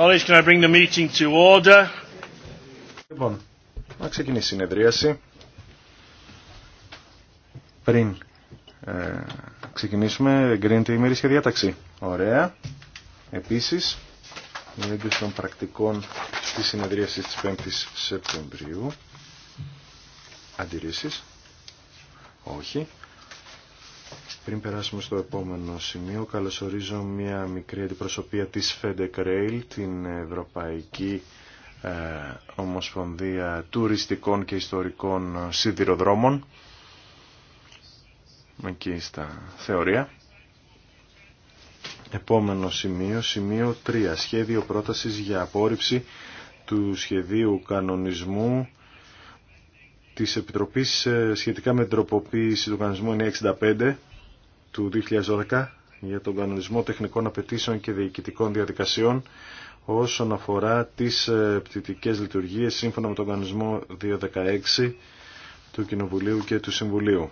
Colleagues, can I bring the meeting to order? Λοιπόν, να ξεκινήσει η συνεδρίαση. Πριν ε, ξεκινήσουμε, εγκρίνεται η ημερήσια διάταξη. Ωραία. Επίσης, η έγκριση των πρακτικών της συνεδρίασης της 5ης Σεπτεμβρίου. Αντιρρήσεις. Όχι. Πριν περάσουμε στο επόμενο σημείο, καλωσορίζω μια μικρή αντιπροσωπεία της FedEx Rail, την Ευρωπαϊκή ε, Ομοσπονδία Τουριστικών και Ιστορικών Σιδηροδρόμων, εκεί στα θεωρία. Επόμενο σημείο, σημείο 3. Σχέδιο πρότασης για απόρριψη του σχεδίου κανονισμού της Επιτροπής ε, σχετικά με την τροποποίηση του κανονισμού 965 του 2012 για τον κανονισμό τεχνικών απαιτήσεων και διοικητικών διαδικασιών όσον αφορά τις ε, πτυτικές λειτουργίες σύμφωνα με τον κανονισμό 216 του Κοινοβουλίου και του Συμβουλίου.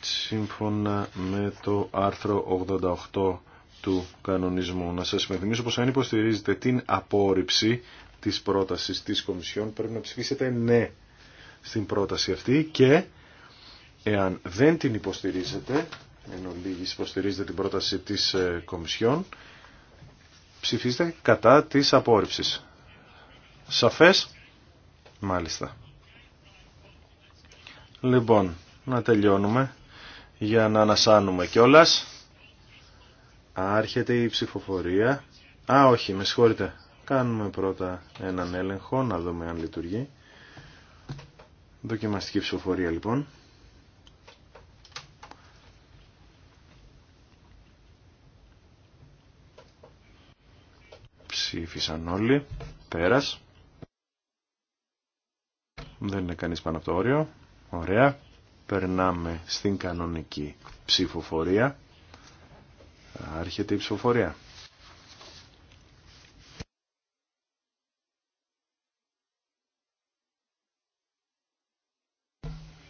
Σύμφωνα με το άρθρο 88 του κανονισμού. Να σας υπενθυμίσω πως αν υποστηρίζετε την απόρριψη της πρότασης της Κομισιόν πρέπει να ψηφίσετε ναι στην πρόταση αυτή και Εάν δεν την υποστηρίζετε, ενώ λίγης υποστηρίζετε την πρόταση της ε, Κομισιόν, ψηφίστε κατά της απόρριψης. Σαφές? Μάλιστα. Λοιπόν, να τελειώνουμε για να ανασάνουμε κιόλας. Άρχεται η ψηφοφορία. Α, όχι, με συγχωρείτε. Κάνουμε πρώτα έναν έλεγχο, να δούμε αν λειτουργεί. Δοκιμαστική ψηφοφορία λοιπόν. ψήφισαν όλοι. Πέρας. Δεν είναι κανείς πάνω από το όριο. Ωραία. Περνάμε στην κανονική ψηφοφορία. Άρχεται η ψηφοφορία.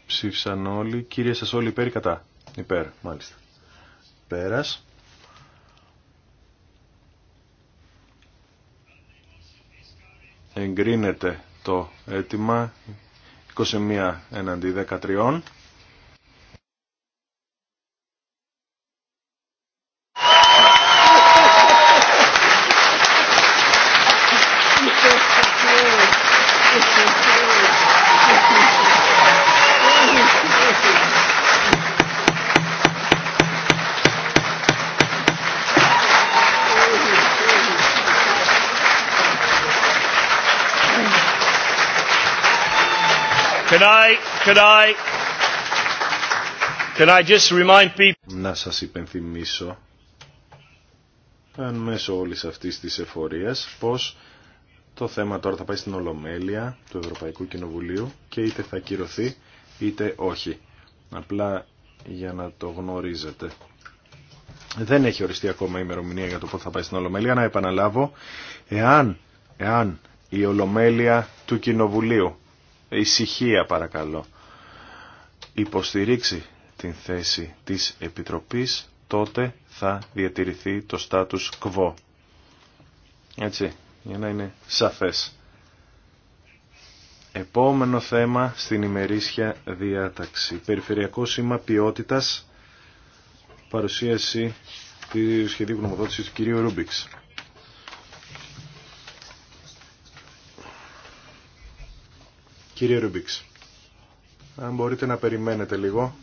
Ψήφισαν όλοι. Κύριε σας όλοι υπέρ κατά. Υπέρ, μάλιστα. Πέρας. εγκρίνεται το αίτημα 21 εναντί 13 Να σας υπενθυμίσω αν μέσω όλης αυτής της εφορίας πως το θέμα τώρα θα πάει στην Ολομέλεια του Ευρωπαϊκού Κοινοβουλίου και είτε θα κυρωθεί είτε όχι. Απλά για να το γνωρίζετε. Δεν έχει οριστεί ακόμα η ημερομηνία για το πότε θα πάει στην Ολομέλεια. Να επαναλάβω, εάν, εάν η Ολομέλεια του Κοινοβουλίου ησυχία παρακαλώ, υποστηρίξει την θέση της Επιτροπής, τότε θα διατηρηθεί το στάτους κβό. Έτσι, για να είναι σαφές. Επόμενο θέμα στην ημερήσια διάταξη. Περιφερειακό σήμα ποιότητας, παρουσίαση του σχεδίου γνωμοδότησης του κυρίου Ρούμπιξ. Κύριε Ρουμπίξ, αν μπορείτε να περιμένετε λίγο.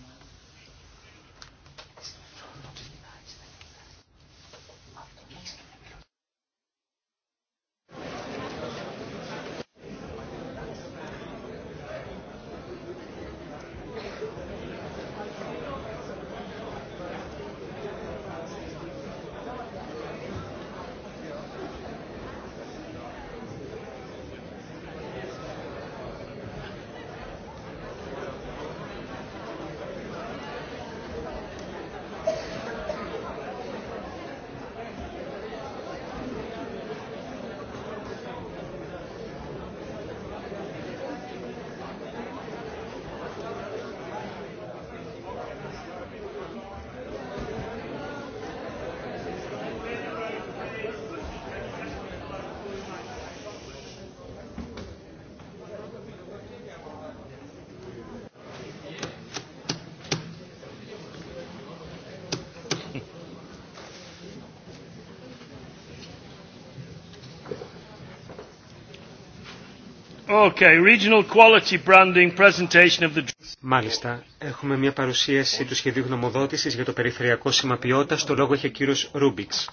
Μάλιστα, έχουμε μια παρουσίαση του σχεδίου γνωμοδότησης για το περιφερειακό σήμα ποιότητας. Το λόγο έχει ο κύριος Ρούμπιξ.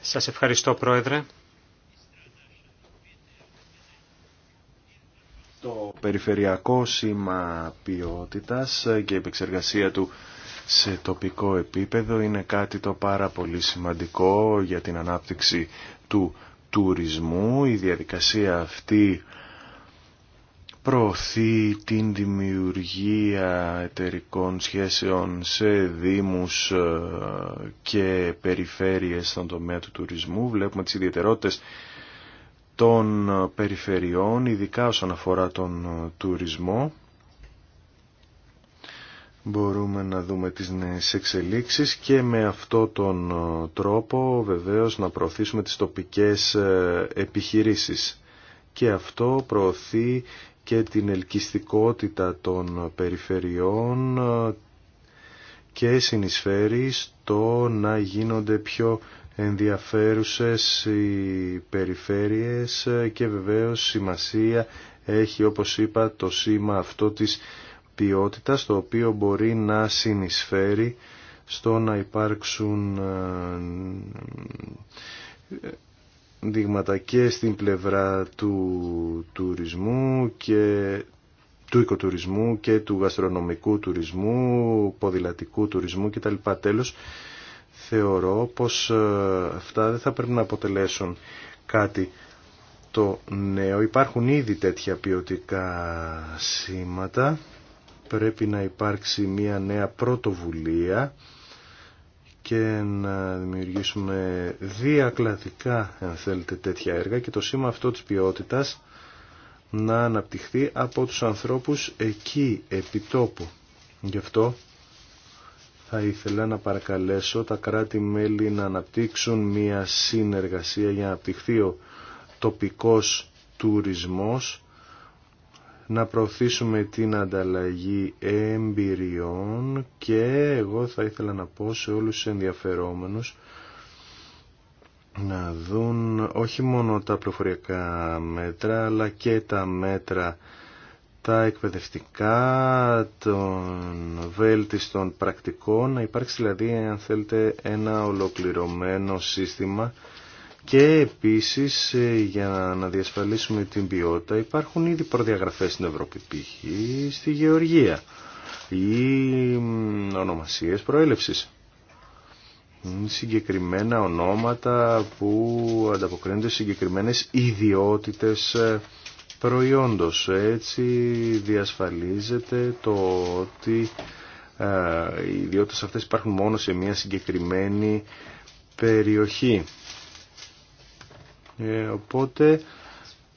Σας ευχαριστώ, Πρόεδρε. Το περιφερειακό σήμα και η επεξεργασία του σε τοπικό επίπεδο είναι κάτι το πάρα πολύ σημαντικό για την ανάπτυξη του τουρισμού. Η διαδικασία αυτή προωθεί την δημιουργία εταιρικών σχέσεων σε δήμους ε, και περιφέρειες στον τομέα του τουρισμού. Βλέπουμε τις ιδιαιτερότητες των περιφερειών, ειδικά όσον αφορά τον τουρισμό μπορούμε να δούμε τις νέες εξελίξεις και με αυτό τον ε, τρόπο βεβαίως να προωθήσουμε τις τοπικές ε, επιχειρήσεις. Και αυτό προωθεί και την ελκυστικότητα των περιφερειών ε, και συνεισφέρει στο να γίνονται πιο ενδιαφέρουσες οι περιφέρειες και βεβαίως σημασία έχει όπως είπα το σήμα αυτό της το οποίο μπορεί να συνεισφέρει στο να υπάρξουν ε, ε, δείγματα και στην πλευρά του τουρισμού και του οικοτουρισμού και του γαστρονομικού τουρισμού, ποδηλατικού τουρισμού κτλ. Τέλος, θεωρώ πως ε, αυτά δεν θα πρέπει να αποτελέσουν κάτι το νέο. Υπάρχουν ήδη τέτοια ποιοτικά σήματα πρέπει να υπάρξει μια νέα πρωτοβουλία και να δημιουργήσουμε διακλατικά, αν θέλετε, τέτοια έργα και το σήμα αυτό της ποιότητας να αναπτυχθεί από τους ανθρώπους εκεί, επιτόπου. Γι' αυτό θα ήθελα να παρακαλέσω τα κράτη-μέλη να αναπτύξουν μία συνεργασία για να αναπτυχθεί ο τοπικός τουρισμός να προωθήσουμε την ανταλλαγή εμπειριών και εγώ θα ήθελα να πω σε όλους τους ενδιαφερόμενους να δουν όχι μόνο τα προφοριακά μέτρα αλλά και τα μέτρα τα εκπαιδευτικά των βέλτιστων πρακτικών να υπάρξει δηλαδή αν θέλετε ένα ολοκληρωμένο σύστημα και επίσης ε, για να διασφαλίσουμε την ποιότητα υπάρχουν ήδη προδιαγραφές στην Ευρώπη, π.χ. στη Γεωργία ή ονομασίες προέλευσης. Συγκεκριμένα ονόματα που ανταποκρίνονται σε συγκεκριμένες ιδιότητες ε, προϊόντος. Έτσι διασφαλίζεται το ότι ε, οι ιδιότητες αυτές υπάρχουν μόνο σε μια συγκεκριμένη περιοχή. Ε, οπότε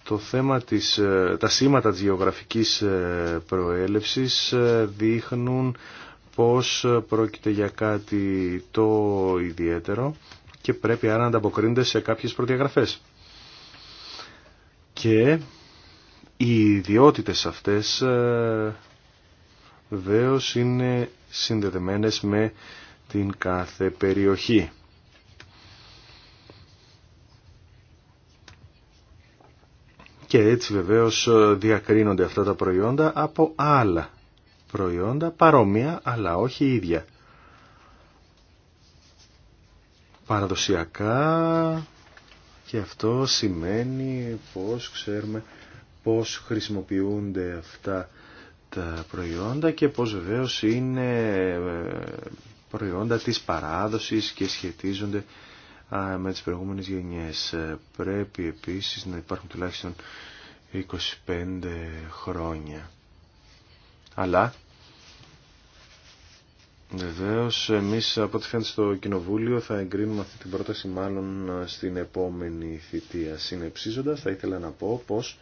το θέμα της, ε, τα σήματα της γεωγραφικής ε, προέλευσης δείχνουν πως πρόκειται για κάτι το ιδιαίτερο και πρέπει άρα να ανταποκρίνεται σε κάποιες προδιαγραφές. Και οι ιδιότητες αυτές βεβαίω είναι συνδεδεμένες με την κάθε περιοχή. και έτσι βεβαίως ε, διακρίνονται αυτά τα προϊόντα από άλλα προϊόντα παρόμοια αλλά όχι ίδια. Παραδοσιακά και αυτό σημαίνει πως ξέρουμε πως χρησιμοποιούνται αυτά τα προϊόντα και πως βεβαίως είναι ε, προϊόντα της παράδοσης και σχετίζονται με τις προηγούμενες γενιές. Ε, πρέπει επίσης να υπάρχουν τουλάχιστον 25 χρόνια. Αλλά Βεβαίω, εμείς από ό,τι φαίνεται στο Κοινοβούλιο θα εγκρίνουμε αυτή την πρόταση μάλλον ε, στην επόμενη θητεία. Συνεψίζοντας, θα ήθελα να πω πως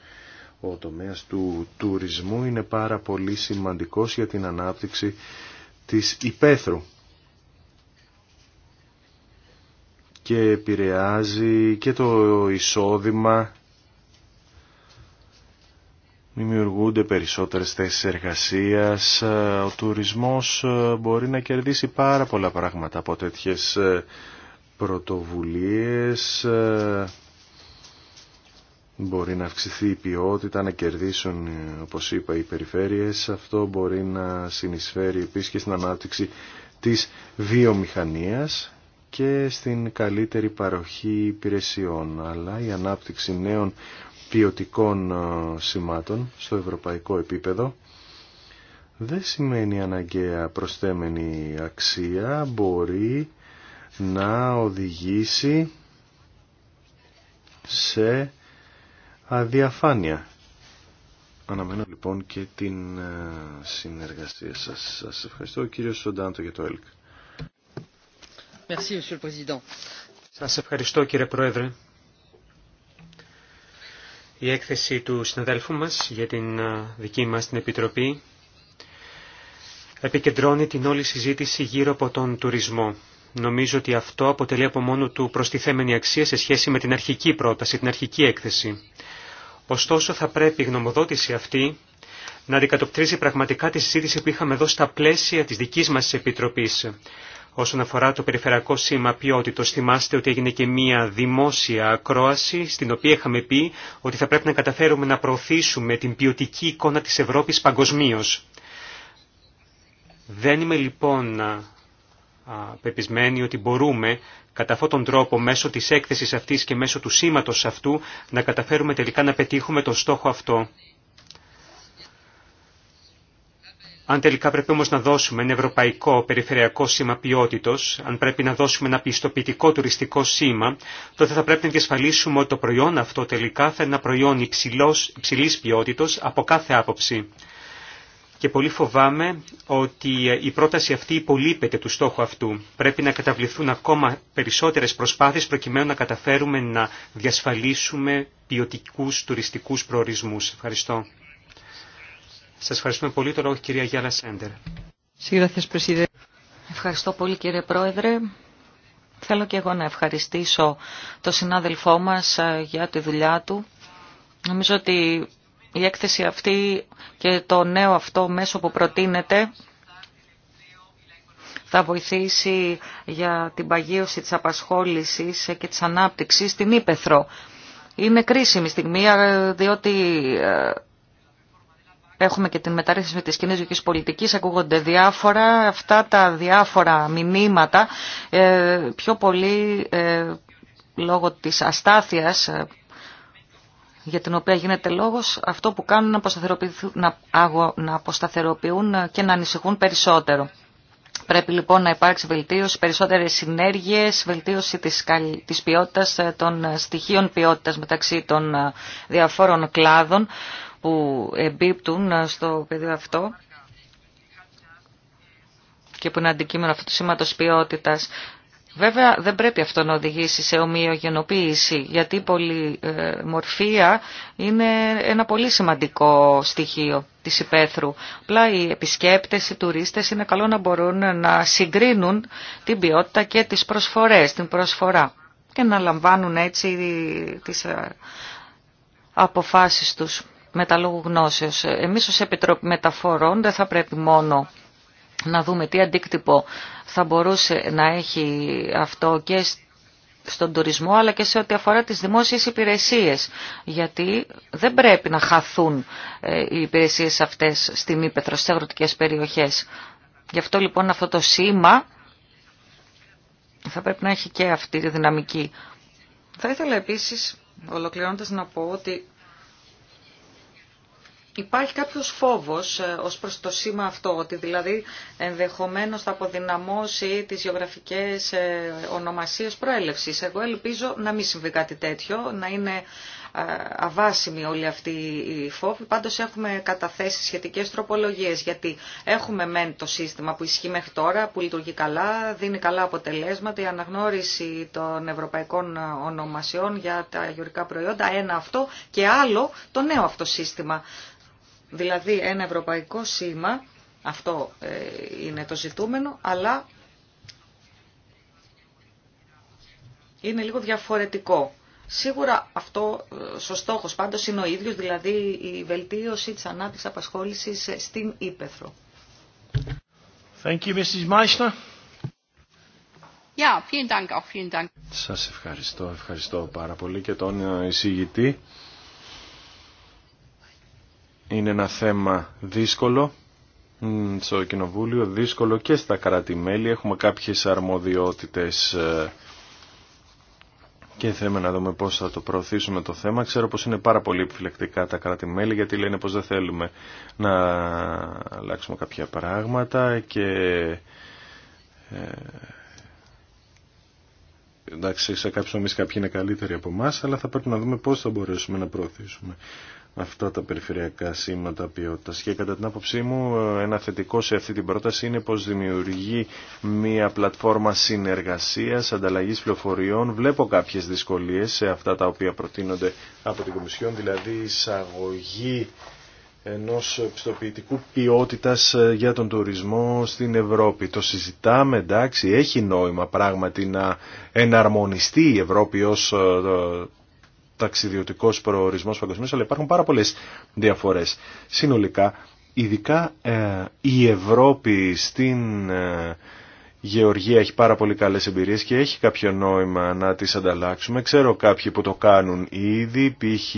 ο τομέας του τουρισμού είναι πάρα πολύ σημαντικός για την ανάπτυξη της υπαίθρου. και επηρεάζει και το εισόδημα. Δημιουργούνται περισσότερες θέσεις εργασίας, ο τουρισμός ε, μπορεί να κερδίσει πάρα πολλά πράγματα από τέτοιες ε, πρωτοβουλίες, ε, μπορεί να αυξηθεί η ποιότητα, να κερδίσουν, όπως είπα, οι περιφέρειες, αυτό μπορεί να συνεισφέρει επίσης και στην ανάπτυξη της βιομηχανίας και στην καλύτερη παροχή υπηρεσιών, αλλά η ανάπτυξη νέων ποιοτικών ε, σημάτων στο ευρωπαϊκό επίπεδο δεν σημαίνει αναγκαία προσθέμενη αξία, μπορεί να οδηγήσει σε αδιαφάνεια. Αναμένω λοιπόν και την ε, συνεργασία σας. Σας ευχαριστώ κύριο Σοντάντο για το ΕΛΚ. Σας ευχαριστώ κύριε Πρόεδρε. Η έκθεση του συναδέλφου μας για την δική μας την Επιτροπή επικεντρώνει την όλη συζήτηση γύρω από τον τουρισμό. Νομίζω ότι αυτό αποτελεί από μόνο του προστιθέμενη αξία σε σχέση με την αρχική πρόταση, την αρχική έκθεση. Ωστόσο θα πρέπει η γνωμοδότηση αυτή να αντικατοπτρίζει πραγματικά τη συζήτηση που είχαμε εδώ στα πλαίσια της δικής μας Επιτροπής όσον αφορά το περιφερειακό σήμα ποιότητος. Θυμάστε ότι έγινε και μία δημόσια ακρόαση στην οποία είχαμε πει ότι θα πρέπει να καταφέρουμε να προωθήσουμε την ποιοτική εικόνα της Ευρώπης παγκοσμίω. Δεν είμαι λοιπόν πεπισμένοι ότι μπορούμε κατά αυτόν τον τρόπο μέσω της έκθεσης αυτής και μέσω του σήματος αυτού να καταφέρουμε τελικά να πετύχουμε τον στόχο αυτό. Αν τελικά πρέπει όμως να δώσουμε ένα ευρωπαϊκό περιφερειακό σήμα ποιότητος, αν πρέπει να δώσουμε ένα πιστοποιητικό τουριστικό σήμα, τότε θα πρέπει να διασφαλίσουμε ότι το προϊόν αυτό τελικά θα είναι ένα προϊόν υψηλός, υψηλής ποιότητος από κάθε άποψη. Και πολύ φοβάμαι ότι η πρόταση αυτή υπολείπεται του στόχου αυτού. Πρέπει να καταβληθούν ακόμα περισσότερες προσπάθειες προκειμένου να καταφέρουμε να διασφαλίσουμε ποιοτικούς τουριστικούς προορισμούς. Ευχαριστώ. Σας ευχαριστούμε πολύ. Τώρα όχι, κυρία Γιάννα Σέντερ. Ευχαριστώ πολύ κύριε Πρόεδρε. Θέλω και εγώ να ευχαριστήσω το συνάδελφό μας ε, για τη δουλειά του. Νομίζω ότι η έκθεση αυτή και το νέο αυτό μέσο που προτείνεται θα βοηθήσει για την παγίωση της απασχόλησης και της ανάπτυξης στην Ήπεθρο. Είναι κρίσιμη στιγμή ε, διότι ε, Έχουμε και την μεταρρύθμιση της κοινή ζωικής πολιτικής, ακούγονται διάφορα. Αυτά τα διάφορα μηνύματα ε, πιο πολύ ε, λόγω της αστάθειας ε, για την οποία γίνεται λόγος, αυτό που κάνουν να, να αποσταθεροποιούν και να ανησυχούν περισσότερο. Πρέπει λοιπόν να υπάρξει βελτίωση, περισσότερες συνέργειες, βελτίωση της, της ποιότητας, των στοιχείων ποιότητας μεταξύ των διαφόρων κλάδων, που εμπίπτουν ε, στο πεδίο αυτό και που είναι αντικείμενο αυτού του σήματος ποιότητας. Βέβαια δεν πρέπει αυτό να οδηγήσει σε ομοιογενοποίηση, γιατί η πολυμορφία είναι ένα πολύ σημαντικό στοιχείο της υπαίθρου. Απλά οι επισκέπτες, οι τουρίστες είναι καλό να μπορούν να συγκρίνουν την ποιότητα και τις προσφορές, την προσφορά και να λαμβάνουν έτσι τις ε, αποφάσεις τους με γνώσεως. Εμείς ως Επιτροπή Μεταφορών δεν θα πρέπει μόνο να δούμε τι αντίκτυπο θα μπορούσε να έχει αυτό και στον τουρισμό αλλά και σε ό,τι αφορά τις δημόσιες υπηρεσίες γιατί δεν πρέπει να χαθούν ε, οι υπηρεσίες αυτές στην Ήπεθρο, στις αγροτικές περιοχές. Γι' αυτό λοιπόν αυτό το σήμα θα πρέπει να έχει και αυτή τη δυναμική. Θα ήθελα επίσης ολοκληρώνοντας να πω ότι Υπάρχει κάποιος φόβος ε, ως προς το σήμα αυτό, ότι δηλαδή ενδεχομένως θα αποδυναμώσει τις γεωγραφικές ε, ονομασίες προέλευσης. Εγώ ελπίζω να μην συμβεί κάτι τέτοιο, να είναι ε, αβάσιμη όλη αυτή η φόβη. Πάντως έχουμε καταθέσει σχετικές τροπολογίες, γιατί έχουμε μεν το σύστημα που ισχύει μέχρι τώρα, που λειτουργεί καλά, δίνει καλά αποτελέσματα, η αναγνώριση των ευρωπαϊκών ονομασιών για τα γεωργικά προϊόντα, ένα αυτό και άλλο το νέο αυτό σύστημα Δηλαδή ένα ευρωπαϊκό σήμα, αυτό ε, είναι το ζητούμενο, αλλά είναι λίγο διαφορετικό. Σίγουρα αυτό ε, ο στόχο πάντω είναι ο ίδιο, δηλαδή η βελτίωση τη ανάπτυξη απασχόληση ε, στην Ήπεθρο. Thank ευχαριστώ, ευχαριστώ πάρα πολύ και τον εισηγητή είναι ένα θέμα δύσκολο στο Κοινοβούλιο, δύσκολο και στα κράτη-μέλη. Έχουμε κάποιες αρμοδιότητες ε, και θέλουμε να δούμε πώς θα το προωθήσουμε το θέμα. Ξέρω πως είναι πάρα πολύ επιφυλακτικά τα κράτη-μέλη γιατί λένε πως δεν θέλουμε να αλλάξουμε κάποια πράγματα και... Ε, εντάξει, σε κάποιου νομίζεις κάποιοι είναι καλύτεροι από εμά, αλλά θα πρέπει να δούμε πώς θα μπορέσουμε να προωθήσουμε αυτά τα περιφερειακά σήματα ποιότητας. Και κατά την άποψή μου ένα θετικό σε αυτή την πρόταση είναι πως δημιουργεί μια πλατφόρμα συνεργασίας, ανταλλαγής πληροφοριών. Βλέπω κάποιες δυσκολίες σε αυτά τα οποία προτείνονται από την Κομισιόν, δηλαδή εισαγωγή ενός πιστοποιητικού ποιότητας για τον τουρισμό στην Ευρώπη. Το συζητάμε, εντάξει, έχει νόημα πράγματι να εναρμονιστεί η Ευρώπη ως ε, Ταξιδιωτικό προορισμός παγκοσμίω, αλλά υπάρχουν πάρα πολλέ διαφορές. Συνολικά, ειδικά ε, η Ευρώπη στην ε, Γεωργία έχει πάρα πολύ καλέ εμπειρίε και έχει κάποιο νόημα να τις ανταλλάξουμε. Ξέρω κάποιοι που το κάνουν ήδη, π.χ.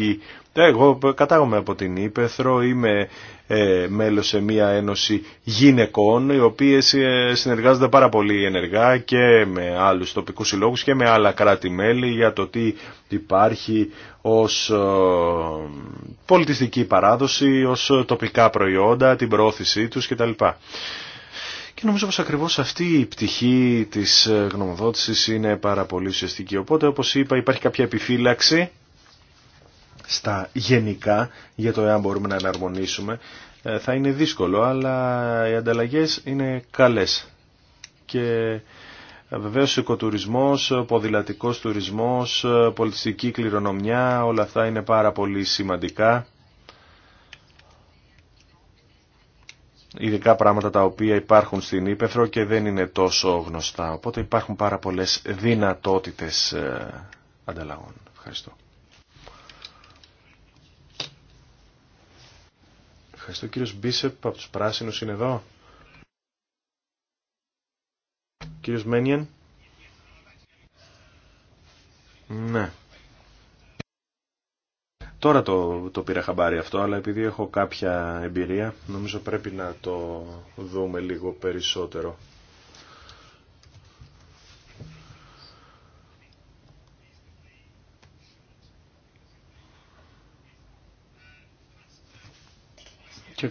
εγώ κατάγομαι από την Ήπεθρο, είμαι ε, μέλος σε μια ένωση γυναικών οι οποίες ε, συνεργάζονται πάρα πολύ ενεργά και με άλλους τοπικούς συλλόγους και με άλλα κράτη-μέλη για το τι υπάρχει ως ε, πολιτιστική παράδοση, ως τοπικά προϊόντα, την προώθησή τους κτλ. Και νομίζω πως ακριβώς αυτή η πτυχή της γνωμοδότησης είναι πάρα πολύ ουσιαστική. Οπότε όπως είπα υπάρχει κάποια επιφύλαξη στα γενικά για το εάν μπορούμε να εναρμονίσουμε ε, θα είναι δύσκολο, αλλά οι ανταλλαγές είναι καλές. Και ε, βεβαίως οικοτουρισμός, ποδηλατικός τουρισμός, ε, πολιτιστική κληρονομιά, όλα αυτά είναι πάρα πολύ σημαντικά. Ειδικά πράγματα τα οποία υπάρχουν στην Ήπεθρο και δεν είναι τόσο γνωστά. Οπότε υπάρχουν πάρα πολλές δυνατότητες ανταλλαγών. Ευχαριστώ. Ευχαριστώ. Κύριος Μπίσεπ από τους Πράσινους είναι εδώ. Κύριος Μένιεν. Ναι. Τώρα το, το πήρα χαμπάρι αυτό, αλλά επειδή έχω κάποια εμπειρία, νομίζω πρέπει να το δούμε λίγο περισσότερο.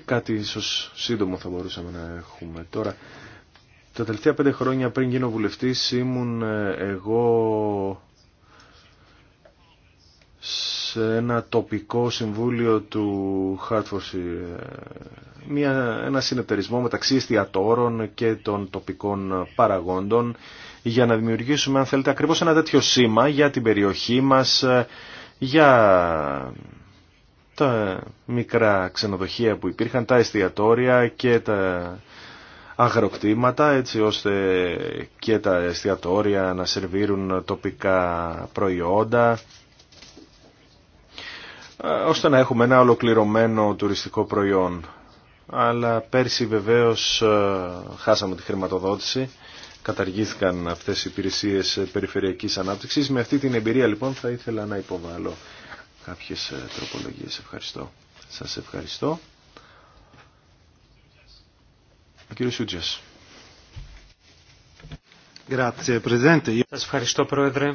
κάτι ίσω σύντομο θα μπορούσαμε να έχουμε τώρα. Τα τελευταία πέντε χρόνια πριν γίνω βουλευτής ήμουν ε, εγώ σε ένα τοπικό συμβούλιο του Χάρτφορση, ε, μια, ένα συνεταιρισμό μεταξύ εστιατόρων και των τοπικών παραγόντων για να δημιουργήσουμε αν θέλετε ακριβώς ένα τέτοιο σήμα για την περιοχή μας, ε, για τα μικρά ξενοδοχεία που υπήρχαν, τα εστιατόρια και τα αγροκτήματα έτσι ώστε και τα εστιατόρια να σερβίρουν τοπικά προϊόντα ε, ώστε να έχουμε ένα ολοκληρωμένο τουριστικό προϊόν. Αλλά πέρσι βεβαίως ε, χάσαμε τη χρηματοδότηση, καταργήθηκαν αυτές οι υπηρεσίες περιφερειακής ανάπτυξης. Με αυτή την εμπειρία λοιπόν θα ήθελα να υποβάλω κάποιες ε, τροπολογίες. Ευχαριστώ. Σας ευχαριστώ. Ο κύριος Σούτζας. Σας ευχαριστώ Πρόεδρε.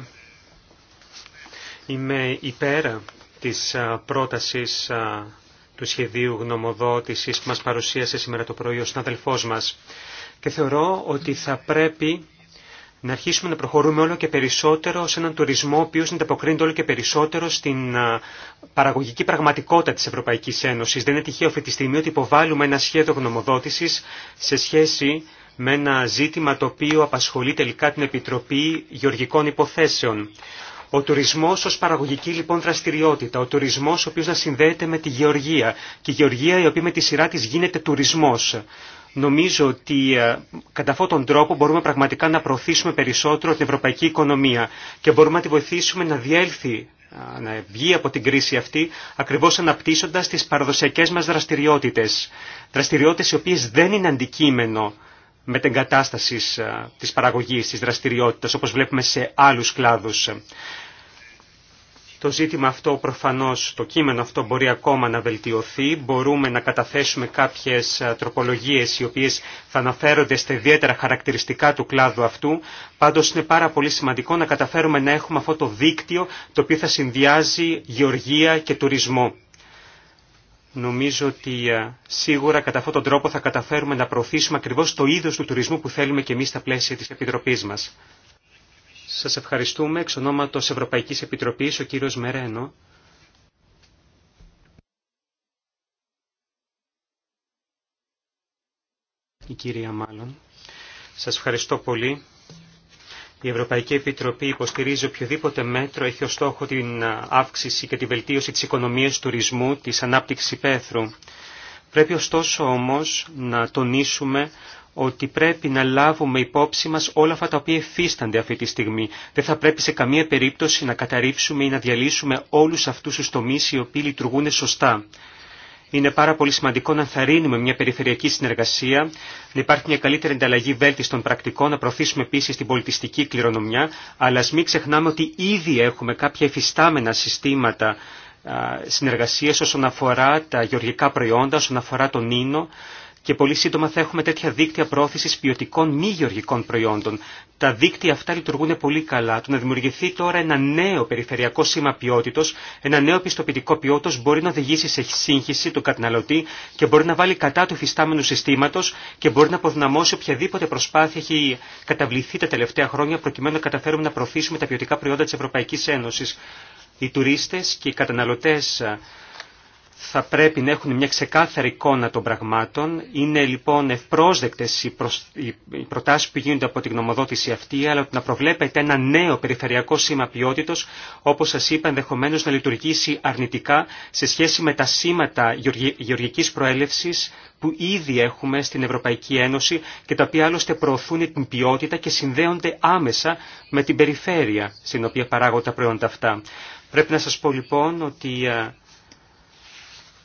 Είμαι υπέρ της ε, πρότασης ε, του σχεδίου γνωμοδότησης που μας παρουσίασε σήμερα το πρωί ο συναδελφός μας και θεωρώ ότι θα πρέπει να αρχίσουμε να προχωρούμε όλο και περισσότερο σε έναν τουρισμό ο οποίος ανταποκρίνεται όλο και περισσότερο στην παραγωγική πραγματικότητα της Ευρωπαϊκής Ένωσης. Δεν είναι τυχαίο αυτή τη στιγμή ότι υποβάλλουμε ένα σχέδιο γνωμοδότησης σε σχέση με ένα ζήτημα το οποίο απασχολεί τελικά την Επιτροπή Γεωργικών Υποθέσεων. Ο τουρισμός ως παραγωγική λοιπόν δραστηριότητα, ο τουρισμός ο οποίος να συνδέεται με τη γεωργία και η γεωργία η οποία με τη σειρά της γίνεται τουρισμός. Νομίζω ότι ε, κατά αυτόν τον τρόπο μπορούμε πραγματικά να προωθήσουμε περισσότερο την ευρωπαϊκή οικονομία και μπορούμε να τη βοηθήσουμε να διέλθει να βγει από την κρίση αυτή, ακριβώς αναπτύσσοντας τις παραδοσιακές μας δραστηριότητες. Δραστηριότητες οι οποίες δεν είναι αντικείμενο με την κατάσταση της παραγωγής, της δραστηριότητας, όπως βλέπουμε σε άλλους κλάδους. Το ζήτημα αυτό προφανώς, το κείμενο αυτό μπορεί ακόμα να βελτιωθεί. Μπορούμε να καταθέσουμε κάποιες ε, τροπολογίες οι οποίες θα αναφέρονται στα ιδιαίτερα χαρακτηριστικά του κλάδου αυτού. Πάντως είναι πάρα πολύ σημαντικό να καταφέρουμε να έχουμε αυτό το δίκτυο το οποίο θα συνδυάζει γεωργία και τουρισμό. Νομίζω ότι ε, σίγουρα κατά αυτόν τον τρόπο θα καταφέρουμε να προωθήσουμε ακριβώς το είδος του τουρισμού που θέλουμε και εμείς στα πλαίσια της Επιτροπής μας. Σας ευχαριστούμε. Εξ ονόματος Ευρωπαϊκής Επιτροπής, ο κύριος Μερένο. Η κυρία μάλλον. Σας ευχαριστώ πολύ. Η Ευρωπαϊκή Επιτροπή υποστηρίζει οποιοδήποτε μέτρο έχει ως στόχο την αύξηση και τη βελτίωση της οικονομίας τουρισμού, της ανάπτυξης υπαίθρου. Πρέπει ωστόσο όμως να τονίσουμε ότι πρέπει να λάβουμε υπόψη μας όλα αυτά τα οποία εφίστανται αυτή τη στιγμή. Δεν θα πρέπει σε καμία περίπτωση να καταρρύψουμε ή να διαλύσουμε όλους αυτούς τους τομείς οι οποίοι λειτουργούν σωστά. Είναι πάρα πολύ σημαντικό να θαρρύνουμε μια περιφερειακή συνεργασία, να υπάρχει μια καλύτερη ανταλλαγή βέλτιστων πρακτικών, να προωθήσουμε επίση την πολιτιστική κληρονομιά, αλλά α μην ξεχνάμε ότι ήδη έχουμε κάποια εφιστάμενα συστήματα συνεργασίες όσον αφορά τα γεωργικά προϊόντα, όσον αφορά τον ίνο, και πολύ σύντομα θα έχουμε τέτοια δίκτυα πρόθεση ποιοτικών μη γεωργικών προϊόντων. Τα δίκτυα αυτά λειτουργούν πολύ καλά. Το να δημιουργηθεί τώρα ένα νέο περιφερειακό σήμα ποιότητος, ένα νέο πιστοποιητικό ποιότητος μπορεί να οδηγήσει σε σύγχυση του καταναλωτή και μπορεί να βάλει κατά του υφιστάμενου συστήματο και μπορεί να αποδυναμώσει οποιαδήποτε προσπάθεια έχει καταβληθεί τα τελευταία χρόνια προκειμένου να καταφέρουμε να προωθήσουμε τα ποιοτικά προϊόντα τη Ευρωπαϊκή Ένωση. Οι τουρίστε και οι καταναλωτέ θα πρέπει να έχουν μια ξεκάθαρη εικόνα των πραγμάτων. Είναι λοιπόν ευπρόσδεκτε οι, προσ... προτάσεις που γίνονται από την γνωμοδότηση αυτή, αλλά ότι να προβλέπεται ένα νέο περιφερειακό σήμα ποιότητα, όπω σα είπα, ενδεχομένω να λειτουργήσει αρνητικά σε σχέση με τα σήματα γεωργική προέλευση που ήδη έχουμε στην Ευρωπαϊκή Ένωση και τα οποία άλλωστε προωθούν την ποιότητα και συνδέονται άμεσα με την περιφέρεια στην οποία παράγονται τα προϊόντα αυτά. Πρέπει να σα πω λοιπόν ότι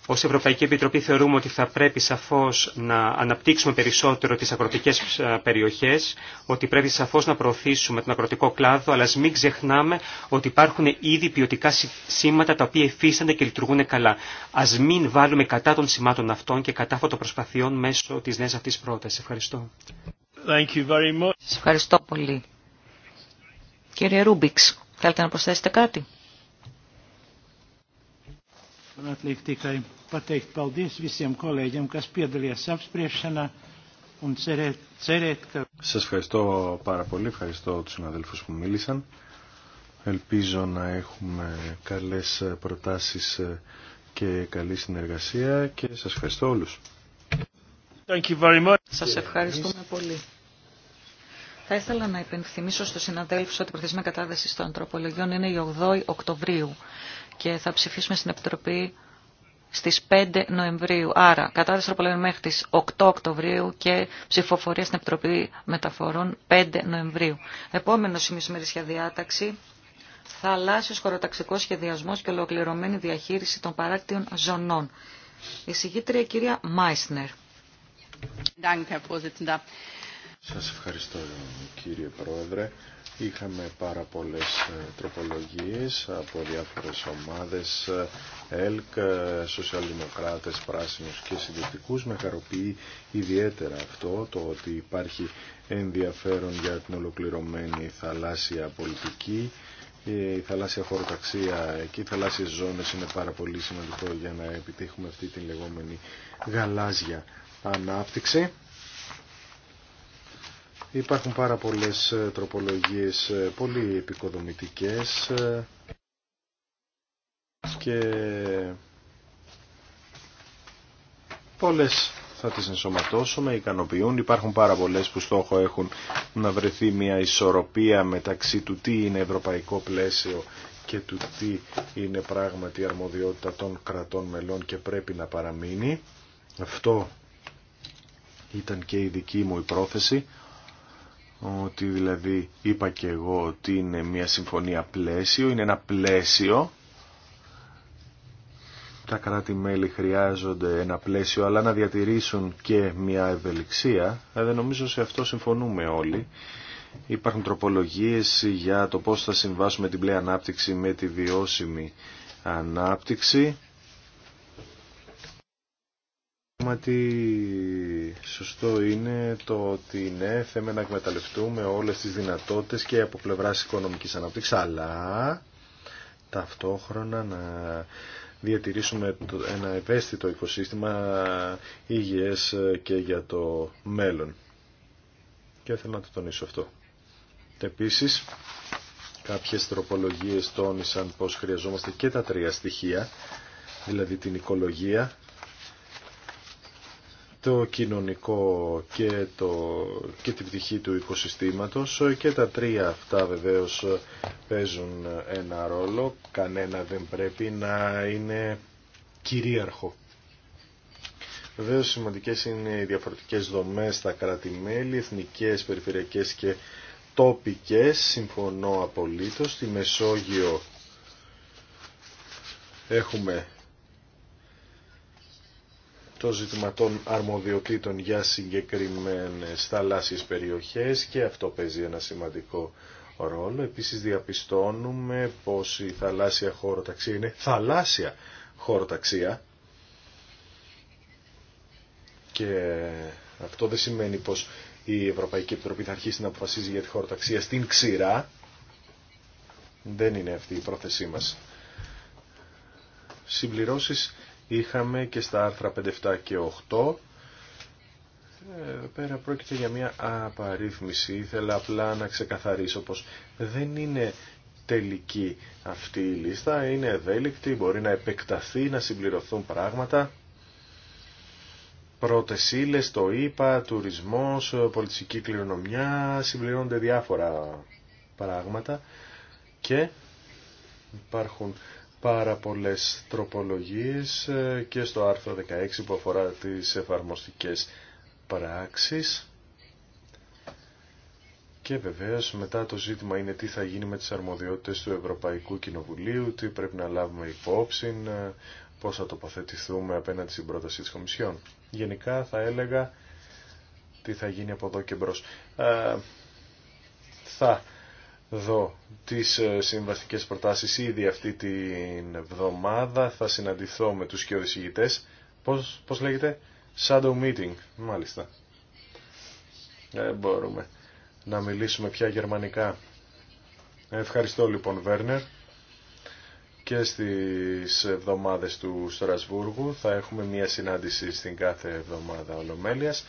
ως Ευρωπαϊκή Επιτροπή θεωρούμε ότι θα πρέπει σαφώς να αναπτύξουμε περισσότερο τις ακροτικές ε, περιοχές, ότι πρέπει σαφώς να προωθήσουμε τον ακροτικό κλάδο, αλλά μην ξεχνάμε ότι υπάρχουν ήδη ποιοτικά σήματα τα οποία υφίστανται και λειτουργούν καλά. Ας μην βάλουμε κατά των σημάτων αυτών και κατά φωτοπροσπαθειών μέσω της νέας αυτής πρότασης. Ευχαριστώ. Thank you very Σας ευχαριστώ πολύ. Κύριε Ρούμπιξ, θέλετε να προσθέσετε κάτι atliek Σας ευχαριστώ πάρα πολύ, ευχαριστώ τους συναδέλφους που μίλησαν. Ελπίζω να έχουμε καλές προτάσεις και καλή συνεργασία και σας ευχαριστώ όλους. Thank you very much. Σας ευχαριστούμε πολύ. Θα ήθελα να υπενθυμίσω στους συναδέλφους ότι η προθεσμία κατάδεση των ανθρωπολογιών είναι η 8η Οκτωβρίου και θα ψηφίσουμε στην Επιτροπή στις 5 Νοεμβρίου. Άρα, κατά τροπολογιών μέχρι τις 8 Οκτωβρίου και ψηφοφορία στην Επιτροπή Μεταφορών 5 Νοεμβρίου. Επόμενο σημείο διάταξη, θαλάσσιος χωροταξικός σχεδιασμός και ολοκληρωμένη διαχείριση των παράκτιων ζωνών. Η κυρία Μάισνερ. Σας ευχαριστώ κύριε Πρόεδρε. Είχαμε πάρα πολλές ε, τροπολογίες από διάφορες ομάδες ε, ΕΛΚ, ε, σοσιαλδημοκράτες, πράσινους και συντηρητικούς. Με χαροποιεί ιδιαίτερα αυτό το ότι υπάρχει ενδιαφέρον για την ολοκληρωμένη θαλάσσια πολιτική. Η θαλάσσια χωροταξία και οι θαλάσσιες ζώνες είναι πάρα πολύ σημαντικό για να επιτύχουμε αυτή την λεγόμενη γαλάζια ανάπτυξη. Υπάρχουν πάρα πολλές ε, τροπολογίες ε, πολύ επικοδομητικές ε, και πολλές θα τις ενσωματώσουμε, ικανοποιούν. Υπάρχουν πάρα πολλές που στόχο έχουν να βρεθεί μια ισορροπία μεταξύ του τι είναι ευρωπαϊκό πλαίσιο και του τι είναι πράγματι αρμοδιότητα των κρατών μελών και πρέπει να παραμείνει. Αυτό ήταν και η δική μου η πρόθεση ότι δηλαδή είπα και εγώ ότι είναι μια συμφωνία πλαίσιο, είναι ένα πλαίσιο. Τα κράτη-μέλη χρειάζονται ένα πλαίσιο, αλλά να διατηρήσουν και μια ευελιξία. Ε, δεν νομίζω σε αυτό συμφωνούμε όλοι. Υπάρχουν τροπολογίες για το πώς θα συμβάσουμε την πλέον ανάπτυξη με τη βιώσιμη ανάπτυξη. Πράγματι σωστό είναι το ότι ναι, θέμε να εκμεταλλευτούμε όλες τις δυνατότητες και από πλευράς οικονομικής αναπτύξης, αλλά ταυτόχρονα να διατηρήσουμε ένα ευαίσθητο οικοσύστημα υγιές και για το μέλλον. Και θέλω να το τονίσω αυτό. Επίσης, κάποιες τροπολογίες τόνισαν πως χρειαζόμαστε και τα τρία στοιχεία, δηλαδή την οικολογία, το κοινωνικό και, το, και την πτυχή του οικοσυστήματος και τα τρία αυτά βεβαίως παίζουν ένα ρόλο. Κανένα δεν πρέπει να είναι κυρίαρχο. Βεβαίω σημαντικές είναι οι διαφορετικές δομές στα κράτη-μέλη, εθνικές, περιφερειακές και τοπικές, συμφωνώ απολύτως. Στη Μεσόγειο έχουμε των ζητημάτων αρμοδιοτήτων για συγκεκριμένες θαλάσσιες περιοχές και αυτό παίζει ένα σημαντικό ρόλο. Επίσης διαπιστώνουμε πως η θαλάσσια χωροταξία είναι θαλάσσια χωροταξία και αυτό δεν σημαίνει πως η Ευρωπαϊκή Επιτροπή θα αρχίσει να αποφασίζει για τη χωροταξία στην ξηρά. Δεν είναι αυτή η πρόθεσή μας. Συμπληρώσεις είχαμε και στα άρθρα 5, 7 και 8. Εδώ πέρα πρόκειται για μια απαρίθμηση. Ήθελα απλά να ξεκαθαρίσω πως δεν είναι τελική αυτή η λίστα. Είναι ευέλικτη, μπορεί να επεκταθεί, να συμπληρωθούν πράγματα. Πρώτες ύλες, το είπα, τουρισμός, πολιτιστική κληρονομιά, συμπληρώνονται διάφορα πράγματα και υπάρχουν πάρα πολλές τροπολογίες ε, και στο άρθρο 16 που αφορά τις εφαρμοστικές πράξεις. Και βεβαίως μετά το ζήτημα είναι τι θα γίνει με τις αρμοδιότητες του Ευρωπαϊκού Κοινοβουλίου, τι πρέπει να λάβουμε υπόψη, ε, πώς θα τοποθετηθούμε απέναντι στην πρόταση της Κομισιόν. Γενικά θα έλεγα τι θα γίνει από εδώ και μπρος. Ε, θα δω τις ε, συμβαστικές προτάσεις ήδη αυτή την εβδομάδα. Θα συναντηθώ με τους και Πώς, πώς λέγεται? Shadow meeting. Μάλιστα. Δεν μπορούμε να μιλήσουμε πια γερμανικά. Ευχαριστώ λοιπόν Βέρνερ και στις εβδομάδες του Στρασβούργου θα έχουμε μια συνάντηση στην κάθε εβδομάδα Ολομέλειας.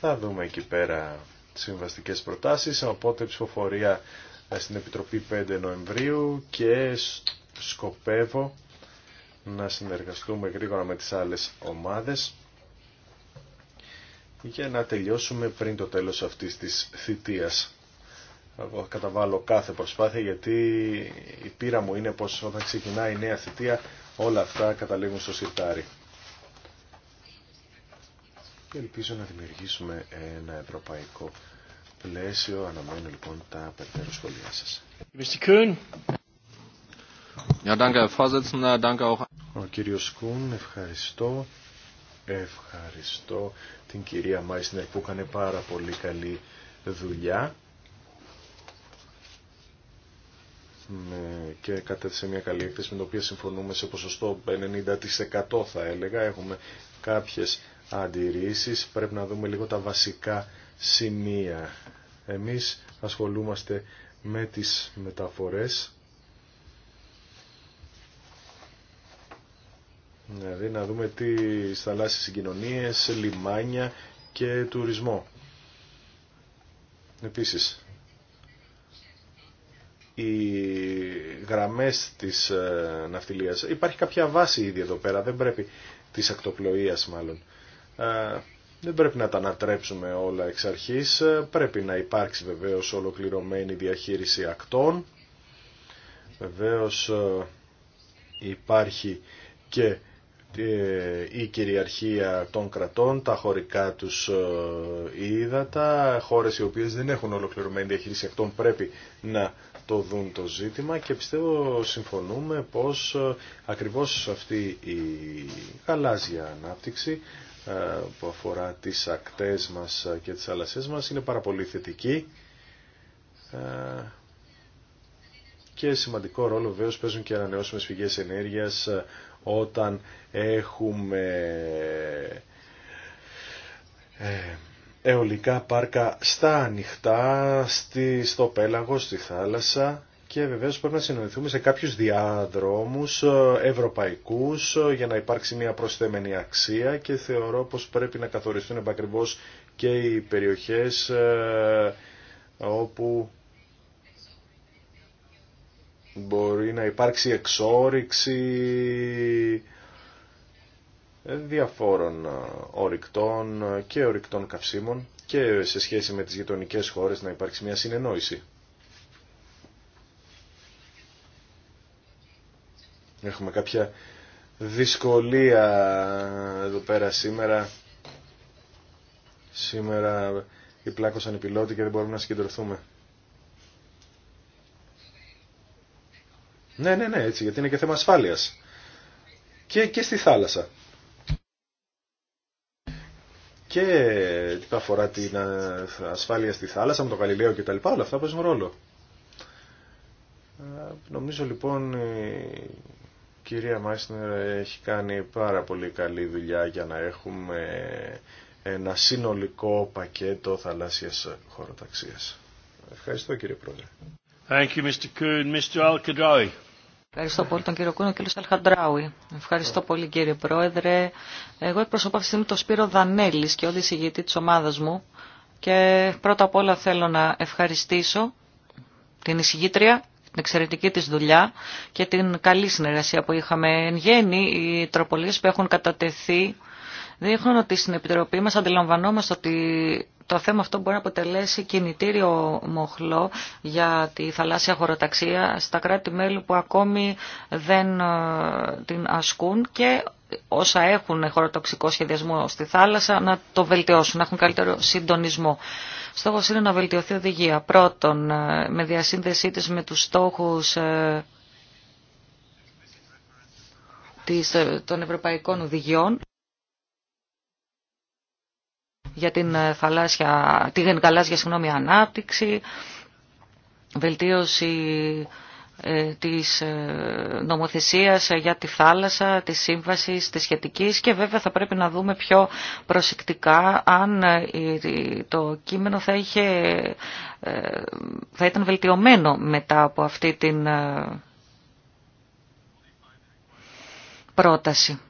Θα δούμε εκεί πέρα συμβαστικές προτάσεις, οπότε ψηφοφορία ε, στην Επιτροπή 5 Νοεμβρίου και σκοπεύω να συνεργαστούμε γρήγορα με τις άλλες ομάδες για να τελειώσουμε πριν το τέλος αυτής της θητείας. Εγώ καταβάλω κάθε προσπάθεια γιατί η πείρα μου είναι πως όταν ξεκινάει η νέα θητεία όλα αυτά καταλήγουν στο σιρτάρι. Και ελπίζω να δημιουργήσουμε ένα ευρωπαϊκό πλαίσιο αναμένω λοιπόν τα περαιτέρω σχόλιά σας. Ο κύριο Κούν, ευχαριστώ. Ευχαριστώ την κυρία Μάισνερ που έκανε πάρα πολύ καλή δουλειά ναι, και κατέθεσε μια καλή έκθεση με την οποία συμφωνούμε σε ποσοστό 90% θα έλεγα. Έχουμε κάποιες αντιρρήσεις. Πρέπει να δούμε λίγο τα βασικά σημεία. Εμείς ασχολούμαστε με τις μεταφορές. Δηλαδή να δούμε τι θαλάσσιες συγκοινωνίες, λιμάνια και τουρισμό. Επίσης, οι γραμμές της ε, ναυτιλίας. Υπάρχει κάποια βάση ήδη εδώ πέρα, δεν πρέπει της ακτοπλοείας μάλλον. Ε, δεν πρέπει να τα ανατρέψουμε όλα εξ αρχής, πρέπει να υπάρξει βεβαίως ολοκληρωμένη διαχείριση ακτών. Βεβαίως ε, υπάρχει και ε, η κυριαρχία των κρατών, τα χωρικά τους ε, ύδατα, χώρες οι οποίες δεν έχουν ολοκληρωμένη διαχείριση ακτών πρέπει να το δουν το ζήτημα και πιστεύω συμφωνούμε πως ακριβώς αυτή η γαλάζια ανάπτυξη ε, που αφορά τις ακτές μας και τις θάλασσές μας είναι πάρα πολύ θετική ε, και σημαντικό ρόλο βεβαίως παίζουν και ανανεώσιμες πηγές ενέργειας ε, όταν έχουμε αιωλικά πάρκα στα ανοιχτά, στο πέλαγο, στη θάλασσα και βεβαίως πρέπει να συνοηθούμε σε κάποιους διάδρομους ε, ευρωπαϊκούς ε, για να υπάρξει μια προσθέμενη αξία και θεωρώ πως πρέπει να καθοριστούν επακριβώς και οι περιοχές ε, όπου μπορεί να υπάρξει εξόριξη διαφόρων ορυκτών και ορυκτών καυσίμων και σε σχέση με τις γειτονικές χώρες να υπάρξει μια συνεννόηση. Έχουμε κάποια δυσκολία εδώ πέρα σήμερα. Σήμερα η πλάκωσαν οι πιλότοι και δεν μπορούμε να συγκεντρωθούμε. Ναι, ναι, ναι, έτσι, γιατί είναι και θέμα ασφάλειας. Και, και στη θάλασσα. Και τι αφορά την ασφάλεια στη θάλασσα, με το Γαλιλαίο και τα λοιπά, όλα αυτά παίζουν ρόλο. Νομίζω λοιπόν ε, κυρία Μάισνερ έχει κάνει πάρα πολύ καλή δουλειά για να έχουμε ένα συνολικό πακέτο θαλάσσιας χωροταξίας. Ευχαριστώ κύριε Πρόεδρε. Thank you, Mr. Kuhn. Mr. Ευχαριστώ πολύ τον κύριο Κούν, και τον Αλχαντράουι. Ευχαριστώ πολύ κύριε Πρόεδρε. Εγώ εκπροσωπώ αυτή τη στιγμή τον Σπύρο Δανέλη και ο συγγητή τη ομάδα μου. Και πρώτα απ' όλα θέλω να ευχαριστήσω την εισηγήτρια την εξαιρετική της δουλειά και την καλή συνεργασία που είχαμε. Εν γέννη, οι τροπολίες που έχουν κατατεθεί δείχνουν ότι στην Επιτροπή μας αντιλαμβανόμαστε ότι το θέμα αυτό μπορεί να αποτελέσει κινητήριο μοχλό για τη θαλάσσια χωροταξία στα κράτη-μέλη που ακόμη δεν ε, την ασκούν και όσα έχουν χωροτοξικό σχεδιασμό στη θάλασσα να το βελτιώσουν, να έχουν καλύτερο συντονισμό. Στόχο είναι να βελτιωθεί οδηγία. Πρώτον, ε, με διασύνδεσή τη με τους στόχους ε, ε, των ευρωπαϊκών οδηγιών για την θαλάσσια, τη συγγνώμη, ανάπτυξη, βελτίωση ε, της ε, νομοθεσίας για τη θάλασσα, της σύμβασης, της σχετικής και βέβαια θα πρέπει να δούμε πιο προσεκτικά αν ε, το κείμενο θα, θα ήταν βελτιωμένο μετά από αυτή την πρόταση.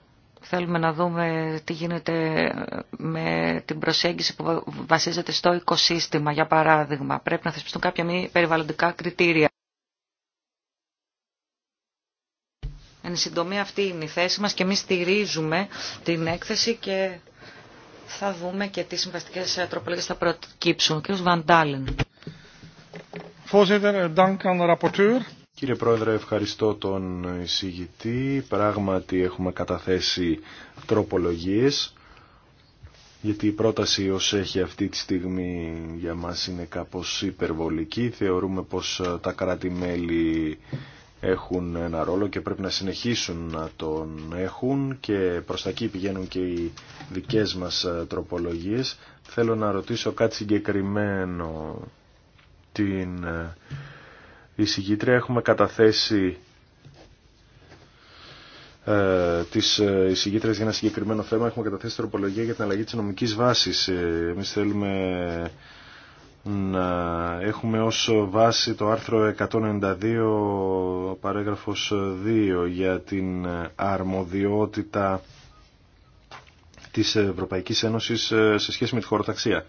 Θέλουμε να δούμε τι γίνεται με την προσέγγιση που βασίζεται στο οικοσύστημα, για παράδειγμα. Πρέπει να θεσπιστούν κάποια μη περιβαλλοντικά κριτήρια. Εν συντομή αυτή είναι η θέση μας και εμείς στηρίζουμε την έκθεση και θα δούμε και τι συμβαστικές τροπολογίες θα προκύψουν. Κύριος Βαντάλλεν. Κύριε Πρόεδρε, ευχαριστώ τον εισηγητή. Πράγματι έχουμε καταθέσει τροπολογίες, γιατί η πρόταση ως έχει αυτή τη στιγμή για μας είναι κάπως υπερβολική. Θεωρούμε πως τα κράτη-μέλη έχουν ένα ρόλο και πρέπει να συνεχίσουν να τον έχουν και προς τα εκεί πηγαίνουν και οι δικές μας ε, τροπολογίες. Θέλω να ρωτήσω κάτι συγκεκριμένο την ε, εισηγήτρια. Έχουμε καταθέσει ε, ε εισηγήτρια για ένα συγκεκριμένο θέμα. Έχουμε καταθέσει τροπολογία για την αλλαγή της νομικής βάσης. Εμείς θέλουμε να έχουμε ως βάση το άρθρο 192 παράγραφος 2 για την αρμοδιότητα της Ευρωπαϊκής Ένωσης σε σχέση με τη χωροταξία.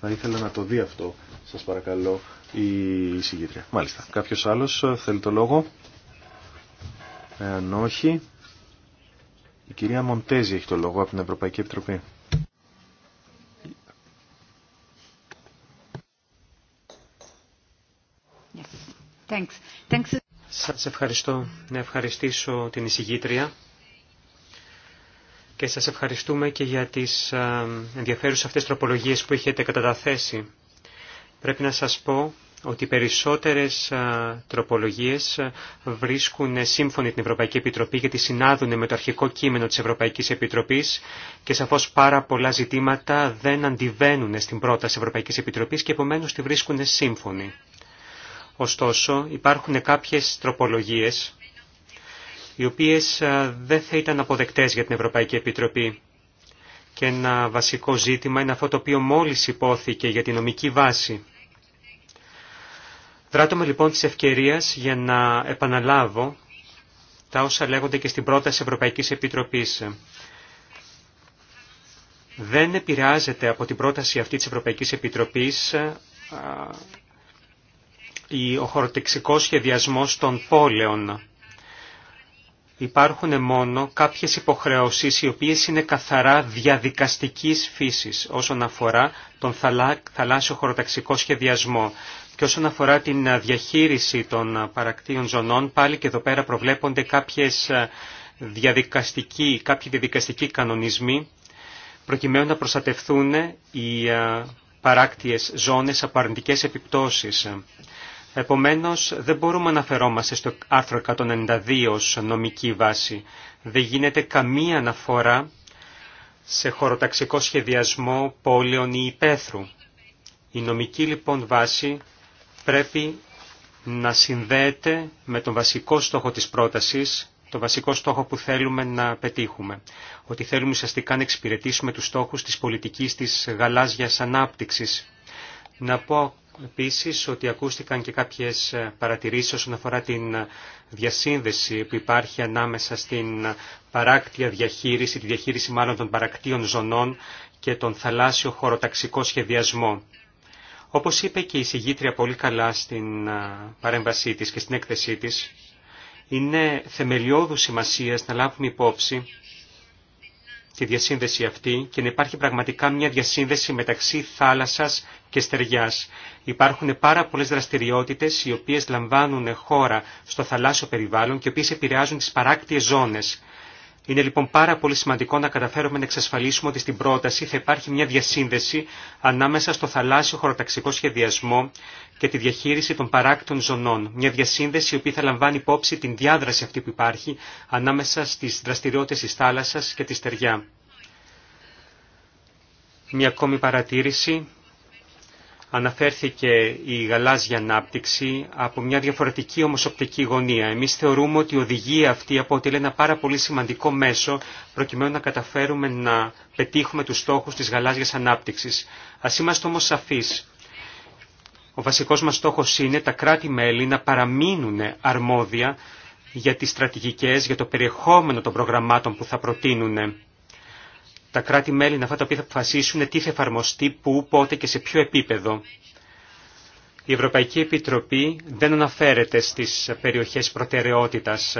Θα ήθελα να το δει αυτό, σας παρακαλώ, η συγκήτρια. Μάλιστα. Κάποιος άλλος θέλει το λόγο. Αν όχι, η κυρία Μοντέζη έχει το λόγο από την Ευρωπαϊκή Επιτροπή. Thanks. Σας ευχαριστώ. Να ευχαριστήσω την εισηγήτρια και σας ευχαριστούμε και για τις ενδιαφέρουσες αυτές τροπολογίες που έχετε καταταθέσει. Πρέπει να σας πω ότι περισσότερες τροπολογίες βρίσκουν σύμφωνη την Ευρωπαϊκή Επιτροπή γιατί συνάδουν με το αρχικό κείμενο της Ευρωπαϊκής Επιτροπής και σαφώς πάρα πολλά ζητήματα δεν αντιβαίνουν στην πρόταση Ευρωπαϊκής Επιτροπής και επομένως τη βρίσκουν σύμφωνη. Ωστόσο, υπάρχουν κάποιες τροπολογίες οι οποίες δεν θα ήταν αποδεκτές για την Ευρωπαϊκή Επιτροπή. Και ένα βασικό ζήτημα είναι αυτό το οποίο μόλις υπόθηκε για την νομική βάση. Δράτομαι λοιπόν της ευκαιρίας για να επαναλάβω τα όσα λέγονται και στην πρόταση Ευρωπαϊκής Επιτροπής. Δεν επηρεάζεται από την πρόταση αυτή της Ευρωπαϊκής Επιτροπής ο χορτεξικός σχεδιασμός των πόλεων. Υπάρχουν μόνο κάποιες υποχρεώσεις οι οποίες είναι καθαρά διαδικαστικής φύσης όσον αφορά τον θαλά, θαλάσσιο χωροταξικό σχεδιασμό. Και όσον αφορά την διαχείριση των παρακτήων ζωνών, πάλι και εδώ πέρα προβλέπονται κάποιες ε, διαδικαστικοί, κάποιοι διαδικαστικοί κανονισμοί προκειμένου να προστατευθούν οι ε, παράκτιες ζώνες από αρνητικές επιπτώσεις. Επομένως, δεν μπορούμε να αναφερόμαστε στο άρθρο 192 ως νομική βάση. Δεν γίνεται καμία αναφορά σε χωροταξικό σχεδιασμό πόλεων ή υπαίθρου. Η νομική λοιπόν βάση πρέπει να συνδέεται με τον βασικό στόχο της πρότασης, το βασικό στόχο που θέλουμε να πετύχουμε. Ότι θέλουμε ουσιαστικά να εξυπηρετήσουμε τους στόχους της πολιτικής της γαλάζιας ανάπτυξης. Να πω επίσης ότι ακούστηκαν και κάποιες παρατηρήσεις όσον αφορά την διασύνδεση που υπάρχει ανάμεσα στην παράκτια διαχείριση, τη διαχείριση μάλλον των παρακτίων ζωνών και τον θαλάσσιο χωροταξικό σχεδιασμό. Όπως είπε και η συγγήτρια πολύ καλά στην παρέμβασή της και στην έκθεσή της, είναι θεμελιώδου σημασίας να λάβουμε υπόψη τη διασύνδεση αυτή και να υπάρχει πραγματικά μια διασύνδεση μεταξύ θάλασσας και στεριάς. Υπάρχουν πάρα πολλές δραστηριότητες οι οποίες λαμβάνουν χώρα στο θαλάσσιο περιβάλλον και οι οποίες επηρεάζουν τις παράκτιες ζώνες. Είναι λοιπόν πάρα πολύ σημαντικό να καταφέρουμε να εξασφαλίσουμε ότι στην πρόταση θα υπάρχει μια διασύνδεση ανάμεσα στο θαλάσσιο χωροταξικό σχεδιασμό και τη διαχείριση των παράκτων ζωνών. Μια διασύνδεση η οποία θα λαμβάνει υπόψη την διάδραση αυτή που υπάρχει ανάμεσα στις δραστηριότητες της θάλασσας και τη στεριά. Μια ακόμη παρατήρηση αναφέρθηκε η γαλάζια ανάπτυξη από μια διαφορετική όμως οπτική γωνία. Εμείς θεωρούμε ότι η οδηγία αυτή αποτελεί ένα πάρα πολύ σημαντικό μέσο προκειμένου να καταφέρουμε να πετύχουμε τους στόχους της γαλάζιας ανάπτυξης. Ας είμαστε όμως σαφείς. Ο βασικός μας στόχος είναι τα κράτη-μέλη να παραμείνουν αρμόδια για τις στρατηγικές, για το περιεχόμενο των προγραμμάτων που θα προτείνουν τα κράτη-μέλη είναι αυτά τα οποία θα αποφασίσουν τι θα εφαρμοστεί, πού, πότε και σε ποιο επίπεδο. Η Ευρωπαϊκή Επιτροπή δεν αναφέρεται στις περιοχές προτεραιότητας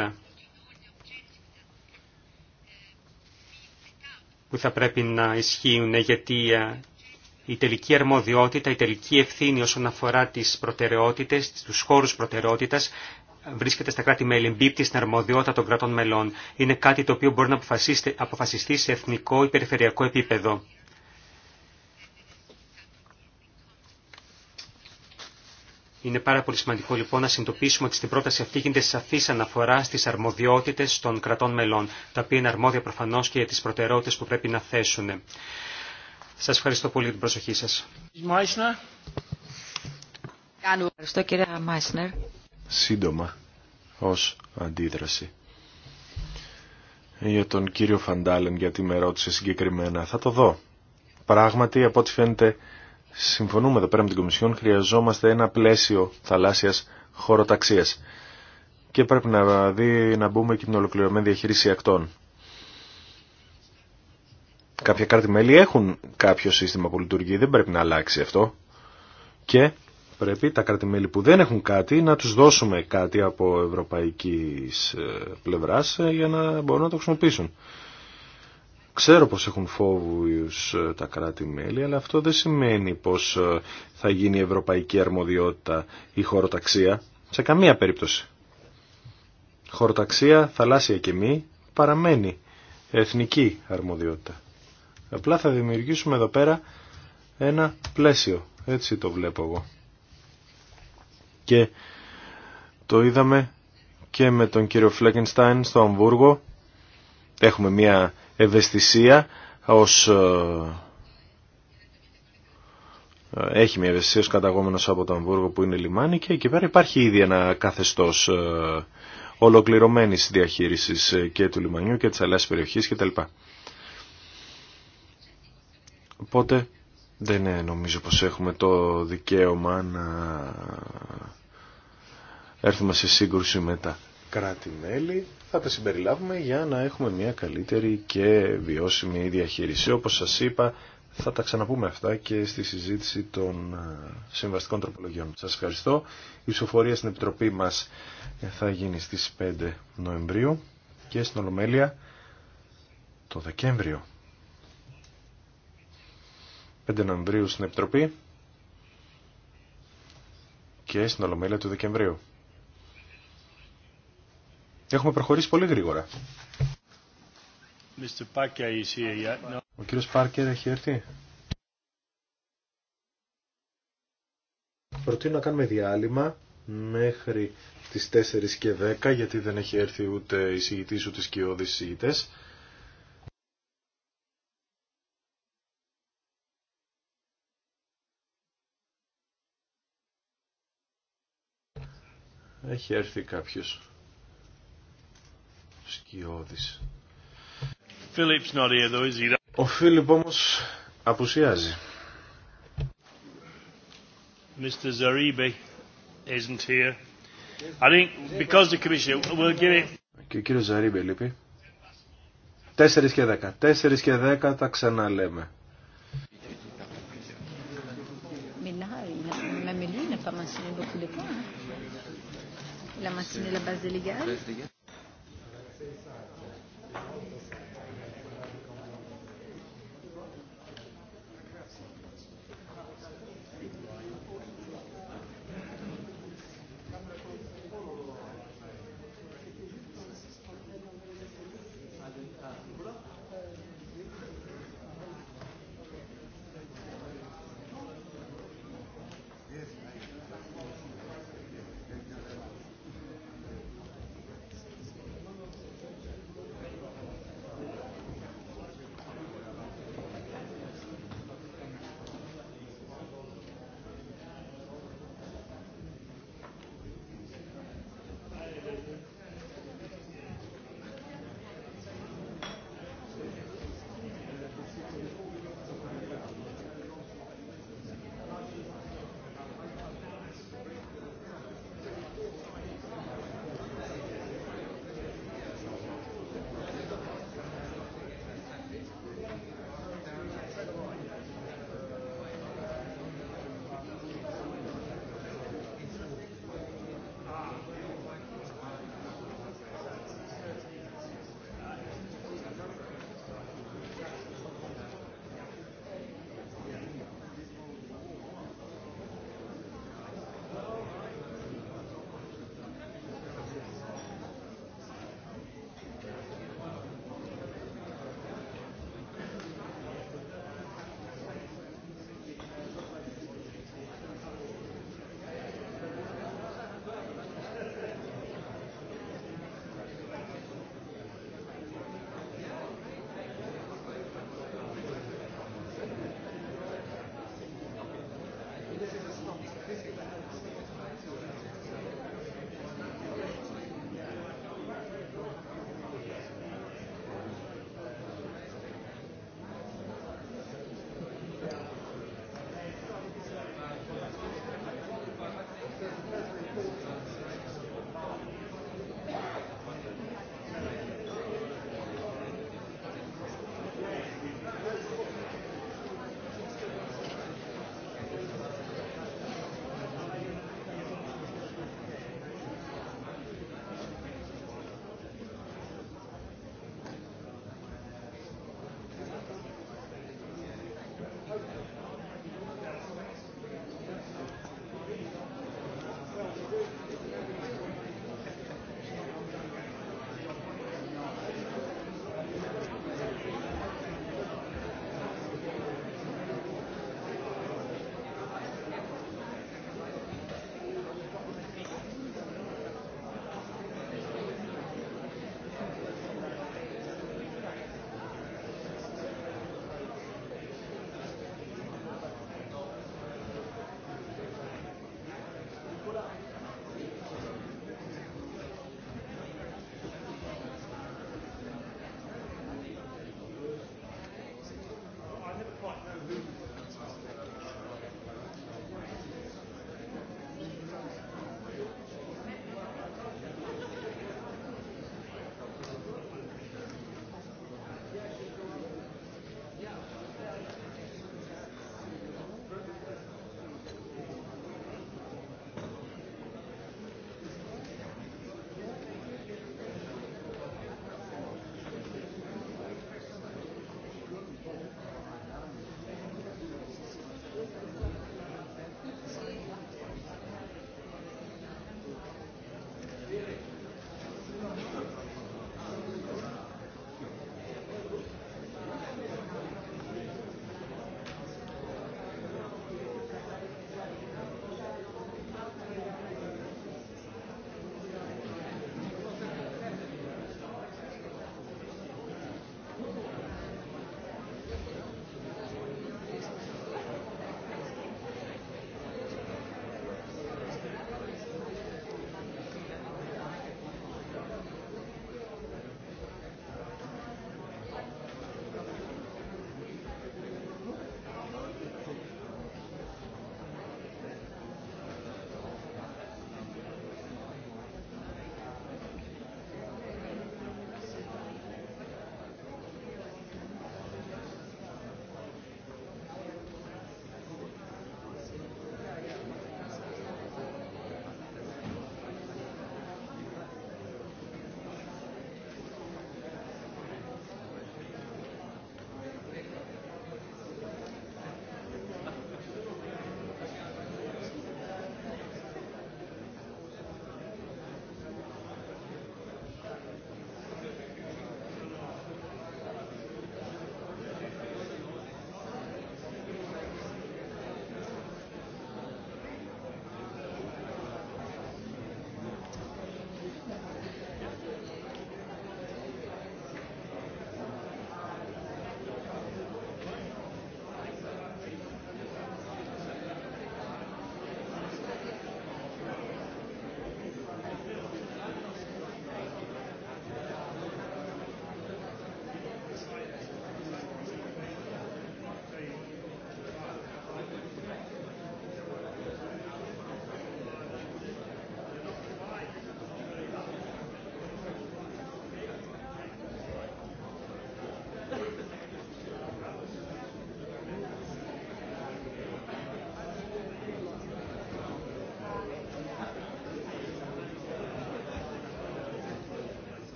που θα πρέπει να ισχύουν γιατί ε, η τελική αρμοδιότητα, η τελική ευθύνη όσον αφορά τις προτεραιότητες, τους χώρους προτεραιότητας βρίσκεται στα κράτη-μέλη, εμπίπτει στην αρμοδιότητα των κρατών μελών. Είναι κάτι το οποίο μπορεί να αποφασιστεί σε εθνικό ή περιφερειακό επίπεδο. Είναι πάρα πολύ σημαντικό λοιπόν να συνειδητοποιήσουμε ότι στην πρόταση αυτή γίνεται σαφή αναφορά στι αρμοδιότητε των κρατών μελών, τα οποία είναι αρμόδια προφανώ και για τι προτεραιότητε που πρέπει να θέσουν. Σα ευχαριστώ πολύ για την προσοχή σα. Ευχαριστώ κύριε Μάισνερ σύντομα ως αντίδραση. Για τον κύριο Φαντάλεν γιατί με ρώτησε συγκεκριμένα. Θα το δω. Πράγματι από ό,τι φαίνεται συμφωνούμε εδώ πέρα με την Κομισιόν χρειαζόμαστε ένα πλαίσιο θαλάσσιας χωροταξίας και πρέπει να, δει, να μπούμε και την ολοκληρωμένη διαχείριση ακτών. Κάποια κράτη-μέλη έχουν κάποιο σύστημα που λειτουργεί, δεν πρέπει να αλλάξει αυτό. Και πρέπει τα κράτη-μέλη που δεν έχουν κάτι να τους δώσουμε κάτι από ευρωπαϊκής ε, πλευράς ε, για να μπορούν να το χρησιμοποιήσουν. Ξέρω πως έχουν φόβους ε, τα κράτη-μέλη, αλλά αυτό δεν σημαίνει πως θα γίνει η ευρωπαϊκή αρμοδιότητα ή χωροταξία, σε καμία περίπτωση. Χωροταξία, θαλάσσια και μη, παραμένει εθνική αρμοδιότητα. Απλά θα δημιουργήσουμε εδώ πέρα ένα πλαίσιο, έτσι το βλέπω εγώ και το είδαμε και με τον κύριο Φλέγκενστάιν στο Αμβούργο. Έχουμε μια ευαισθησία ως... Ε, ε, έχει μια ευαισθησία ως καταγόμενος από το Αμβούργο που είναι λιμάνι και εκεί πέρα υπάρχει ήδη ένα καθεστώς ε, ολοκληρωμένης διαχείρισης και του λιμανιού και της αλλάς περιοχής κτλ. Οπότε δεν νομίζω πως έχουμε το δικαίωμα να έρθουμε σε σύγκρουση με τα κράτη-μέλη. Θα τα συμπεριλάβουμε για να έχουμε μια καλύτερη και βιώσιμη διαχείριση. Όπως σας είπα, θα τα ξαναπούμε αυτά και στη συζήτηση των ε, συμβαστικών τροπολογιών. Σας ευχαριστώ. Η ψηφοφορία στην Επιτροπή μας ε, θα γίνει στις 5 Νοεμβρίου και στην Ολομέλεια το Δεκέμβριο. 5 Νοεμβρίου στην Επιτροπή και στην Ολομέλεια του Δεκεμβρίου. Έχουμε προχωρήσει πολύ γρήγορα. Ο κύριος Πάρκερ έχει έρθει. Προτείνω να κάνουμε διάλειμμα μέχρι τις 4 και 10 γιατί δεν έχει έρθει ούτε εισηγητής ούτε σκιώδης εισηγητές. έχει έρθει κάποιος σκιώδης. Philip's not here though, is Ο Φίλιπ όμως απουσιάζει. Mr. Zaribi isn't here. I think because the commission will give it... Και ο κύριος Ζαρίμπη λείπει. Τέσσερις και δέκα. Τέσσερις και δέκα τα ξαναλέμε. Μιλάει. Με μιλούν. Θα μας είναι το τηλεφώνο. La matinée, la base légale.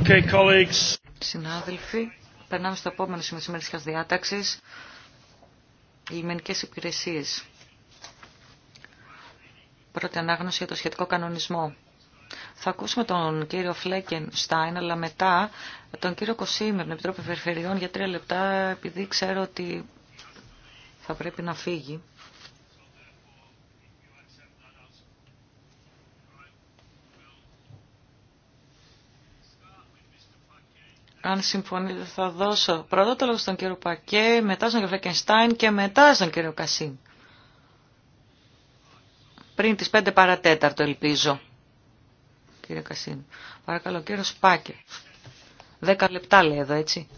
Okay, colleagues. Συνάδελφοι, περνάμε στο επόμενο σημείο σήμερα της διάταξης. Λιμενικές υπηρεσίες. Πρώτη ανάγνωση για το σχετικό κανονισμό. Θα ακούσουμε τον κύριο Φλέκενστάιν, αλλά μετά τον κύριο Κοσίμερ, τον Επιτρόπο Περιφερειών, για τρία λεπτά, επειδή ξέρω ότι θα πρέπει να φύγει. Αν συμφωνείτε θα δώσω πρώτα το λόγο στον κύριο Πακέ, μετά στον κύριο Φλεκενστάιν και μετά στον κύριο Κασίν. Πριν τις 5 παρατέταρτο ελπίζω. Κύριε Κασίν, παρακαλώ κύριο Πάκε. Δέκα λεπτά λέει εδώ έτσι.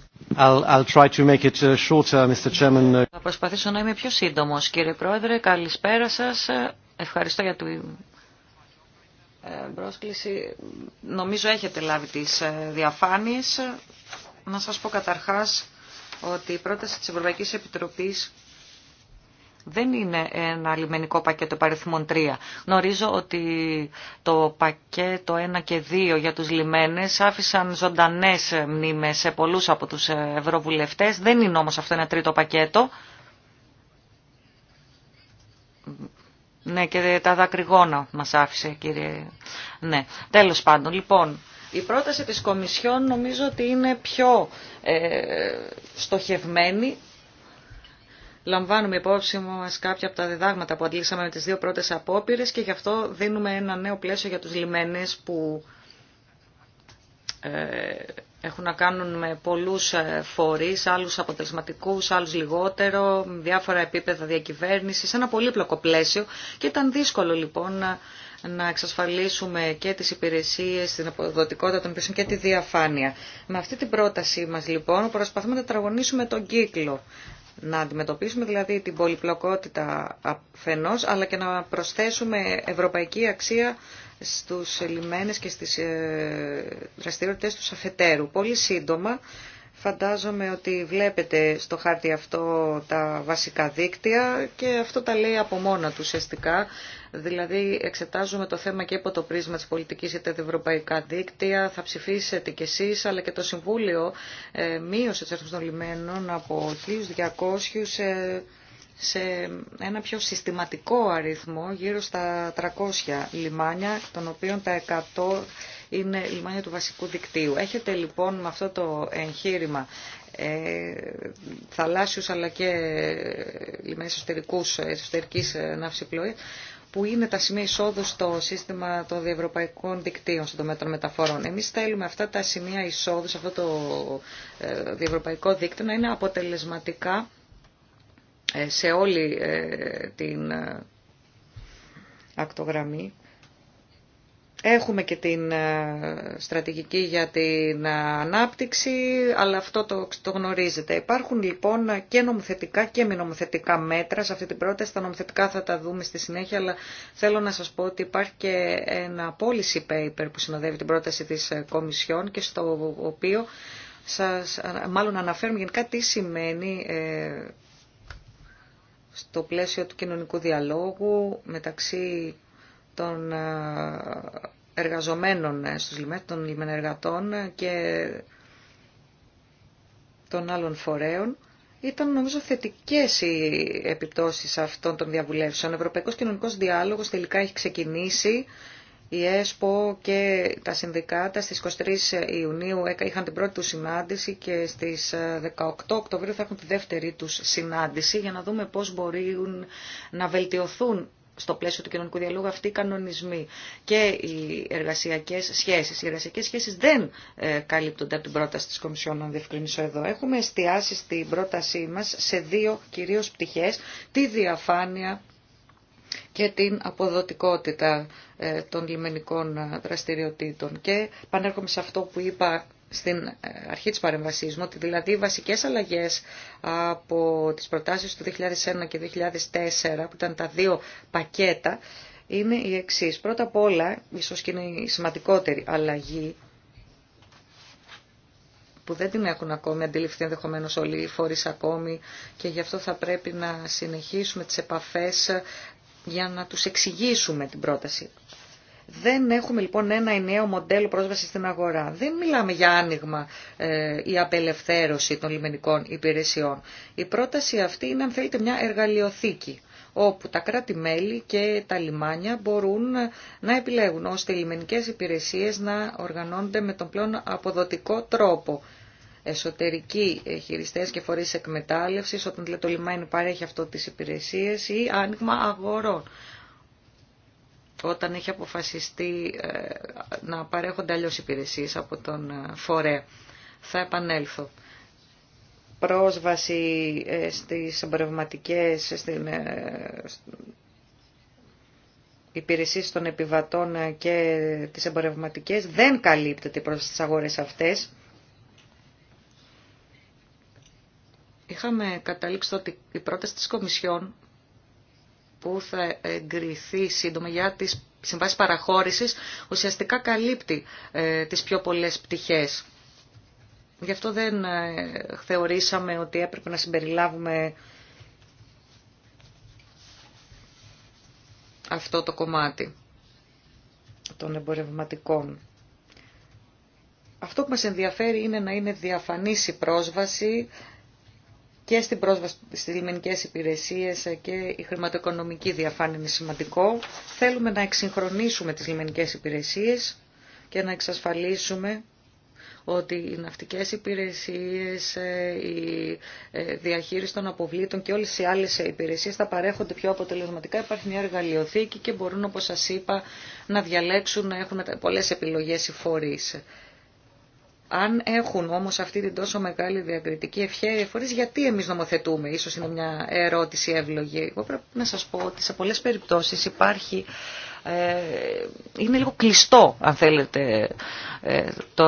Θα προσπαθήσω να είμαι πιο σύντομος κύριε Πρόεδρε. Καλησπέρα σας. Ευχαριστώ για την ε, πρόσκληση. Νομίζω έχετε λάβει τις ε, διαφάνειες. Να σας πω καταρχάς ότι η πρόταση της Ευρωπαϊκής Επιτροπής δεν είναι ένα λιμενικό πακέτο παριθμών 3. Γνωρίζω ότι το πακέτο 1 και 2 για τους λιμένες άφησαν ζωντανές μνήμες σε πολλούς από τους ευρωβουλευτές. Δεν είναι όμως αυτό ένα τρίτο πακέτο. Ναι, και τα δακρυγόνα μας άφησε, κύριε. Ναι, τέλος πάντων. Λοιπόν, η πρόταση της Κομισιόν νομίζω ότι είναι πιο ε, στοχευμένη. Λαμβάνουμε υπόψη μας κάποια από τα διδάγματα που αντλήσαμε με τις δύο πρώτες απόπειρες και γι' αυτό δίνουμε ένα νέο πλαίσιο για τους λιμένες που ε, έχουν να κάνουν με πολλούς ε, φορείς, άλλους αποτελεσματικούς, άλλους λιγότερο, διάφορα επίπεδα διακυβέρνησης, ένα πολύπλοκο πλαίσιο και ήταν δύσκολο λοιπόν ε, να εξασφαλίσουμε και τις υπηρεσίες, την αποδοτικότητα των υπηρεσιών και τη διαφάνεια. Με αυτή την πρότασή μας λοιπόν προσπαθούμε να τετραγωνίσουμε τον κύκλο. Να αντιμετωπίσουμε δηλαδή την πολυπλοκότητα αφενός, αλλά και να προσθέσουμε ευρωπαϊκή αξία στους λιμένες και στις ε, δραστηριότητες του αφετέρου. Πολύ σύντομα, φαντάζομαι ότι βλέπετε στο χάρτη αυτό τα βασικά δίκτυα και αυτό τα λέει από μόνα του ουσιαστικά. Δηλαδή εξετάζουμε το θέμα και από το πρίσμα της πολιτικής για τα ευρωπαϊκά δίκτυα. Θα ψηφίσετε κι εσείς, αλλά και το Συμβούλιο ε, μείωσε τους αριθμούς των λιμένων από 1.200 σε ένα πιο συστηματικό αριθμό, γύρω στα 300 λιμάνια, των οποίων τα 100 είναι λιμάνια του βασικού δικτύου. Έχετε λοιπόν με αυτό το εγχείρημα ε, θαλάσσιους αλλά και ε, λιμένες εσωτερικούς, ε, εσωτερικής ε, πλοή, που είναι τα σημεία εισόδου στο σύστημα των διευρωπαϊκών δικτύων στον τομέα των μεταφορών. Εμείς θέλουμε αυτά τα σημεία εισόδου, σε αυτό το διευρωπαϊκό δίκτυο να είναι αποτελεσματικά ε, σε όλη ε, την ε, ακτογραμμή. Έχουμε και την στρατηγική για την ανάπτυξη, αλλά αυτό το, το γνωρίζετε. Υπάρχουν λοιπόν και νομοθετικά και μη νομοθετικά μέτρα σε αυτή την πρόταση. Τα νομοθετικά θα τα δούμε στη συνέχεια, αλλά θέλω να σας πω ότι υπάρχει και ένα policy paper που συνοδεύει την πρόταση της Κομισιόν και στο οποίο σας, μάλλον αναφέρουμε γενικά τι σημαίνει στο πλαίσιο του κοινωνικού διαλόγου μεταξύ των ε, εργαζομένων ε, στους λιμές, των λιμενεργατών και των άλλων φορέων. Ήταν νομίζω θετικές οι επιπτώσεις αυτών των διαβουλεύσεων. Ο Ευρωπαϊκός Κοινωνικός Διάλογος τελικά έχει ξεκινήσει η ΕΣΠΟ και τα συνδικάτα στις 23 Ιουνίου είχαν την πρώτη τους συνάντηση και στις 18 ε, Οκτωβρίου θα έχουν τη δεύτερη τους συνάντηση για να δούμε πώς μπορούν να βελτιωθούν στο πλαίσιο του κοινωνικού διαλόγου αυτοί οι κανονισμοί και οι εργασιακέ σχέσει. Οι εργασιακέ σχέσει δεν ε, καλύπτονται από την πρόταση τη Κομισιόν, να διευκρινίσω εδώ. Έχουμε εστιάσει στην πρότασή μα σε δύο κυρίω πτυχέ. Τη διαφάνεια και την αποδοτικότητα ε, των λιμενικών ε, δραστηριοτήτων. Και πανέρχομαι σε αυτό που είπα στην ε, αρχή της παρεμβασής μου, ότι δηλαδή οι βασικές αλλαγές από τις προτάσεις του 2001 και 2004, που ήταν τα δύο πακέτα, είναι οι εξή. Πρώτα απ' όλα, ίσως και είναι η σημαντικότερη αλλαγή, που δεν την έχουν ακόμη αντιληφθεί ενδεχομένω όλοι οι φορεί ακόμη και γι' αυτό θα πρέπει να συνεχίσουμε τις επαφές για να τους εξηγήσουμε την πρόταση. Δεν έχουμε λοιπόν ένα νέο μοντέλο πρόσβασης στην αγορά. Δεν μιλάμε για άνοιγμα ε, ή απελευθέρωση των λιμενικών υπηρεσιών. Η πρόταση αυτή είναι αν θέλετε μια εργαλειοθήκη όπου τα κράτη-μέλη και τα λιμάνια μπορούν να επιλέγουν ώστε οι λιμενικές υπηρεσίες να οργανώνονται με τον πλέον αποδοτικό τρόπο εσωτερικοί ε, χειριστές και φορείς εκμετάλλευσης, όταν δηλαδή το λιμάνι παρέχει αυτό τις υπηρεσίες ή άνοιγμα αγορών όταν έχει αποφασιστεί ε, να παρέχονται αλλιώ υπηρεσίες από τον ε, φορέα. Θα επανέλθω. Πρόσβαση στις εμπορευματικές, στην, υπηρεσίες των επιβατών και τις εμπορευματικές δεν καλύπτεται προς τις αγορές αυτές. Είχαμε καταλήξει ότι η πρόταση της Κομισιόν που θα εγκριθεί σύντομα για τις συμβάσεις παραχώρησης ουσιαστικά καλύπτει ε, τις πιο πολλές πτυχές. Γι' αυτό δεν ε, θεωρήσαμε ότι έπρεπε να συμπεριλάβουμε αυτό το κομμάτι των εμπορευματικών. Αυτό που μας ενδιαφέρει είναι να είναι διαφανής η πρόσβαση και στην πρόσβαση στις λιμενικές υπηρεσίες και η χρηματοοικονομική διαφάνεια είναι σημαντικό. Θέλουμε να εξυγχρονίσουμε τις λιμενικές υπηρεσίες και να εξασφαλίσουμε ότι οι ναυτικές υπηρεσίες, ε, η ε, διαχείριση των αποβλήτων και όλες οι άλλες υπηρεσίες θα παρέχονται πιο αποτελεσματικά. Υπάρχει μια εργαλειοθήκη και μπορούν, όπως σας είπα, να διαλέξουν, να έχουν πολλές επιλογές οι φορείς. Αν έχουν όμω αυτή την τόσο μεγάλη διακριτική ευχαίρεια φορεί γιατί εμείς νομοθετούμε, ίσως είναι μια ερώτηση εύλογη. Εγώ πρέπει να σας πω ότι σε πολλέ περιπτώσεις υπάρχει, ε, είναι λίγο κλειστό αν θέλετε ε, το,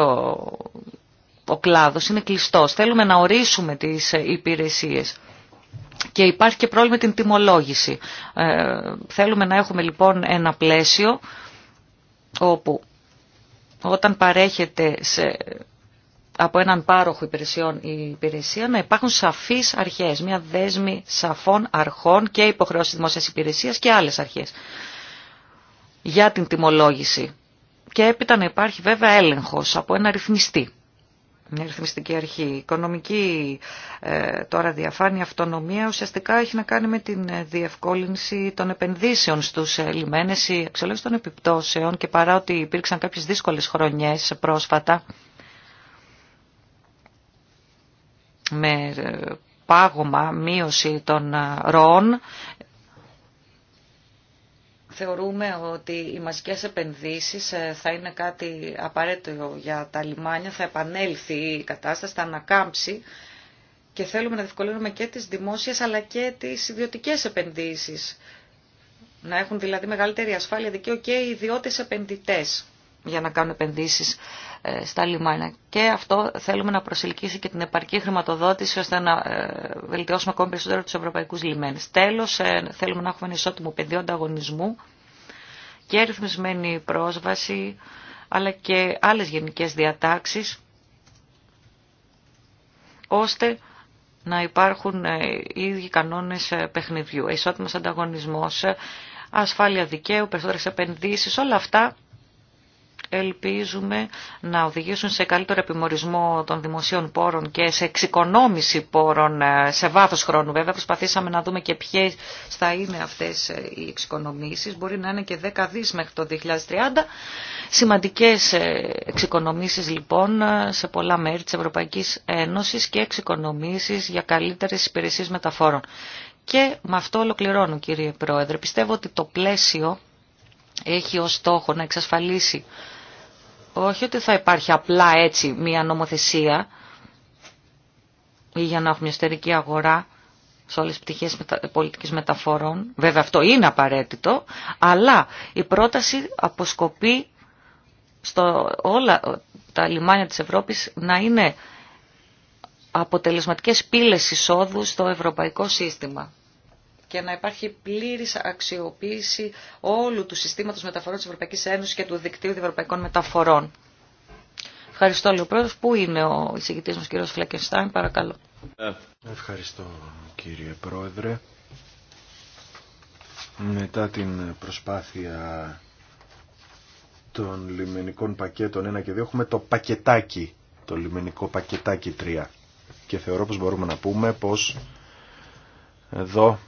ο κλάδο είναι κλειστό. Θέλουμε να ορίσουμε τις υπηρεσίες. Και υπάρχει και πρόβλημα με την τιμολόγηση. Ε, θέλουμε να έχουμε λοιπόν ένα πλαίσιο όπου όταν παρέχεται σε, από έναν πάροχο υπηρεσιών η υπηρεσία να υπάρχουν σαφείς αρχές, μια δέσμη σαφών αρχών και υποχρεώσεις δημόσιας υπηρεσίας και άλλες αρχές για την τιμολόγηση. Και έπειτα να υπάρχει βέβαια έλεγχος από ένα ρυθμιστή μια ρυθμιστική αρχή. Η οικονομική ε, τώρα διαφάνεια, αυτονομία ουσιαστικά έχει να κάνει με την ε, διευκόλυνση των επενδύσεων στους ε, λιμένες, η αξιολόγηση των επιπτώσεων και παρά ότι υπήρξαν κάποιες δύσκολες χρονιές πρόσφατα με πάγωμα, μείωση των ροών, Θεωρούμε ότι οι μαζικές επενδύσεις ε, θα είναι κάτι απαραίτητο για τα λιμάνια, θα επανέλθει η κατάσταση, θα ανακάμψει και θέλουμε να διευκολύνουμε και τις δημόσιες αλλά και τις ιδιωτικές επενδύσεις. Να έχουν δηλαδή μεγαλύτερη ασφάλεια δικαίου και οι ιδιώτες επενδυτές για να κάνουν επενδύσεις ε, στα λιμάνια. Και αυτό θέλουμε να προσελκύσει και την επαρκή χρηματοδότηση ώστε να ε, βελτιώσουμε ακόμη περισσότερο τους ευρωπαϊκούς λιμένες. Τέλος, ε, θέλουμε να έχουμε ένα ισότιμο πεδίο ανταγωνισμού και ρυθμισμένη πρόσβαση, αλλά και άλλες γενικές διατάξεις, ώστε να υπάρχουν οι ίδιοι κανόνες παιχνιδιού, ισότιμος ανταγωνισμός, ασφάλεια δικαίου, περισσότερες επενδύσεις, όλα αυτά ελπίζουμε να οδηγήσουν σε καλύτερο επιμορισμό των δημοσίων πόρων και σε εξοικονόμηση πόρων ε, σε βάθος χρόνου. Βέβαια προσπαθήσαμε να δούμε και ποιε θα είναι αυτές ε, οι εξοικονομήσεις. Μπορεί να είναι και δέκα δις μέχρι το 2030. Σημαντικές ε, εξοικονομήσεις λοιπόν σε πολλά μέρη της Ευρωπαϊκής Ένωσης και εξοικονομήσεις για καλύτερες υπηρεσίες μεταφόρων. Και με αυτό ολοκληρώνω κύριε Πρόεδρε. Πιστεύω ότι το πλαίσιο έχει ως στόχο να εξασφαλίσει όχι ότι θα υπάρχει απλά έτσι μια νομοθεσία ή για να έχουμε μια εστερική αγορά σε όλες τις πτυχές πολιτικής μεταφορών. Βέβαια αυτό είναι απαραίτητο, αλλά η πρόταση αποσκοπεί στο όλα τα λιμάνια της Ευρώπης να είναι αποτελεσματικές πύλες εισόδου στο ευρωπαϊκό σύστημα και να υπάρχει πλήρης αξιοποίηση όλου του συστήματος μεταφορών της Ευρωπαϊκής Ένωσης και του δικτύου ευρωπαϊκών μεταφορών. Ευχαριστώ, λέει πρόεδρος. Πού είναι ο εισηγητής μας, κύριος Φλέκενστάιν, παρακαλώ. Ευχαριστώ, κύριε πρόεδρε. Μετά την προσπάθεια των λιμενικών πακέτων 1 και 2 έχουμε το πακετάκι, το λιμενικό πακετάκι 3. Και θεωρώ πως μπορούμε να πούμε πως εδώ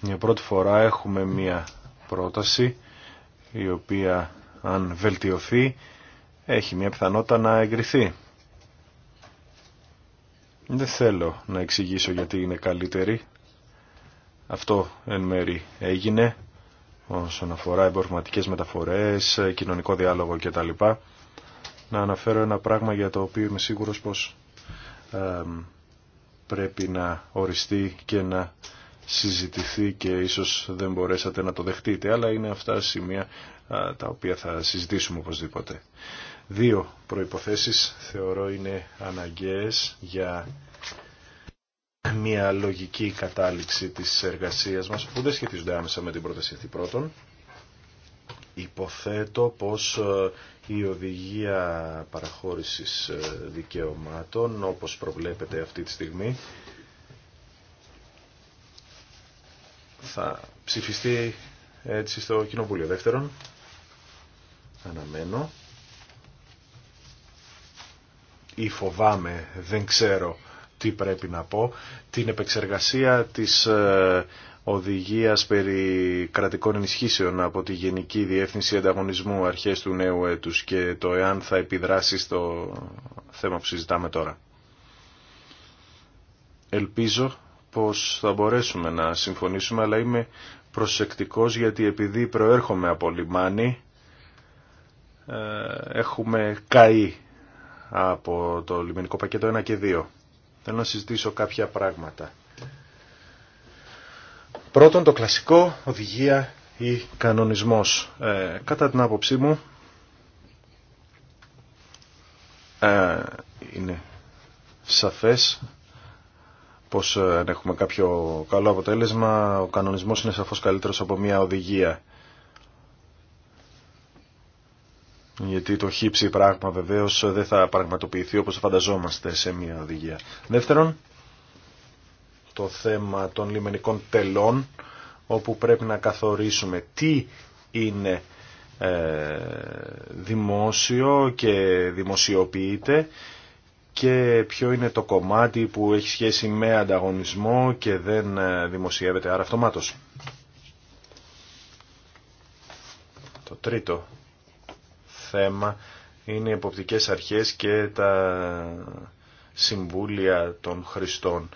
για πρώτη φορά έχουμε μία πρόταση η οποία αν βελτιωθεί έχει μία πιθανότητα να εγκριθεί. Δεν θέλω να εξηγήσω γιατί είναι καλύτερη. Αυτό εν μέρη έγινε όσον αφορά εμπορματικές μεταφορές, κοινωνικό διάλογο κτλ. Να αναφέρω ένα πράγμα για το οποίο είμαι σίγουρος πως πρέπει να οριστεί και να συζητηθεί και ίσως δεν μπορέσατε να το δεχτείτε, αλλά είναι αυτά σημεία τα οποία θα συζητήσουμε οπωσδήποτε. Δύο προϋποθέσεις θεωρώ είναι αναγκαίες για μια λογική κατάληξη της εργασίας μας που δεν σχετίζονται άμεσα με την πρόταση αυτή πρώτον. Υποθέτω πως η οδηγία παραχώρησης δικαιωμάτων όπως προβλέπεται αυτή τη στιγμή θα ψηφιστεί έτσι στο Κοινοβούλιο. Δεύτερον, αναμένω ή φοβάμαι, δεν ξέρω τι πρέπει να πω, την επεξεργασία της ε, οδηγίας περί κρατικών ενισχύσεων από τη Γενική Διεύθυνση Ανταγωνισμού αρχές του νέου έτους και το εάν θα επιδράσει στο θέμα που συζητάμε τώρα. Ελπίζω πως θα μπορέσουμε να συμφωνήσουμε, αλλά είμαι προσεκτικός γιατί επειδή προέρχομαι από λιμάνι, ε, έχουμε καεί από το λιμενικό πακέτο 1 και 2. Θέλω να συζητήσω κάποια πράγματα. Πρώτον, το κλασικό οδηγία ή κανονισμός. Ε, κατά την άποψή μου, ε, είναι σαφές πως ε, αν έχουμε κάποιο καλό αποτέλεσμα ο κανονισμός είναι σαφώς καλύτερος από μια οδηγία. Γιατί το χύψη πράγμα βεβαίως δεν θα πραγματοποιηθεί όπως φανταζόμαστε σε μια οδηγία. Δεύτερον, το θέμα των λιμενικών τελών όπου πρέπει να καθορίσουμε τι είναι ε, δημόσιο και δημοσιοποιείται και ποιο είναι το κομμάτι που έχει σχέση με ανταγωνισμό και δεν ε, δημοσιεύεται άρα αυτομάτως. Το τρίτο θέμα είναι οι εποπτικές αρχές και τα συμβούλια των χρηστών.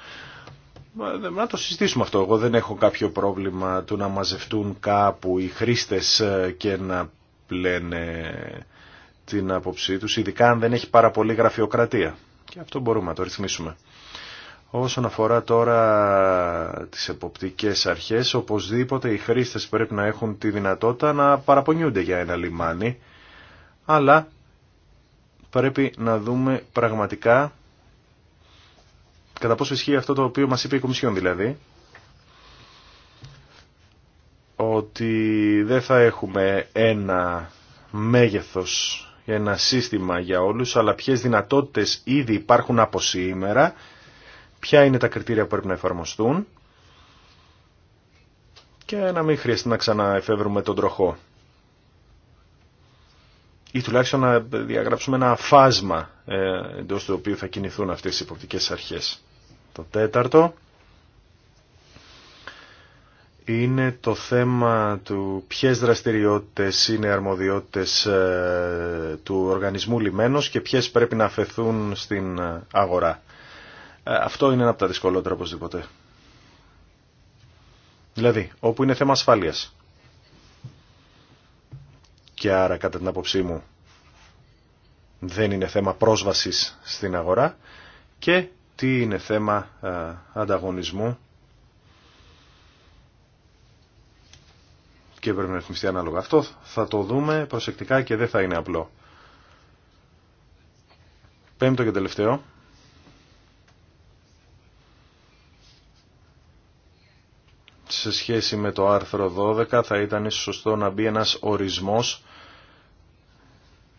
Να το συζητήσουμε αυτό. Εγώ δεν έχω κάποιο πρόβλημα του να μαζευτούν κάπου οι χρήστες ε, και να πλένε την άποψή τους, ειδικά αν δεν έχει πάρα πολύ γραφειοκρατία. Και αυτό μπορούμε να το ρυθμίσουμε. Όσον αφορά τώρα τις εποπτικές αρχές, οπωσδήποτε οι χρήστες πρέπει να έχουν τη δυνατότητα να παραπονιούνται για ένα λιμάνι, αλλά πρέπει να δούμε πραγματικά κατά πόσο ισχύει αυτό το οποίο μας είπε η Κομισιόν δηλαδή, ότι δεν θα έχουμε ένα μέγεθος ένα σύστημα για όλους, αλλά ποιες δυνατότητες ήδη υπάρχουν από σήμερα, ποια είναι τα κριτήρια που πρέπει να εφαρμοστούν και να μην χρειαστεί να ξαναεφεύρουμε τον τροχό. Ή τουλάχιστον να διαγράψουμε ένα φάσμα ε, εντό του οποίου θα κινηθούν αυτές οι υποπτικές αρχές. Το τέταρτο είναι το θέμα του ποιες δραστηριότητες είναι αρμοδιότητες ε, του οργανισμού λιμένος και ποιες πρέπει να αφαιθούν στην ε, αγορά. Ε, αυτό είναι ένα από τα δυσκολότερα οπωσδήποτε. Δηλαδή, όπου είναι θέμα ασφάλειας. Και άρα, κατά την άποψή μου, δεν είναι θέμα πρόσβασης στην αγορά και τι είναι θέμα ανταγωνισμού και πρέπει να ρυθμιστεί ανάλογα. Αυτό θα το δούμε προσεκτικά και δεν θα είναι απλό. Πέμπτο και τελευταίο. Σε σχέση με το άρθρο 12 θα ήταν σωστό να μπει ένας ορισμός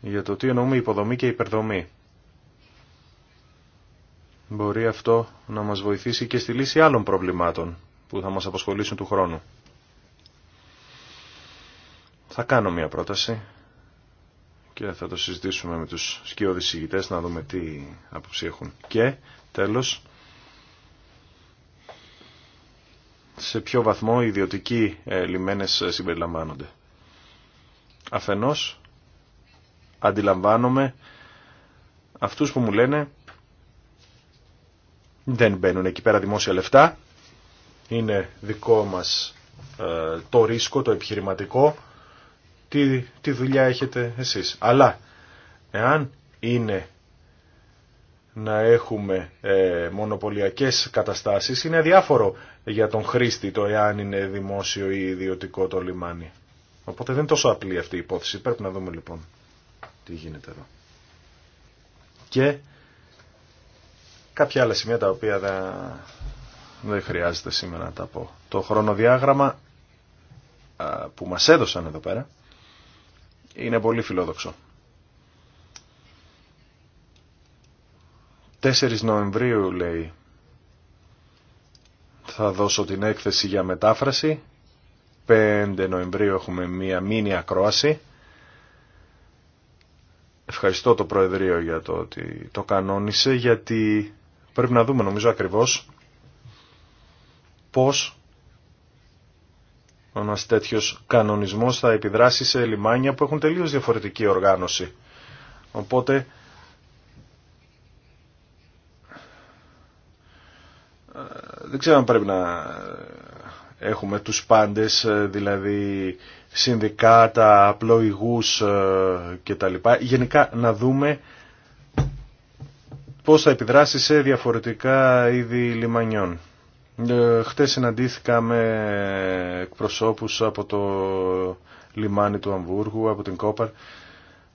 για το τι εννοούμε υποδομή και υπερδομή. Μπορεί αυτό να μας βοηθήσει και στη λύση άλλων προβλημάτων που θα μας αποσχολήσουν του χρόνου. Θα κάνω μια πρόταση και θα το συζητήσουμε με τους σκιώδεις ηγητές να δούμε τι άποψη έχουν. Και τέλος, σε ποιο βαθμό οι ιδιωτικοί ε, λιμένες συμπεριλαμβάνονται. Αφενός, αντιλαμβάνομαι αυτούς που μου λένε δεν μπαίνουν εκεί πέρα δημόσια λεφτά, είναι δικό μας ε, το ρίσκο, το επιχειρηματικό, τι, τι δουλειά έχετε εσείς. Αλλά εάν είναι να έχουμε ε, μονοπωλιακές καταστάσεις, είναι αδιάφορο για τον χρήστη το εάν είναι δημόσιο ή ιδιωτικό το λιμάνι. Οπότε δεν είναι τόσο απλή αυτή η υπόθεση. Πρέπει να δούμε λοιπόν τι γίνεται εδώ. Και κάποια άλλα σημεία τα οποία δεν χρειάζεται σήμερα να τα πω. Το χρονοδιάγραμμα που μας έδωσαν εδώ πέρα είναι πολύ φιλόδοξο. 4 Νοεμβρίου λέει θα δώσω την έκθεση για μετάφραση. 5 Νοεμβρίου έχουμε μία μήνυα ακρόαση. Ευχαριστώ το Προεδρείο για το ότι το κανόνισε γιατί πρέπει να δούμε νομίζω ακριβώς πώς ένα τέτοιο κανονισμό θα επιδράσει σε λιμάνια που έχουν τελείως διαφορετική οργάνωση. Οπότε ε, δεν ξέρω αν πρέπει να έχουμε τους πάντες, ε, δηλαδή συνδικάτα, απλοηγούς ε, και τα λοιπά. Γενικά να δούμε πώς θα επιδράσει σε διαφορετικά είδη λιμανιών. Ε, χτες συναντήθηκα με εκπροσώπους από το λιμάνι του Αμβούργου, από την Κόπαρ.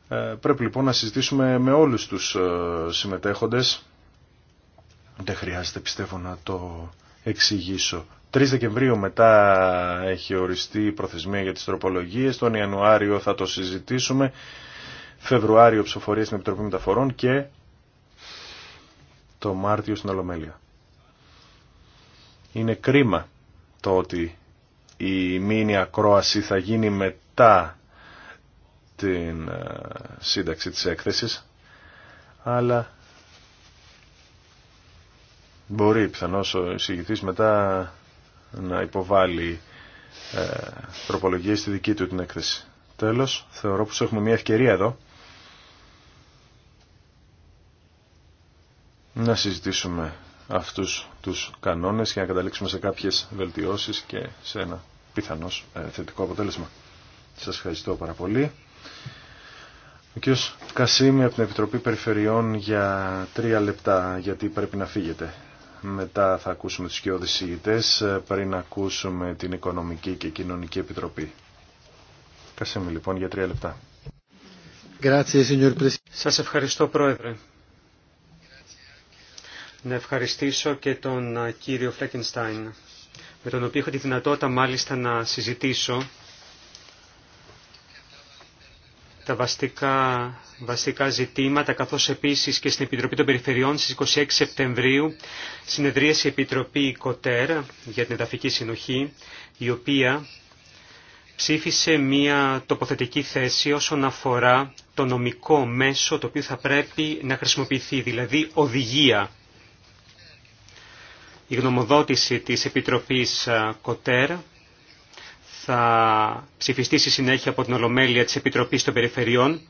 Ε, πρέπει λοιπόν να συζητήσουμε με όλους τους ε, συμμετέχοντες. Δεν χρειάζεται πιστεύω να το εξηγήσω. 3 Δεκεμβρίου μετά έχει οριστεί η προθεσμία για τις τροπολογίες. Τον Ιανουάριο θα το συζητήσουμε. Φεβρουάριο ψηφοφορία στην Επιτροπή Μεταφορών και το Μάρτιο στην Ολομέλεια. Είναι κρίμα το ότι η μήνυα ακρόαση θα γίνει μετά την ε, σύνταξη της έκθεσης, αλλά μπορεί πιθανώς ο εισηγητής μετά να υποβάλει ε, τροπολογίες στη δική του την έκθεση. Τέλος, θεωρώ πως έχουμε μια ευκαιρία εδώ να συζητήσουμε αυτούς τους κανόνες για να καταλήξουμε σε κάποιες βελτιώσεις και σε ένα πιθανώς ε, θετικό αποτέλεσμα. Σας ευχαριστώ πάρα πολύ. Ο κ. Κασίμη από την Επιτροπή Περιφερειών για τρία λεπτά γιατί πρέπει να φύγετε. Μετά θα ακούσουμε τους κοιόδης ηγητές ε, πριν ακούσουμε την Οικονομική και Κοινωνική Επιτροπή. Κασίμη λοιπόν για τρία λεπτά. Σας ευχαριστώ Πρόεδρε να ευχαριστήσω και τον κύριο Φλέκενστάιν, με τον οποίο είχα τη δυνατότητα μάλιστα να συζητήσω τα βασικά, βασικά ζητήματα, καθώς επίσης και στην Επιτροπή των Περιφερειών στις 26 Σεπτεμβρίου συνεδρίασε η Επιτροπή ΚΟΤΕΡ για την Εδαφική Συνοχή, η οποία ψήφισε μία τοποθετική θέση όσον αφορά το νομικό μέσο το οποίο θα πρέπει να χρησιμοποιηθεί, δηλαδή οδηγία η γνωμοδότηση της Επιτροπής ε, Κοτέρ θα ψηφιστεί στη συνέχεια από την Ολομέλεια της Επιτροπής των Περιφερειών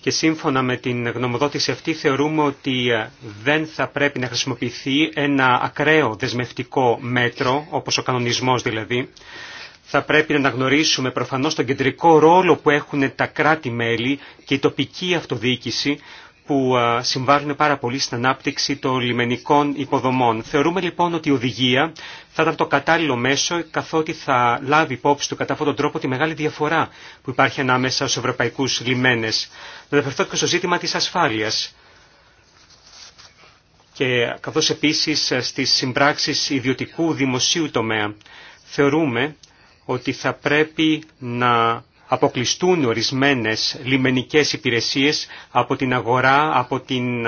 και σύμφωνα με την γνωμοδότηση αυτή θεωρούμε ότι ε, δεν θα πρέπει να χρησιμοποιηθεί ένα ακραίο δεσμευτικό μέτρο, όπως ο κανονισμός δηλαδή. Θα πρέπει να αναγνωρίσουμε προφανώς τον κεντρικό ρόλο που έχουν τα κράτη-μέλη και η τοπική αυτοδιοίκηση που συμβάλλουν πάρα πολύ στην ανάπτυξη των λιμενικών υποδομών. Θεωρούμε λοιπόν ότι η οδηγία θα ήταν το κατάλληλο μέσο καθότι θα λάβει υπόψη του κατά αυτόν τον τρόπο τη μεγάλη διαφορά που υπάρχει ανάμεσα στους ευρωπαϊκούς λιμένες. Να αναφερθώ και στο ζήτημα της ασφάλειας και καθώς επίσης ε, στις συμπράξεις ιδιωτικού δημοσίου τομέα. Θεωρούμε ότι θα πρέπει να αποκλειστούν ορισμένες λιμενικές υπηρεσίες από την αγορά, από την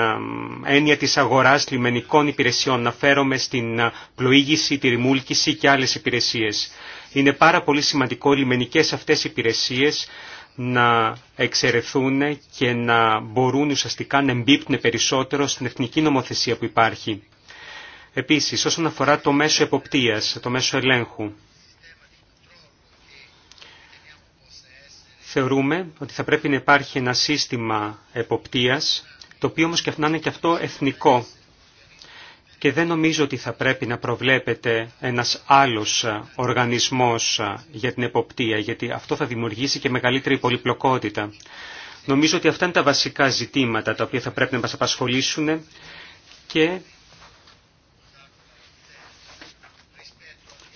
έννοια της αγοράς λιμενικών υπηρεσιών. Να φέρομαι στην ε, πλοήγηση, τη ρημούλκηση και άλλες υπηρεσίες. Είναι πάρα πολύ σημαντικό οι λιμενικές αυτές υπηρεσίες να εξαιρεθούν και να μπορούν ουσιαστικά να εμπίπτουν περισσότερο στην εθνική νομοθεσία που υπάρχει. Επίσης, όσον αφορά το μέσο εποπτείας, το μέσο ελέγχου, Θεωρούμε ότι θα πρέπει να υπάρχει ένα σύστημα εποπτείας, το οποίο όμως και να είναι και αυτό εθνικό. Και δεν νομίζω ότι θα πρέπει να προβλέπεται ένας άλλος οργανισμός για την εποπτεία, γιατί αυτό θα δημιουργήσει και μεγαλύτερη πολυπλοκότητα. Νομίζω ότι αυτά είναι τα βασικά ζητήματα τα οποία θα πρέπει να μας απασχολήσουν και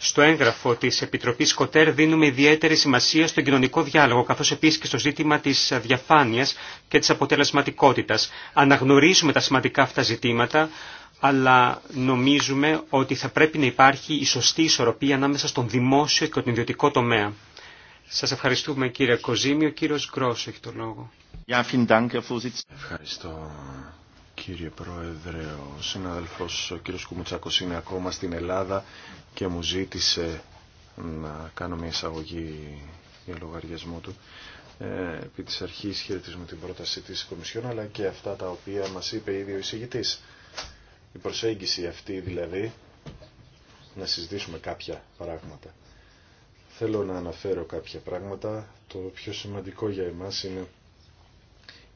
στο έγγραφο της Επιτροπής Κοτέρ δίνουμε ιδιαίτερη σημασία στον κοινωνικό διάλογο, καθώς επίσης και στο ζήτημα της διαφάνειας και της αποτελεσματικότητας. Αναγνωρίζουμε τα σημαντικά αυτά ζητήματα, αλλά νομίζουμε ότι θα πρέπει να υπάρχει η σωστή ισορροπία ανάμεσα στον δημόσιο και τον ιδιωτικό τομέα. Σας ευχαριστούμε κύριε Κοζίμιο. Ο κύριος Γκρός έχει το λόγο. Ευχαριστώ Κύριε Πρόεδρε, ο συνάδελφος ο κύριος Κουμουτσάκος είναι ακόμα στην Ελλάδα και μου ζήτησε να κάνω μια εισαγωγή για λογαριασμό του. Ε, επί της αρχής χαιρετίζουμε την πρόταση της Κομισιόν αλλά και αυτά τα οποία μας είπε ήδη ο εισηγητής. Η προσέγγιση αυτή δηλαδή να συζητήσουμε κάποια πράγματα. Θέλω να αναφέρω κάποια πράγματα. Το πιο σημαντικό για εμάς είναι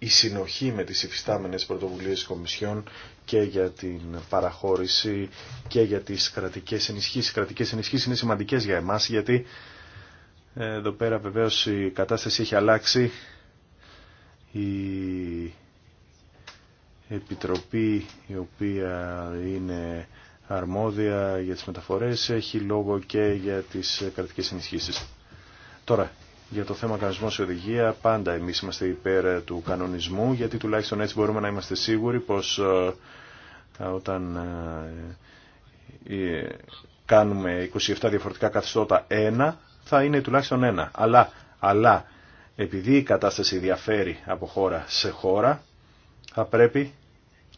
η συνοχή με τις υφιστάμενες πρωτοβουλίες της Κομισιόν και για την παραχώρηση και για τις κρατικές ενισχύσεις. Οι κρατικές ενισχύσεις είναι σημαντικές για εμάς γιατί ε, εδώ πέρα βεβαίως η κατάσταση έχει αλλάξει. Η Επιτροπή η οποία είναι αρμόδια για τις μεταφορές έχει λόγο και για τις κρατικές ενισχύσεις. Τώρα, για το θέμα κανονισμό σε οδηγία. Πάντα εμείς είμαστε υπέρ ε, του κανονισμού, γιατί τουλάχιστον έτσι μπορούμε να είμαστε σίγουροι πως ε, ε, όταν κάνουμε 27 διαφορετικά καθεστώτα ένα, θα είναι τουλάχιστον ένα. Αλλά, αλλά επειδή η κατάσταση διαφέρει από χώρα σε χώρα, θα πρέπει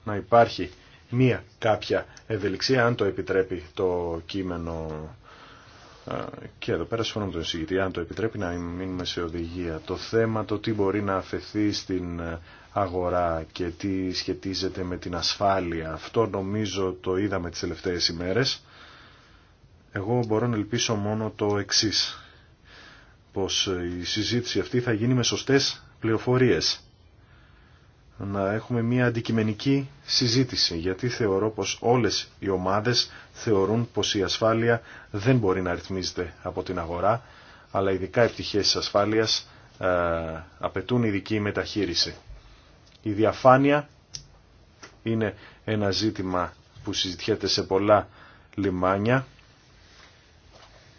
να υπάρχει μία κάποια ευελιξία, αν το επιτρέπει το κείμενο και εδώ πέρα συμφωνώ με τον εισηγητή, αν το επιτρέπει να μείνουμε σε οδηγία. Το θέμα το τι μπορεί να αφαιθεί στην αγορά και τι σχετίζεται με την ασφάλεια, αυτό νομίζω το είδαμε τις τελευταίες ημέρες. Εγώ μπορώ να ελπίσω μόνο το εξής, πως η συζήτηση αυτή θα γίνει με σωστές πληροφορίες να έχουμε μια αντικειμενική συζήτηση, γιατί θεωρώ πως όλες οι ομάδες θεωρούν πως η ασφάλεια δεν μπορεί να ρυθμίζεται από την αγορά, αλλά ειδικά οι πτυχές της ασφάλειας ε, απαιτούν ειδική μεταχείριση. Η διαφάνεια είναι ένα ζήτημα που συζητιέται σε πολλά λιμάνια,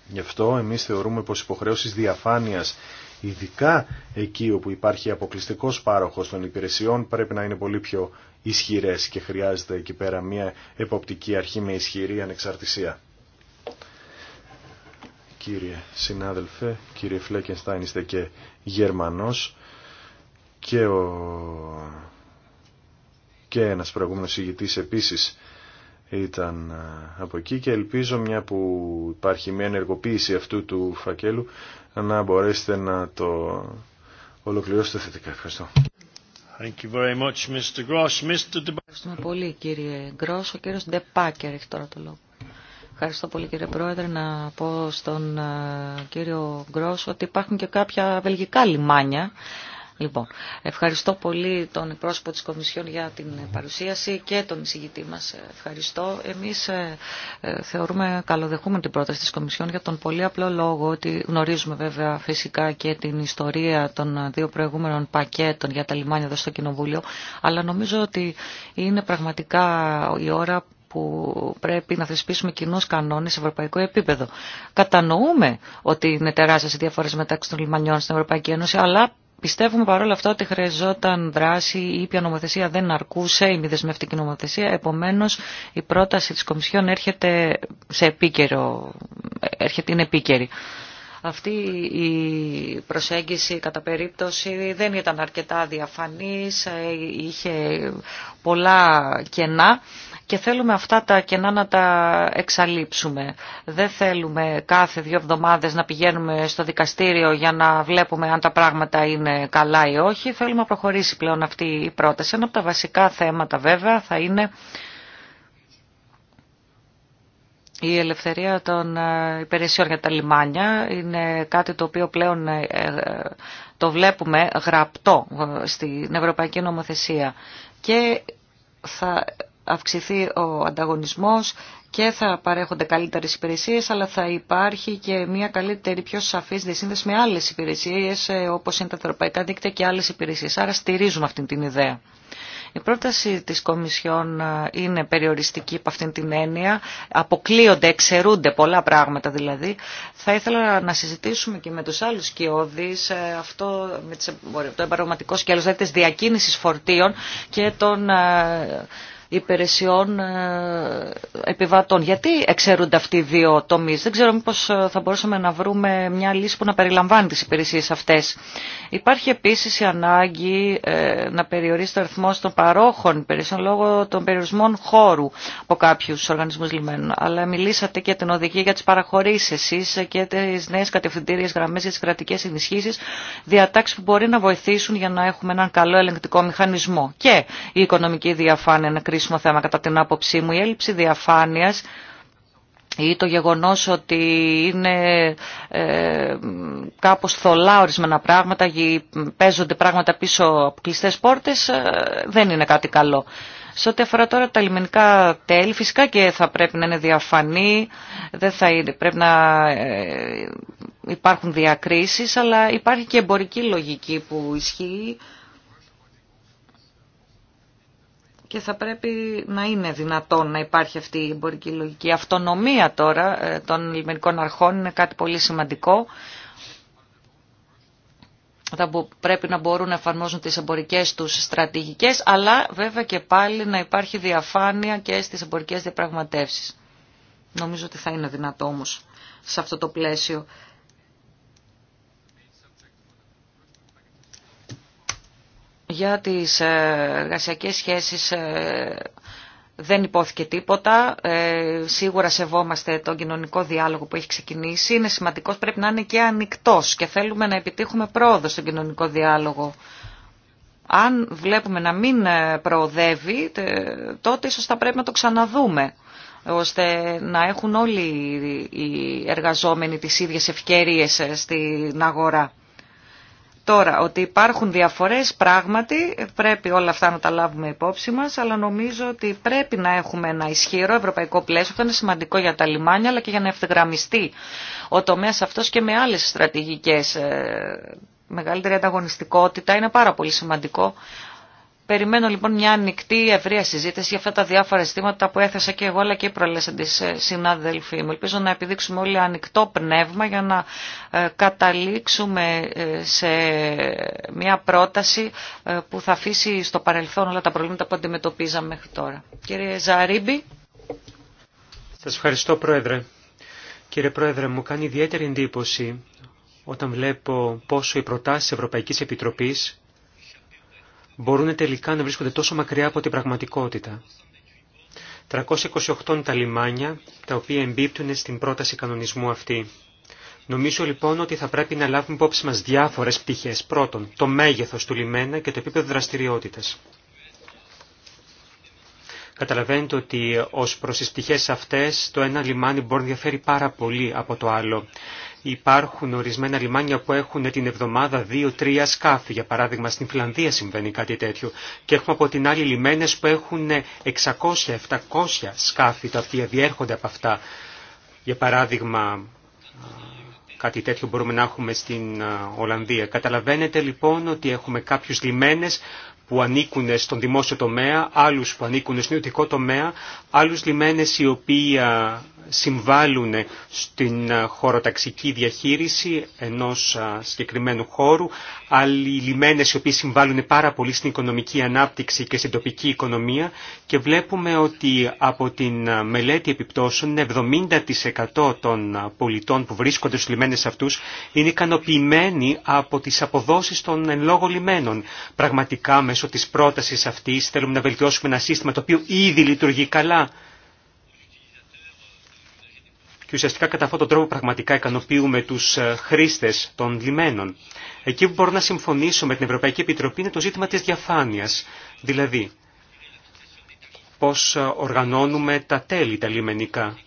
γι' αυτό εμείς θεωρούμε πως υποχρέωσεις διαφάνειας ειδικά εκεί όπου υπάρχει αποκλειστικός πάροχος των υπηρεσιών πρέπει να είναι πολύ πιο ισχυρές και χρειάζεται εκεί πέρα μια εποπτική αρχή με ισχυρή ανεξαρτησία. Κύριε συνάδελφε, κύριε Φλέκενστάιν είστε και Γερμανός και, ο... και ένας προηγούμενος ηγητής επίσης ήταν ε, από εκεί και ελπίζω μια που υπάρχει μια ενεργοποίηση αυτού του φακέλου να μπορέσετε να το ολοκληρώσετε θετικά. Ευχαριστώ. Thank you very much, Mr. Gross. Mr. De... Ευχαριστούμε πολύ κύριε Γκρός. Ο κύριος Ντεπάκερ έχει τώρα το λόγο. Ευχαριστώ πολύ κύριε Πρόεδρε να πω στον ε, κύριο Γκρός ότι υπάρχουν και κάποια βελγικά λιμάνια Λοιπόν, ευχαριστώ πολύ τον πρόσωπο της Κομισιόν για την παρουσίαση και τον εισηγητή μας. Ευχαριστώ. Εμείς ε, ε, θεωρούμε καλοδεχούμε την πρόταση της Κομισιόν για τον πολύ απλό λόγο ότι γνωρίζουμε βέβαια φυσικά και την ιστορία των δύο προηγούμενων πακέτων για τα λιμάνια εδώ στο Κοινοβούλιο, αλλά νομίζω ότι είναι πραγματικά η ώρα που πρέπει να θεσπίσουμε κοινού κανόνε σε ευρωπαϊκό επίπεδο. Κατανοούμε ότι είναι τεράστιε οι διαφορέ μεταξύ των λιμανιών στην Ευρωπαϊκή Ένωση, αλλά Πιστεύουμε παρόλα αυτά ότι χρειαζόταν δράση, η ήπια νομοθεσία δεν αρκούσε, η μη δεσμευτική νομοθεσία. Επομένω, η πρόταση τη Κομισιόν έρχεται σε επίκαιρο, έρχεται, είναι επίκαιρη. Αυτή η προσέγγιση κατά περίπτωση δεν ήταν αρκετά διαφανής, ε, είχε πολλά κενά και θέλουμε αυτά τα κενά να τα εξαλείψουμε. Δεν θέλουμε κάθε δύο εβδομάδες να πηγαίνουμε στο δικαστήριο για να βλέπουμε αν τα πράγματα είναι καλά ή όχι. Θέλουμε να προχωρήσει πλέον αυτή η πρόταση. Ένα από τα βασικά θέματα βέβαια θα είναι η ελευθερία των ε, υπηρεσιών για τα λιμάνια. Είναι κάτι το οποίο πλέον ε, ε, το βλέπουμε γραπτό στην Ευρωπαϊκή Νομοθεσία αυξηθεί ο ανταγωνισμός και θα παρέχονται καλύτερες υπηρεσίες, αλλά θα υπάρχει και μια καλύτερη, πιο σαφής διασύνδεση με άλλες υπηρεσίες, ε, όπως είναι τα ευρωπαϊκά δίκτυα και άλλες υπηρεσίες. Άρα στηρίζουμε αυτή την ιδέα. Η πρόταση της Κομισιόν ε, είναι περιοριστική από αυτήν την έννοια. Αποκλείονται, εξαιρούνται πολλά πράγματα δηλαδή. Θα ήθελα να συζητήσουμε και με τους άλλους σκιώδεις ε, αυτό με το εμπαραγματικό σκέλος, δηλαδή της διακίνησης φορτίων και των υπηρεσιών ε, επιβατών. Γιατί εξαιρούνται αυτοί οι δύο τομείς. Δεν ξέρω μήπως ε, θα μπορούσαμε να βρούμε μια λύση που να περιλαμβάνει τις υπηρεσίες αυτές. Υπάρχει επίσης η ανάγκη ε, να περιορίσει το αριθμό των παρόχων υπηρεσιών λόγω των περιορισμών χώρου από κάποιους οργανισμούς λιμένων. Αλλά μιλήσατε και την οδηγία για τις παραχωρήσεις εσείς και τις νέες κατευθυντήριες γραμμές για τις κρατικές ενισχύσεις, διατάξεις που μπορεί να βοηθήσουν για να έχουμε έναν καλό ελεγκτικό μηχανισμό. Και η οικονομική διαφάνεια να κρίσιμο θέμα κατά την άποψή μου. Η έλλειψη διαφάνειας ή το γεγονός ότι είναι ε, κάπως θολά ορισμένα πράγματα, παίζονται πράγματα πίσω από κλειστές πόρτες, ε, δεν είναι κάτι καλό. Σε ό,τι αφορά τώρα τα λιμενικά τέλη, φυσικά και θα πρέπει να είναι διαφανή, δεν θα είναι, πρέπει να ε, υπάρχουν διακρίσεις, αλλά υπάρχει και εμπορική λογική που ισχύει και θα πρέπει να είναι δυνατόν να υπάρχει αυτή η εμπορική λογική. Η αυτονομία τώρα ε, των λιμενικών αρχών είναι κάτι πολύ σημαντικό. Θα πρέπει να μπορούν να εφαρμόζουν τις εμπορικές τους στρατηγικές, αλλά βέβαια και πάλι να υπάρχει διαφάνεια και στις εμπορικές διαπραγματεύσεις. Νομίζω ότι θα είναι δυνατό όμως σε αυτό το πλαίσιο. για τις ε, εργασιακές σχέσεις ε, δεν υπόθηκε τίποτα. Ε, σίγουρα σεβόμαστε τον κοινωνικό διάλογο που έχει ξεκινήσει. Είναι σημαντικό, πρέπει να είναι και ανοιχτό και θέλουμε να επιτύχουμε πρόοδο στον κοινωνικό διάλογο. Αν βλέπουμε να μην προοδεύει, τότε ίσως θα πρέπει να το ξαναδούμε ώστε να έχουν όλοι οι εργαζόμενοι τις ίδιες ευκαιρίες στην αγορά. Τώρα, ότι υπάρχουν διαφορές, πράγματι, πρέπει όλα αυτά να τα λάβουμε υπόψη μας, αλλά νομίζω ότι πρέπει να έχουμε ένα ισχυρό ευρωπαϊκό πλαίσιο, αυτό είναι σημαντικό για τα λιμάνια, αλλά και για να ευθυγραμμιστεί ο τομέας αυτός και με άλλες στρατηγικές ε, μεγαλύτερη ανταγωνιστικότητα είναι πάρα πολύ σημαντικό Περιμένω λοιπόν μια ανοιχτή ευρεία συζήτηση για αυτά τα διάφορα ζητήματα που έθεσα και εγώ αλλά και οι προλέσαντες συνάδελφοί μου. Ελπίζω να επιδείξουμε όλοι ανοιχτό πνεύμα για να ε, καταλήξουμε ε, σε μια πρόταση ε, που θα αφήσει στο παρελθόν όλα τα προβλήματα που αντιμετωπίζαμε μέχρι τώρα. Κύριε Ζαρίμπη. Σας ευχαριστώ Πρόεδρε. Κύριε Πρόεδρε, μου κάνει ιδιαίτερη εντύπωση όταν βλέπω πόσο οι προτάσεις Ευρωπαϊκής Επιτροπής μπορούν τελικά να βρίσκονται τόσο μακριά από την πραγματικότητα. 328 τα λιμάνια τα οποία εμπίπτουν στην πρόταση κανονισμού αυτή. Νομίζω λοιπόν ότι θα πρέπει να λάβουμε υπόψη μας διάφορες πτυχές. Πρώτον, το μέγεθος του λιμένα και το επίπεδο δραστηριότητας. Καταλαβαίνετε ότι ως προς τις πτυχές αυτές το ένα λιμάνι μπορεί να διαφέρει πάρα πολύ από το άλλο. Υπάρχουν ορισμένα λιμάνια που έχουν την εβδομάδα δύο-τρία σκάφη. Για παράδειγμα, στην Φιλανδία συμβαίνει κάτι τέτοιο. Και έχουμε από την άλλη λιμένες που έχουν 600-700 σκάφη, τα οποία διέρχονται από αυτά. Για παράδειγμα, κάτι τέτοιο μπορούμε να έχουμε στην Ολλανδία. Καταλαβαίνετε λοιπόν ότι έχουμε κάποιους λιμένες που ανήκουν στον δημόσιο τομέα, άλλους που ανήκουν στον ιδιωτικό τομέα, άλλους λιμένες οι οποίοι συμβάλλουν στην ε, χωροταξική διαχείριση ενός ε, συγκεκριμένου χώρου, άλλοι λιμένες οι οποίοι συμβάλλουν πάρα πολύ στην οικονομική ανάπτυξη και στην τοπική οικονομία και βλέπουμε ότι από την ε, μελέτη επιπτώσεων 70% των πολιτών που βρίσκονται στους λιμένες αυτούς είναι ικανοποιημένοι από τις αποδόσεις των εν λόγω λιμένων. Πραγματικά μέσω της πρότασης αυτής θέλουμε να βελτιώσουμε ένα σύστημα το οποίο ήδη λειτουργεί καλά και ουσιαστικά κατά αυτόν τον τρόπο πραγματικά ικανοποιούμε τους ε, χρήστε των λιμένων. Εκεί που μπορώ να συμφωνήσω με την Ευρωπαϊκή Επιτροπή είναι το ζήτημα της διαφάνειας. Δηλαδή, πώς ε, οργανώνουμε τα τέλη τα λιμενικά.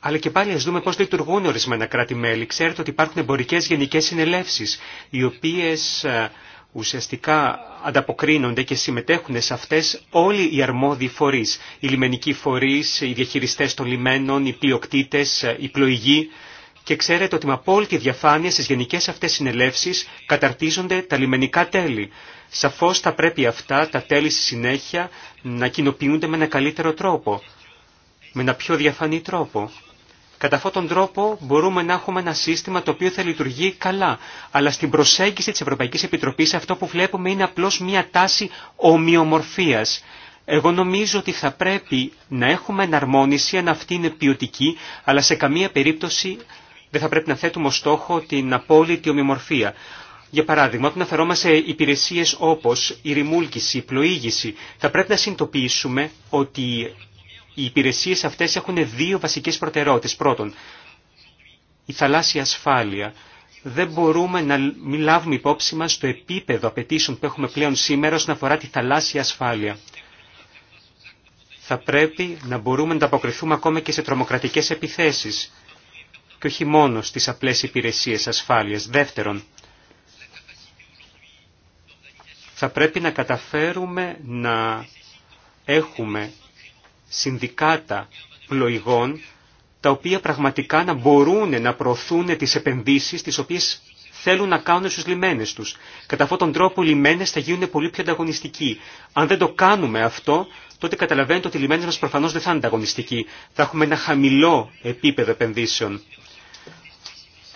Αλλά και πάλι α δουμε πώ πώς λειτουργούν ορισμένα κράτη-μέλη. Ξέρετε ότι υπάρχουν εμπορικέ γενικέ συνελεύσει, οι οποίε. Ε, ουσιαστικά ανταποκρίνονται και συμμετέχουν σε αυτές όλοι οι αρμόδιοι φορείς. Οι λιμενικοί φορείς, οι διαχειριστές των λιμένων, οι πλειοκτήτες, οι πλοηγοί. Και ξέρετε ότι με απόλυτη διαφάνεια στις γενικές αυτές συνελεύσεις καταρτίζονται τα λιμενικά τέλη. Σαφώς θα πρέπει αυτά τα τέλη στη συνέχεια να κοινοποιούνται με ένα καλύτερο τρόπο, με ένα πιο διαφανή τρόπο. Κατά αυτόν τον τρόπο μπορούμε να έχουμε ένα σύστημα το οποίο θα λειτουργεί καλά. Αλλά στην προσέγγιση της Ευρωπαϊκής Επιτροπής αυτό που βλέπουμε είναι απλώς μια τάση ομοιομορφίας. Εγώ νομίζω ότι θα πρέπει να έχουμε εναρμόνιση αν αυτή είναι ποιοτική, αλλά σε καμία περίπτωση δεν θα πρέπει να θέτουμε ως στόχο την απόλυτη ομοιομορφία. Για παράδειγμα, όταν αφαιρόμαστε υπηρεσίες όπως η ρημούλκηση, η πλοήγηση, θα πρέπει να συνειδητοποιήσουμε ότι οι υπηρεσίε αυτές έχουν δύο βασικές προτεραιότητε. Πρώτον, η θαλάσσια ασφάλεια. Δεν μπορούμε να μην λάβουμε υπόψη μα το επίπεδο απαιτήσεων που έχουμε πλέον σήμερα όσον αφορά τη θαλάσσια ασφάλεια. Θα πρέπει να μπορούμε να ανταποκριθούμε ακόμα και σε τρομοκρατικέ επιθέσεις και όχι μόνο στις απλές υπηρεσίε ασφάλεια. Δεύτερον, θα πρέπει να καταφέρουμε να έχουμε συνδικάτα πλοηγών, τα οποία πραγματικά να μπορούν να προωθούν τις επενδύσεις τις οποίες θέλουν να κάνουν στους λιμένες τους. Κατά αυτόν τον τρόπο οι λιμένες θα γίνουν πολύ πιο ανταγωνιστικοί. Αν δεν το κάνουμε αυτό, τότε καταλαβαίνετε ότι οι λιμένες μας προφανώς δεν θα είναι ανταγωνιστικοί. Θα έχουμε ένα χαμηλό επίπεδο επενδύσεων.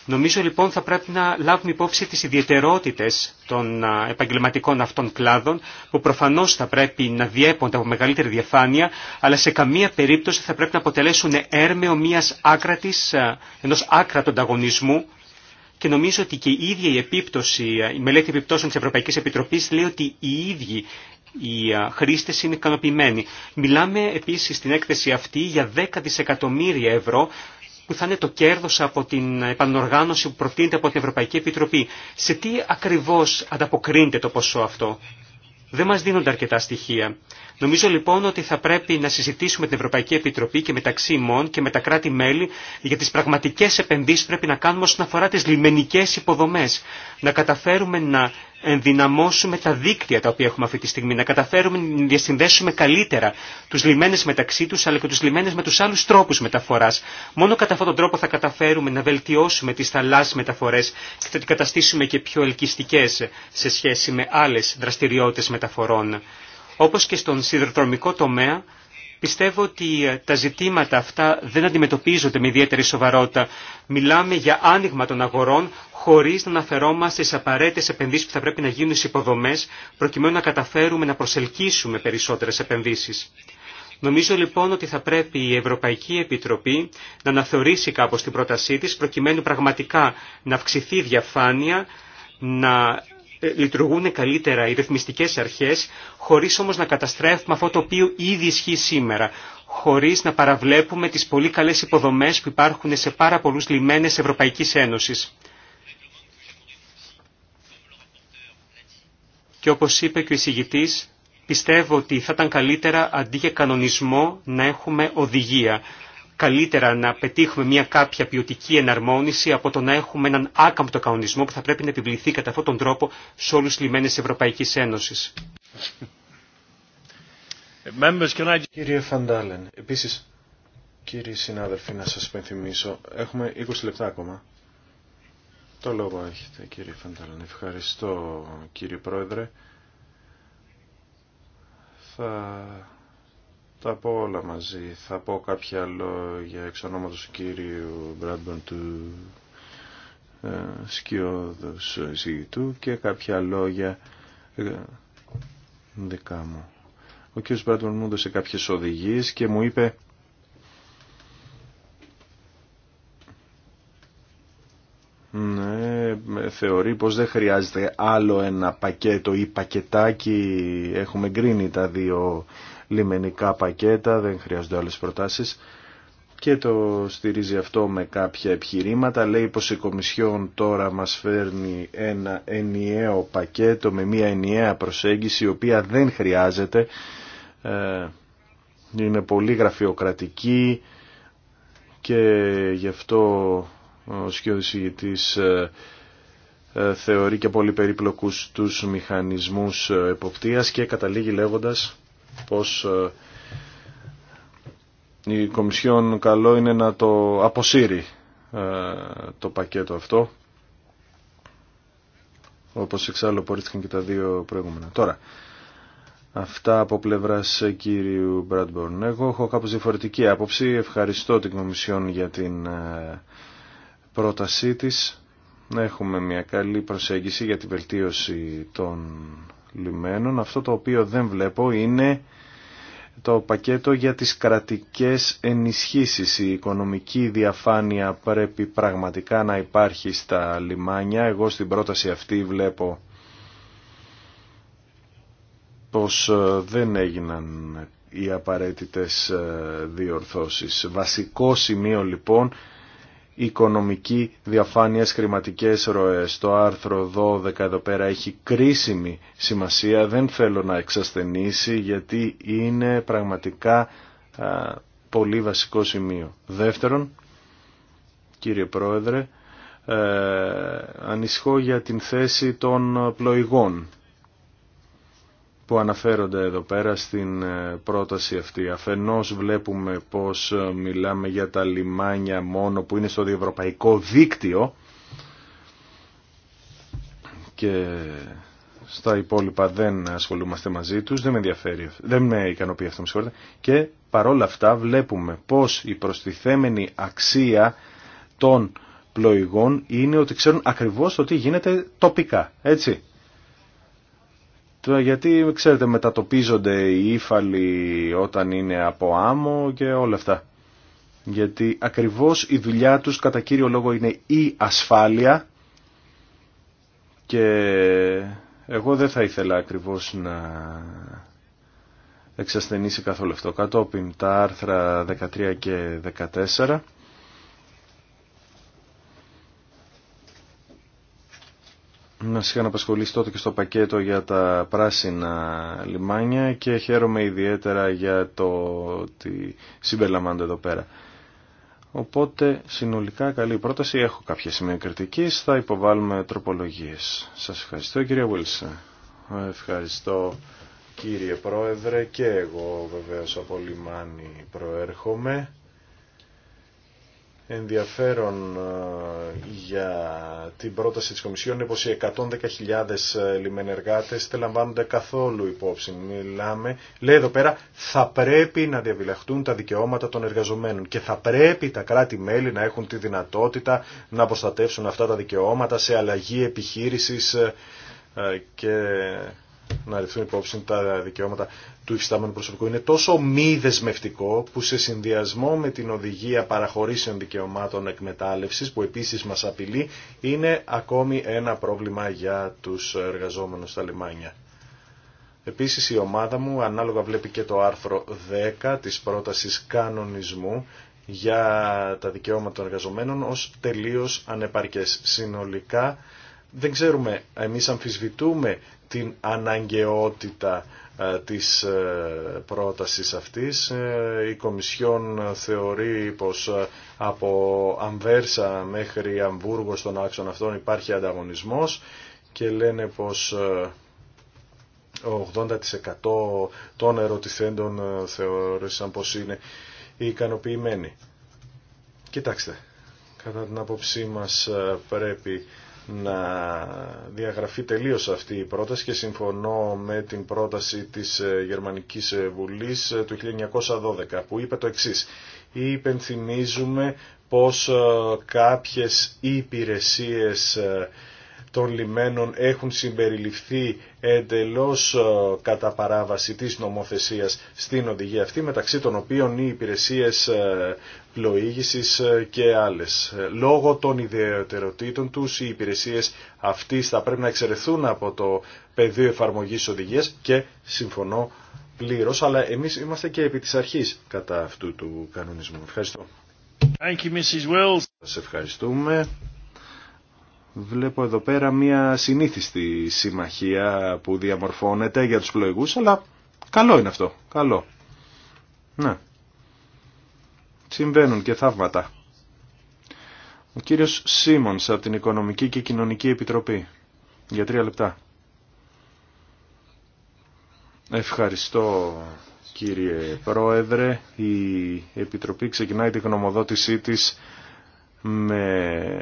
Νομίζω λοιπόν θα πρέπει να λάβουμε υπόψη τις ιδιαιτερότητες των επαγγελματικών αυτών κλάδων που προφανώς θα πρέπει να διέπονται από μεγαλύτερη διαφάνεια αλλά σε καμία περίπτωση θα πρέπει να αποτελέσουν έρμεο μιας άκρατης, ενός άκρατου ανταγωνισμού και νομίζω ότι και η ίδια η επίπτωση, η μελέτη επιπτώσεων της Ευρωπαϊκής Επιτροπής λέει ότι οι ίδιοι οι χρήστε είναι ικανοποιημένοι. Μιλάμε επίση στην έκθεση αυτή για 10 δισεκατομμύρια ευρώ που θα είναι το κέρδος από την επανοργάνωση που προτείνεται από την Ευρωπαϊκή Επιτροπή. Σε τι ακριβώς ανταποκρίνεται το ποσό αυτό. Δεν μας δίνονται αρκετά στοιχεία. Νομίζω λοιπόν ότι θα πρέπει να συζητήσουμε την Ευρωπαϊκή Επιτροπή και μεταξύ ημών και με τα κράτη-μέλη για τις πραγματικές επενδύσεις πρέπει να κάνουμε όσον αφορά τις λιμενικές υποδομές. Να καταφέρουμε να ενδυναμώσουμε τα δίκτυα τα οποία έχουμε αυτή τη στιγμή, να καταφέρουμε να διασυνδέσουμε καλύτερα τους λιμένες μεταξύ τους αλλά και τους λιμένες με τους άλλους τρόπους μεταφοράς. Μόνο κατά αυτόν τον τρόπο θα καταφέρουμε να βελτιώσουμε τις θαλάσσιες μεταφορές και θα την καταστήσουμε και πιο ελκυστικές σε σχέση με άλλες δραστηριότητες μεταφορών. Όπως και στον σιδηροδρομικό τομέα Πιστεύω ότι ε, τα ζητήματα αυτά δεν αντιμετωπίζονται με ιδιαίτερη σοβαρότητα. Μιλάμε για άνοιγμα των αγορών χωρί να αναφερόμαστε στι απαραίτητε επενδύσει που θα πρέπει να γίνουν στι υποδομέ προκειμένου να καταφέρουμε να προσελκύσουμε περισσότερε επενδύσει. Νομίζω λοιπόν ότι θα πρέπει η Ευρωπαϊκή Επιτροπή να αναθεωρήσει κάπως την πρότασή της προκειμένου πραγματικά να αυξηθεί η διαφάνεια, να ε, λειτουργούν καλύτερα οι ρυθμιστικές αρχές, χωρίς όμως να καταστρέφουμε αυτό το οποίο ήδη ισχύει σήμερα, χωρίς να παραβλέπουμε τις πολύ καλές υποδομές που υπάρχουν σε πάρα πολλούς λιμένες Ευρωπαϊκής Ένωσης. Και όπως είπε και ο εισηγητής, πιστεύω ότι θα ήταν καλύτερα αντί για κανονισμό να έχουμε οδηγία καλύτερα να πετύχουμε μια κάποια ποιοτική εναρμόνιση από το να έχουμε έναν άκαμπτο καονισμό που θα πρέπει να επιβληθεί κατά αυτόν τον τρόπο σε όλους τους λιμένες Ευρωπαϊκής Ένωσης. Κύριε Φαντάλεν, επίσης, κύριοι συνάδελφοι, να σας υπενθυμίσω, έχουμε 20 λεπτά ακόμα. Το λόγο έχετε, κύριε Φαντάλεν. Ευχαριστώ, κύριε Πρόεδρε. Θα θα πω όλα μαζί. Θα πω κάποια λόγια εξ ονόματος του κύριου Μπράντμπον του ε, Σκιώδους και κάποια λόγια ε, δικά μου. Ο κύριος Μπράντμπον μου έδωσε κάποιες οδηγίες και μου είπε Ναι, θεωρεί πως δεν χρειάζεται άλλο ένα πακέτο ή πακετάκι. Έχουμε γκρίνει τα δύο λιμενικά πακέτα, δεν χρειάζονται άλλες προτάσεις και το στηρίζει αυτό με κάποια επιχειρήματα. Λέει πως η Κομισιόν τώρα μας φέρνει ένα ενιαίο πακέτο με μια ενιαία προσέγγιση η οποία δεν χρειάζεται. Ε, είναι πολύ γραφειοκρατική και γι' αυτό ο σκιώδης ηγητής ε, ε, θεωρεί και πολύ περίπλοκους τους μηχανισμούς εποπτείας και καταλήγει λέγοντας πως ε, η Κομισιόν καλό είναι να το αποσύρει ε, το πακέτο αυτό όπως εξάλλου απορρίφθηκαν και τα δύο προηγούμενα. Τώρα, αυτά από πλευράς ε, κύριου Μπραντμπορν. Εγώ έχω κάπως διαφορετική άποψη. Ευχαριστώ την Κομισιόν για την πρότασή της. Έχουμε μια καλή προσέγγιση για την βελτίωση των λιμένων. Αυτό το οποίο δεν βλέπω είναι το πακέτο για τις κρατικές ενισχύσεις. Η οικονομική διαφάνεια πρέπει πραγματικά να υπάρχει στα λιμάνια. Εγώ στην πρόταση αυτή βλέπω πως ε, δεν έγιναν οι απαραίτητες ε, διορθώσεις. Βασικό σημείο λοιπόν οικονομική διαφάνεια χρηματικές ροές. Το άρθρο 12 εδώ πέρα έχει κρίσιμη σημασία, δεν θέλω να εξασθενήσει γιατί είναι πραγματικά πολύ βασικό σημείο. Δεύτερον, κύριε Πρόεδρε, ε, για την θέση των πλοηγών που αναφέρονται εδώ πέρα στην ε, πρόταση αυτή. Αφενός βλέπουμε πως ε, μιλάμε για τα λιμάνια μόνο που είναι στο διευρωπαϊκό δίκτυο και στα υπόλοιπα δεν ασχολούμαστε μαζί τους, δεν με ενδιαφέρει, δεν με ικανοποιεί αυτό, με Και παρόλα αυτά βλέπουμε πως η προστιθέμενη αξία των πλοηγών είναι ότι ξέρουν ακριβώς το γίνεται τοπικά, έτσι γιατί ξέρετε μετατοπίζονται οι ύφαλοι όταν είναι από άμμο και όλα αυτά. Γιατί ακριβώς η δουλειά τους κατά κύριο λόγο είναι η ασφάλεια και εγώ δεν θα ήθελα ακριβώς να εξασθενήσει καθόλου αυτό. Κατόπιν τα άρθρα 13 και 14 να είχαν απασχολήσει τότε και στο πακέτο για τα πράσινα λιμάνια και χαίρομαι ιδιαίτερα για το ότι συμπεριλαμβάνονται εδώ πέρα. Οπότε συνολικά καλή πρόταση, έχω κάποια σημεία κριτική. θα υποβάλουμε τροπολογίες. Σας ευχαριστώ κύριε Βίλσα. Ευχαριστώ κύριε Πρόεδρε και εγώ βεβαίω από λιμάνι προέρχομαι ενδιαφέρον ε, για την πρόταση της Κομισιόν είναι πως οι 110.000 ε, λιμενεργάτες δεν λαμβάνονται καθόλου υπόψη. Μιλάμε, λέει εδώ πέρα, θα πρέπει να διαβιλαχτούν τα δικαιώματα των εργαζομένων και θα πρέπει τα κράτη-μέλη να έχουν τη δυνατότητα να προστατεύσουν αυτά τα δικαιώματα σε αλλαγή επιχείρησης ε, και να ληφθούν υπόψη τα δικαιώματα του υφιστάμενου προσωπικού είναι τόσο μη δεσμευτικό που σε συνδυασμό με την οδηγία παραχωρήσεων δικαιωμάτων εκμετάλλευσης που επίσης μας απειλεί είναι ακόμη ένα πρόβλημα για τους εργαζόμενους στα λιμάνια. Επίσης η ομάδα μου ανάλογα βλέπει και το άρθρο 10 της πρότασης κανονισμού για τα δικαιώματα των εργαζομένων ως τελείως ανεπαρκές. Συνολικά δεν ξέρουμε, εμείς αμφισβητούμε την αναγκαιότητα ε, της ε, πρότασης αυτής. Ε, η Κομισιόν θεωρεί πως από Αμβέρσα μέχρι Αμβούργο στον άξονα αυτών υπάρχει ανταγωνισμός και λένε πως 80% των ερωτηθέντων θεώρησαν πως είναι ικανοποιημένοι. Κοιτάξτε, κατά την άποψή μας πρέπει να διαγραφεί τελείως αυτή η πρόταση και συμφωνώ με την πρόταση της ε, Γερμανικής ε, Βουλής ε, του 1912 που είπε το εξής υπενθυμίζουμε πως κάποιες υπηρεσίες των λιμένων έχουν συμπεριληφθεί εντελώς κατά παράβαση της νομοθεσίας στην οδηγία αυτή, μεταξύ των οποίων οι υπηρεσίες πλοήγησης ε, και άλλες. Ε, λόγω των ιδιαιτεροτήτων τους οι υπηρεσίες αυτής θα πρέπει να εξαιρεθούν από το πεδίο εφαρμογής οδηγίας και συμφωνώ πλήρως, αλλά εμείς είμαστε και επί της αρχής κατά αυτού του κανονισμού. Ευχαριστώ. Thank you, Mrs. Wells. Σας ευχαριστούμε. Βλέπω εδώ πέρα μια συνήθιστη συμμαχία που διαμορφώνεται για τους πλοηγούς, αλλά καλό είναι αυτό, καλό. Ναι. Συμβαίνουν και θαύματα. Ο κύριος Σίμονς από την Οικονομική και Κοινωνική Επιτροπή. Για τρία λεπτά. Ευχαριστώ κύριε Πρόεδρε. Η Επιτροπή ξεκινάει τη γνωμοδότησή της με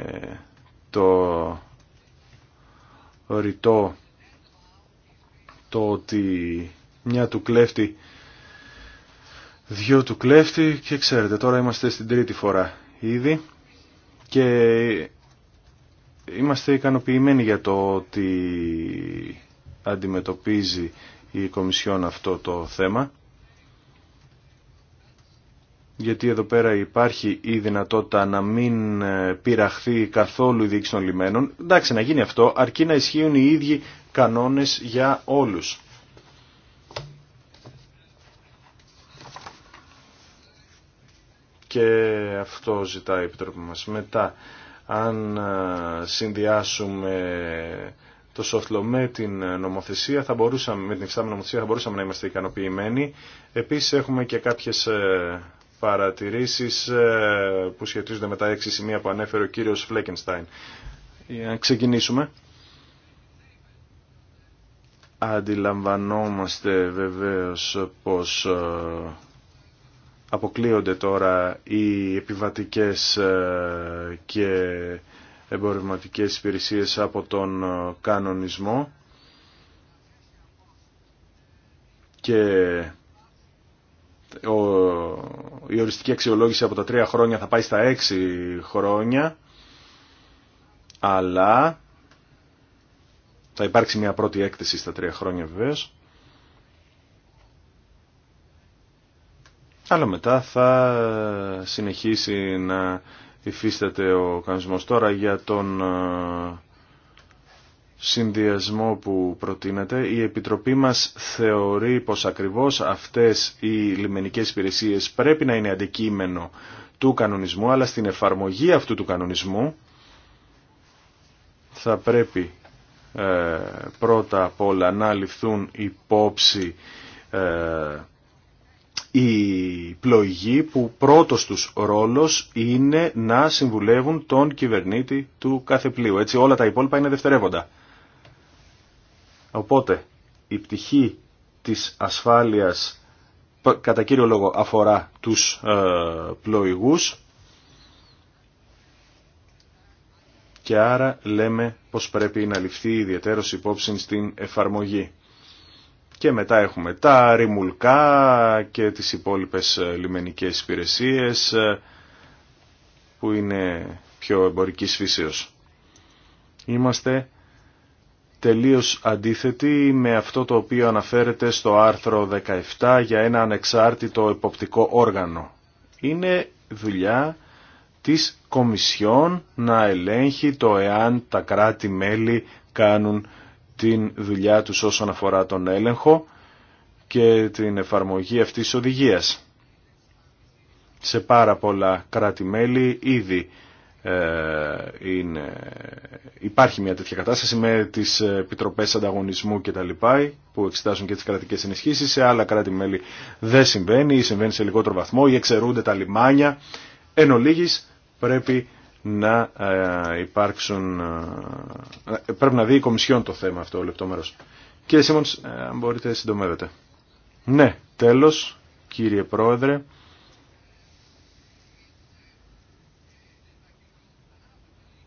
το ρητό το ότι μια του κλέφτη δυο του κλέφτη και ξέρετε τώρα είμαστε στην τρίτη φορά ήδη και είμαστε ικανοποιημένοι για το ότι αντιμετωπίζει η Κομισιόν αυτό το θέμα γιατί εδώ πέρα υπάρχει η δυνατότητα να μην πειραχθεί καθόλου η διοίκηση των λιμένων. Εντάξει, να γίνει αυτό, αρκεί να ισχύουν οι ίδιοι κανόνες για όλους. και αυτό ζητάει η Επιτροπή μας. Μετά, αν συνδυάσουμε το σόφλο με την νομοθεσία, θα μπορούσαμε, με την εξάμεινη νομοθεσία θα μπορούσαμε να είμαστε ικανοποιημένοι. Επίσης έχουμε και κάποιες ε, παρατηρήσεις ε, που σχετίζονται με τα έξι σημεία που ανέφερε ο κύριος Φλέκενστάιν. Να ξεκινήσουμε. Αντιλαμβανόμαστε βεβαίως πως ε, αποκλείονται τώρα οι επιβατικές ε, και εμπορευματικές υπηρεσίες από τον ε, κανονισμό και η οριστική αξιολόγηση από τα τρία χρόνια θα πάει στα έξι χρόνια αλλά θα υπάρξει μια πρώτη έκθεση στα τρία χρόνια βεβαίως αλλά μετά θα συνεχίσει να υφίσταται ο κανονισμός τώρα για τον ε, συνδυασμό που προτείνεται. Η Επιτροπή μας θεωρεί πως ακριβώς αυτές οι λιμενικές υπηρεσίες πρέπει να είναι αντικείμενο του κανονισμού, αλλά στην εφαρμογή αυτού του κανονισμού θα πρέπει ε, πρώτα απ' όλα να ληφθούν υπόψη ε, οι πλοηγοί που πρώτος τους ρόλος είναι να συμβουλεύουν τον κυβερνήτη του κάθε πλοίου. Έτσι όλα τα υπόλοιπα είναι δευτερεύοντα. Οπότε η πτυχή της ασφάλειας κατά κύριο λόγο αφορά τους ε, πλοηγούς και άρα λέμε πως πρέπει να ληφθεί ιδιαίτερος υπόψη στην εφαρμογή. Και μετά έχουμε τα ρημουλκά και τις υπόλοιπες ε, λιμενικές υπηρεσίες ε, που είναι πιο εμπορικής φύσεως. Είμαστε τελείως αντίθετοι με αυτό το οποίο αναφέρεται στο άρθρο 17 για ένα ανεξάρτητο εποπτικό όργανο. Είναι δουλειά της Κομισιόν να ελέγχει το εάν τα κράτη-μέλη κάνουν την δουλειά τους όσον αφορά τον έλεγχο και την εφαρμογή αυτής της οδηγίας. Σε πάρα πολλά κράτη-μέλη ήδη ε, υπάρχει μια τέτοια κατάσταση με τις επιτροπές ανταγωνισμού κτλ. τα λοιπά που εξετάζουν και τις κρατικές ενισχύσεις σε άλλα κράτη-μέλη δεν συμβαίνει ή συμβαίνει σε λιγότερο βαθμό ή εξαιρούνται τα λιμάνια εν ολίγης πρέπει να ε, υπάρξουν... Ε, πρέπει να δει η Κομισιόν το θέμα αυτό λεπτόμερο. Κύριε Σίμον, ε, αν μπορείτε συντομεύετε. Ναι, τέλος, κύριε Πρόεδρε.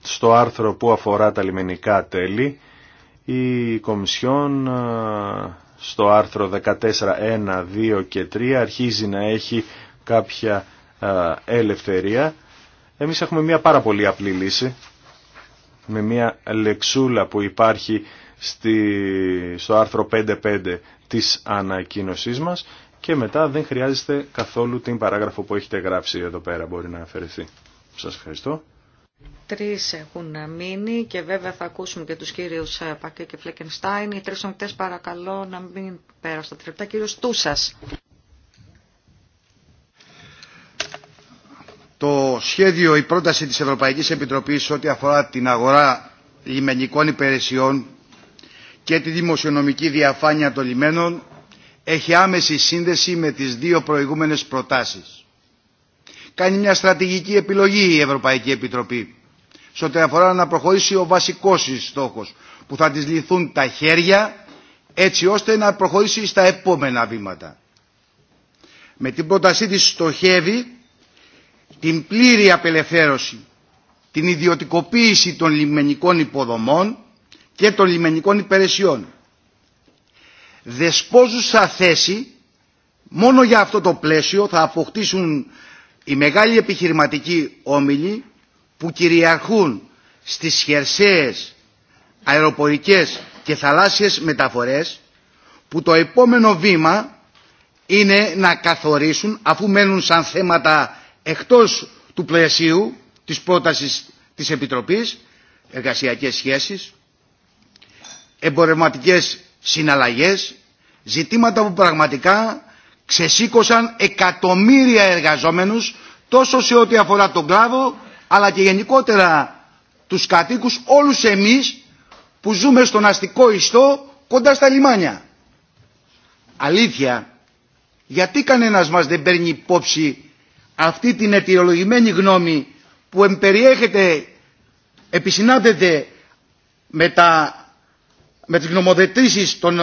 Στο άρθρο που αφορά τα λιμενικά τέλη, η Κομισιόν στο άρθρο 14, 1, 2 και 3 αρχίζει να έχει κάποια ελευθερία εμείς έχουμε μια πάρα πολύ απλή λύση, με μια λεξούλα που υπάρχει στη, στο άρθρο 5.5 της ανακοίνωσής μας και μετά δεν χρειάζεστε καθόλου την παράγραφο που έχετε γράψει εδώ πέρα, μπορεί να αφαιρεθεί. Σας ευχαριστώ. Τρεις έχουν μείνει και βέβαια θα ακούσουμε και τους κύριους ε, Πακέ και Φλεκενστάιν. Οι τρεις ομιλητέ, παρακαλώ να μην πέρασαν τα λεπτά. Κύριος Τούσας. το σχέδιο, η πρόταση της Ευρωπαϊκής Επιτροπής ό,τι αφορά την αγορά λιμενικών υπηρεσιών και τη δημοσιονομική διαφάνεια των λιμένων έχει άμεση σύνδεση με τις δύο προηγούμενες προτάσεις. Κάνει μια στρατηγική επιλογή η Ευρωπαϊκή Επιτροπή σε ό,τι αφορά να προχωρήσει ο βασικός της στόχος που θα της λυθούν τα χέρια έτσι ώστε να προχωρήσει στα επόμενα βήματα. Με την πρότασή της στοχεύει την πλήρη απελευθέρωση, την ιδιωτικοποίηση των λιμενικών υποδομών και των λιμενικών υπηρεσιών. Δεσπόζουσα θέση, μόνο για αυτό το πλαίσιο θα αποκτήσουν οι μεγάλοι επιχειρηματικοί όμιλοι που κυριαρχούν στις χερσαίες αεροπορικές και θαλάσσιες μεταφορές που το επόμενο βήμα είναι να καθορίσουν αφού μένουν σαν θέματα εκτός του πλαισίου της πρότασης της Επιτροπής, εργασιακές σχέσεις, εμπορευματικές συναλλαγές, ζητήματα που πραγματικά ξεσήκωσαν εκατομμύρια εργαζόμενους τόσο σε ό,τι αφορά τον κλάδο αλλά και γενικότερα τους κατοίκους, όλους εμείς που ζούμε στον αστικό ιστό κοντά στα λιμάνια. Αλήθεια, γιατί κανένας μας δεν παίρνει υπόψη αυτή την αιτιολογημένη γνώμη που εμπεριέχεται, επισυνάδεται με, τα, με τις γνωμοδετήσεις των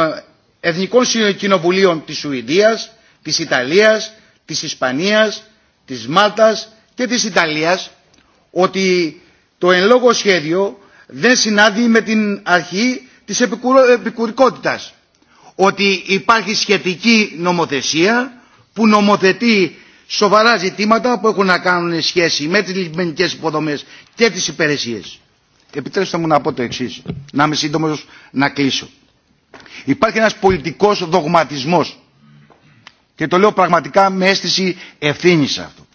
Εθνικών Κοινοβουλίων της Σουηδίας, της Ιταλίας, της Ισπανίας, της Μάλτας και της Ιταλίας ότι το εν λόγω σχέδιο δεν συνάδει με την αρχή της επικουρικότητας. Ότι υπάρχει σχετική νομοθεσία που νομοθετεί σοβαρά ζητήματα που έχουν να κάνουν σχέση με τις λιμενικές υποδομές και τις υπηρεσίες. Επιτρέψτε μου να πω το εξή, να είμαι σύντομο να κλείσω. Υπάρχει ένας πολιτικός δογματισμός και το λέω πραγματικά με αίσθηση ευθύνη αυτό.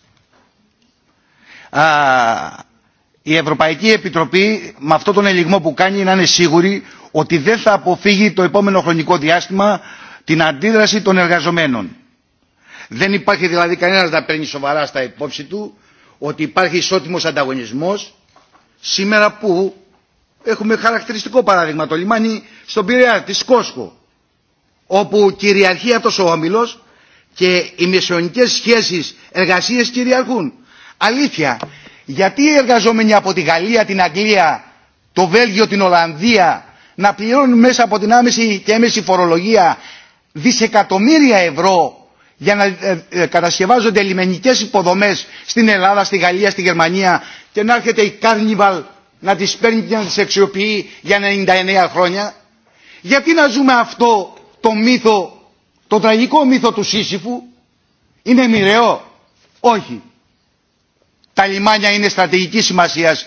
η Ευρωπαϊκή Επιτροπή με αυτόν τον ελιγμό που κάνει να είναι σίγουρη ότι δεν θα αποφύγει το επόμενο χρονικό διάστημα την αντίδραση των εργαζομένων δεν υπάρχει δηλαδή κανένας να παίρνει σοβαρά στα υπόψη του ότι υπάρχει ισότιμος ανταγωνισμός σήμερα που έχουμε χαρακτηριστικό παράδειγμα το λιμάνι στον Πειραιά της Κόσκο όπου κυριαρχεί αυτός ο όμιλος και οι μεσαιωνικές σχέσεις εργασίες κυριαρχούν. Αλήθεια, γιατί οι εργαζόμενοι από τη Γαλλία, την Αγγλία, το Βέλγιο, την Ολλανδία να πληρώνουν μέσα από την άμεση και έμεση φορολογία δισεκατομμύρια ευρώ για να ε, ε, κατασκευάζονται λιμενικές υποδομές στην Ελλάδα, στη Γαλλία, στη Γερμανία και να έρχεται η Κάρνιβαλ να τις παίρνει και να τις αξιοποιεί για 99 χρόνια. Γιατί να ζούμε αυτό το μύθο, το τραγικό μύθο του Σύσυφου. Είναι μοιραίο. Όχι. Τα λιμάνια είναι στρατηγικής σημασίας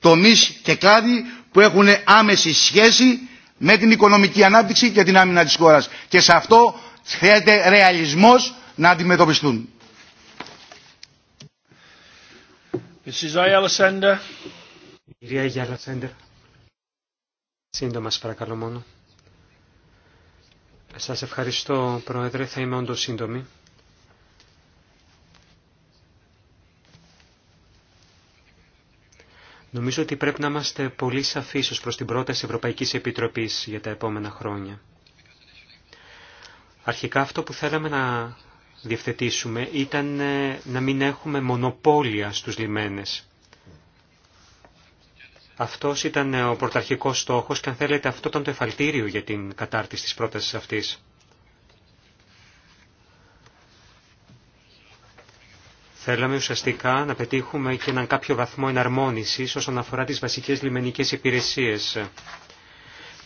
τομείς και κλάδι που έχουν άμεση σχέση με την οικονομική ανάπτυξη και την άμυνα της χώρας. Και σε αυτό Χρειάζεται ρεαλισμός να αντιμετωπιστούν. Κυρία Γιάλα Σέντερ, σύντομα σας παρακαλώ μόνο. Σας ευχαριστώ Πρόεδρε, θα είμαι όντως σύντομη. Νομίζω ότι πρέπει να είμαστε πολύ σαφείς ως προς την πρόταση Ευρωπαϊκής Επιτροπής για τα επόμενα χρόνια. Αρχικά αυτό που θέλαμε να διευθετήσουμε ήταν ε, να μην έχουμε μονοπόλια στους λιμένες. Αυτός ήταν ε, ο πρωταρχικός στόχος και αν θέλετε αυτό ήταν το εφαλτήριο για την κατάρτιση της πρότασης αυτής. Θέλαμε ουσιαστικά να πετύχουμε και έναν κάποιο βαθμό εναρμόνισης όσον αφορά τις βασικές λιμενικές υπηρεσίες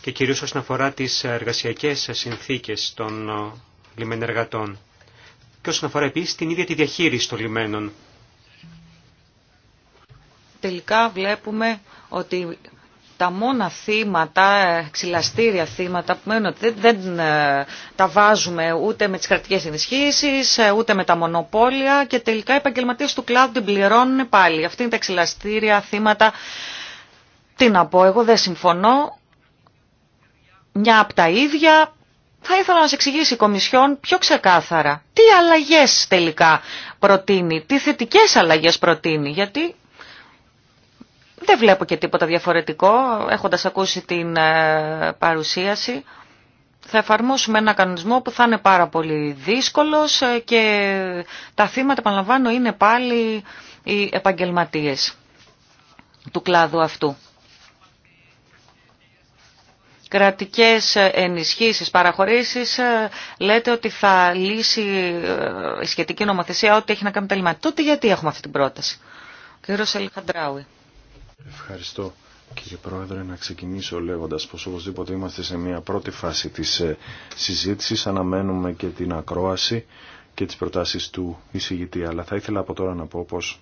και κυρίως όσον αφορά τις εργασιακές συνθήκες των ε, λιμενεργατών και όσον αφορά επίσης την ίδια τη διαχείριση των λιμένων. Τελικά βλέπουμε ότι τα μόνα θύματα, ε, ξυλαστήρια θύματα, που μένουν ότι δεν, δεν ε, τα βάζουμε ούτε με τις κρατικές ενισχύσεις, ούτε με τα μονοπόλια και τελικά οι επαγγελματίες του κλάδου την πληρώνουν πάλι. Αυτή είναι τα ξυλαστήρια θύματα. Τι να πω, εγώ δεν συμφωνώ μια από τα ίδια, θα ήθελα να σε εξηγήσει η Κομισιόν πιο ξεκάθαρα τι αλλαγές τελικά προτείνει, τι θετικές αλλαγές προτείνει, γιατί δεν βλέπω και τίποτα διαφορετικό έχοντας ακούσει την ε, παρουσίαση. Θα εφαρμόσουμε ένα κανονισμό που θα είναι πάρα πολύ δύσκολος ε, και τα θύματα, επαναλαμβάνω, είναι πάλι οι επαγγελματίες του κλάδου αυτού κρατικές ενισχύσεις, παραχωρήσεις, ε, λέτε ότι θα λύσει ε, η σχετική νομοθεσία ό,τι έχει να κάνει με τα λιμάνια. Τότε γιατί έχουμε αυτή την πρόταση. Κύριο Ελχαντράουι. Ευχαριστώ. Κύριε Πρόεδρε, να ξεκινήσω λέγοντας πως οπωσδήποτε είμαστε σε μια πρώτη φάση της ε, συζήτησης, αναμένουμε και την ακρόαση και τις προτάσεις του εισηγητή, αλλά θα ήθελα από τώρα να πω πως,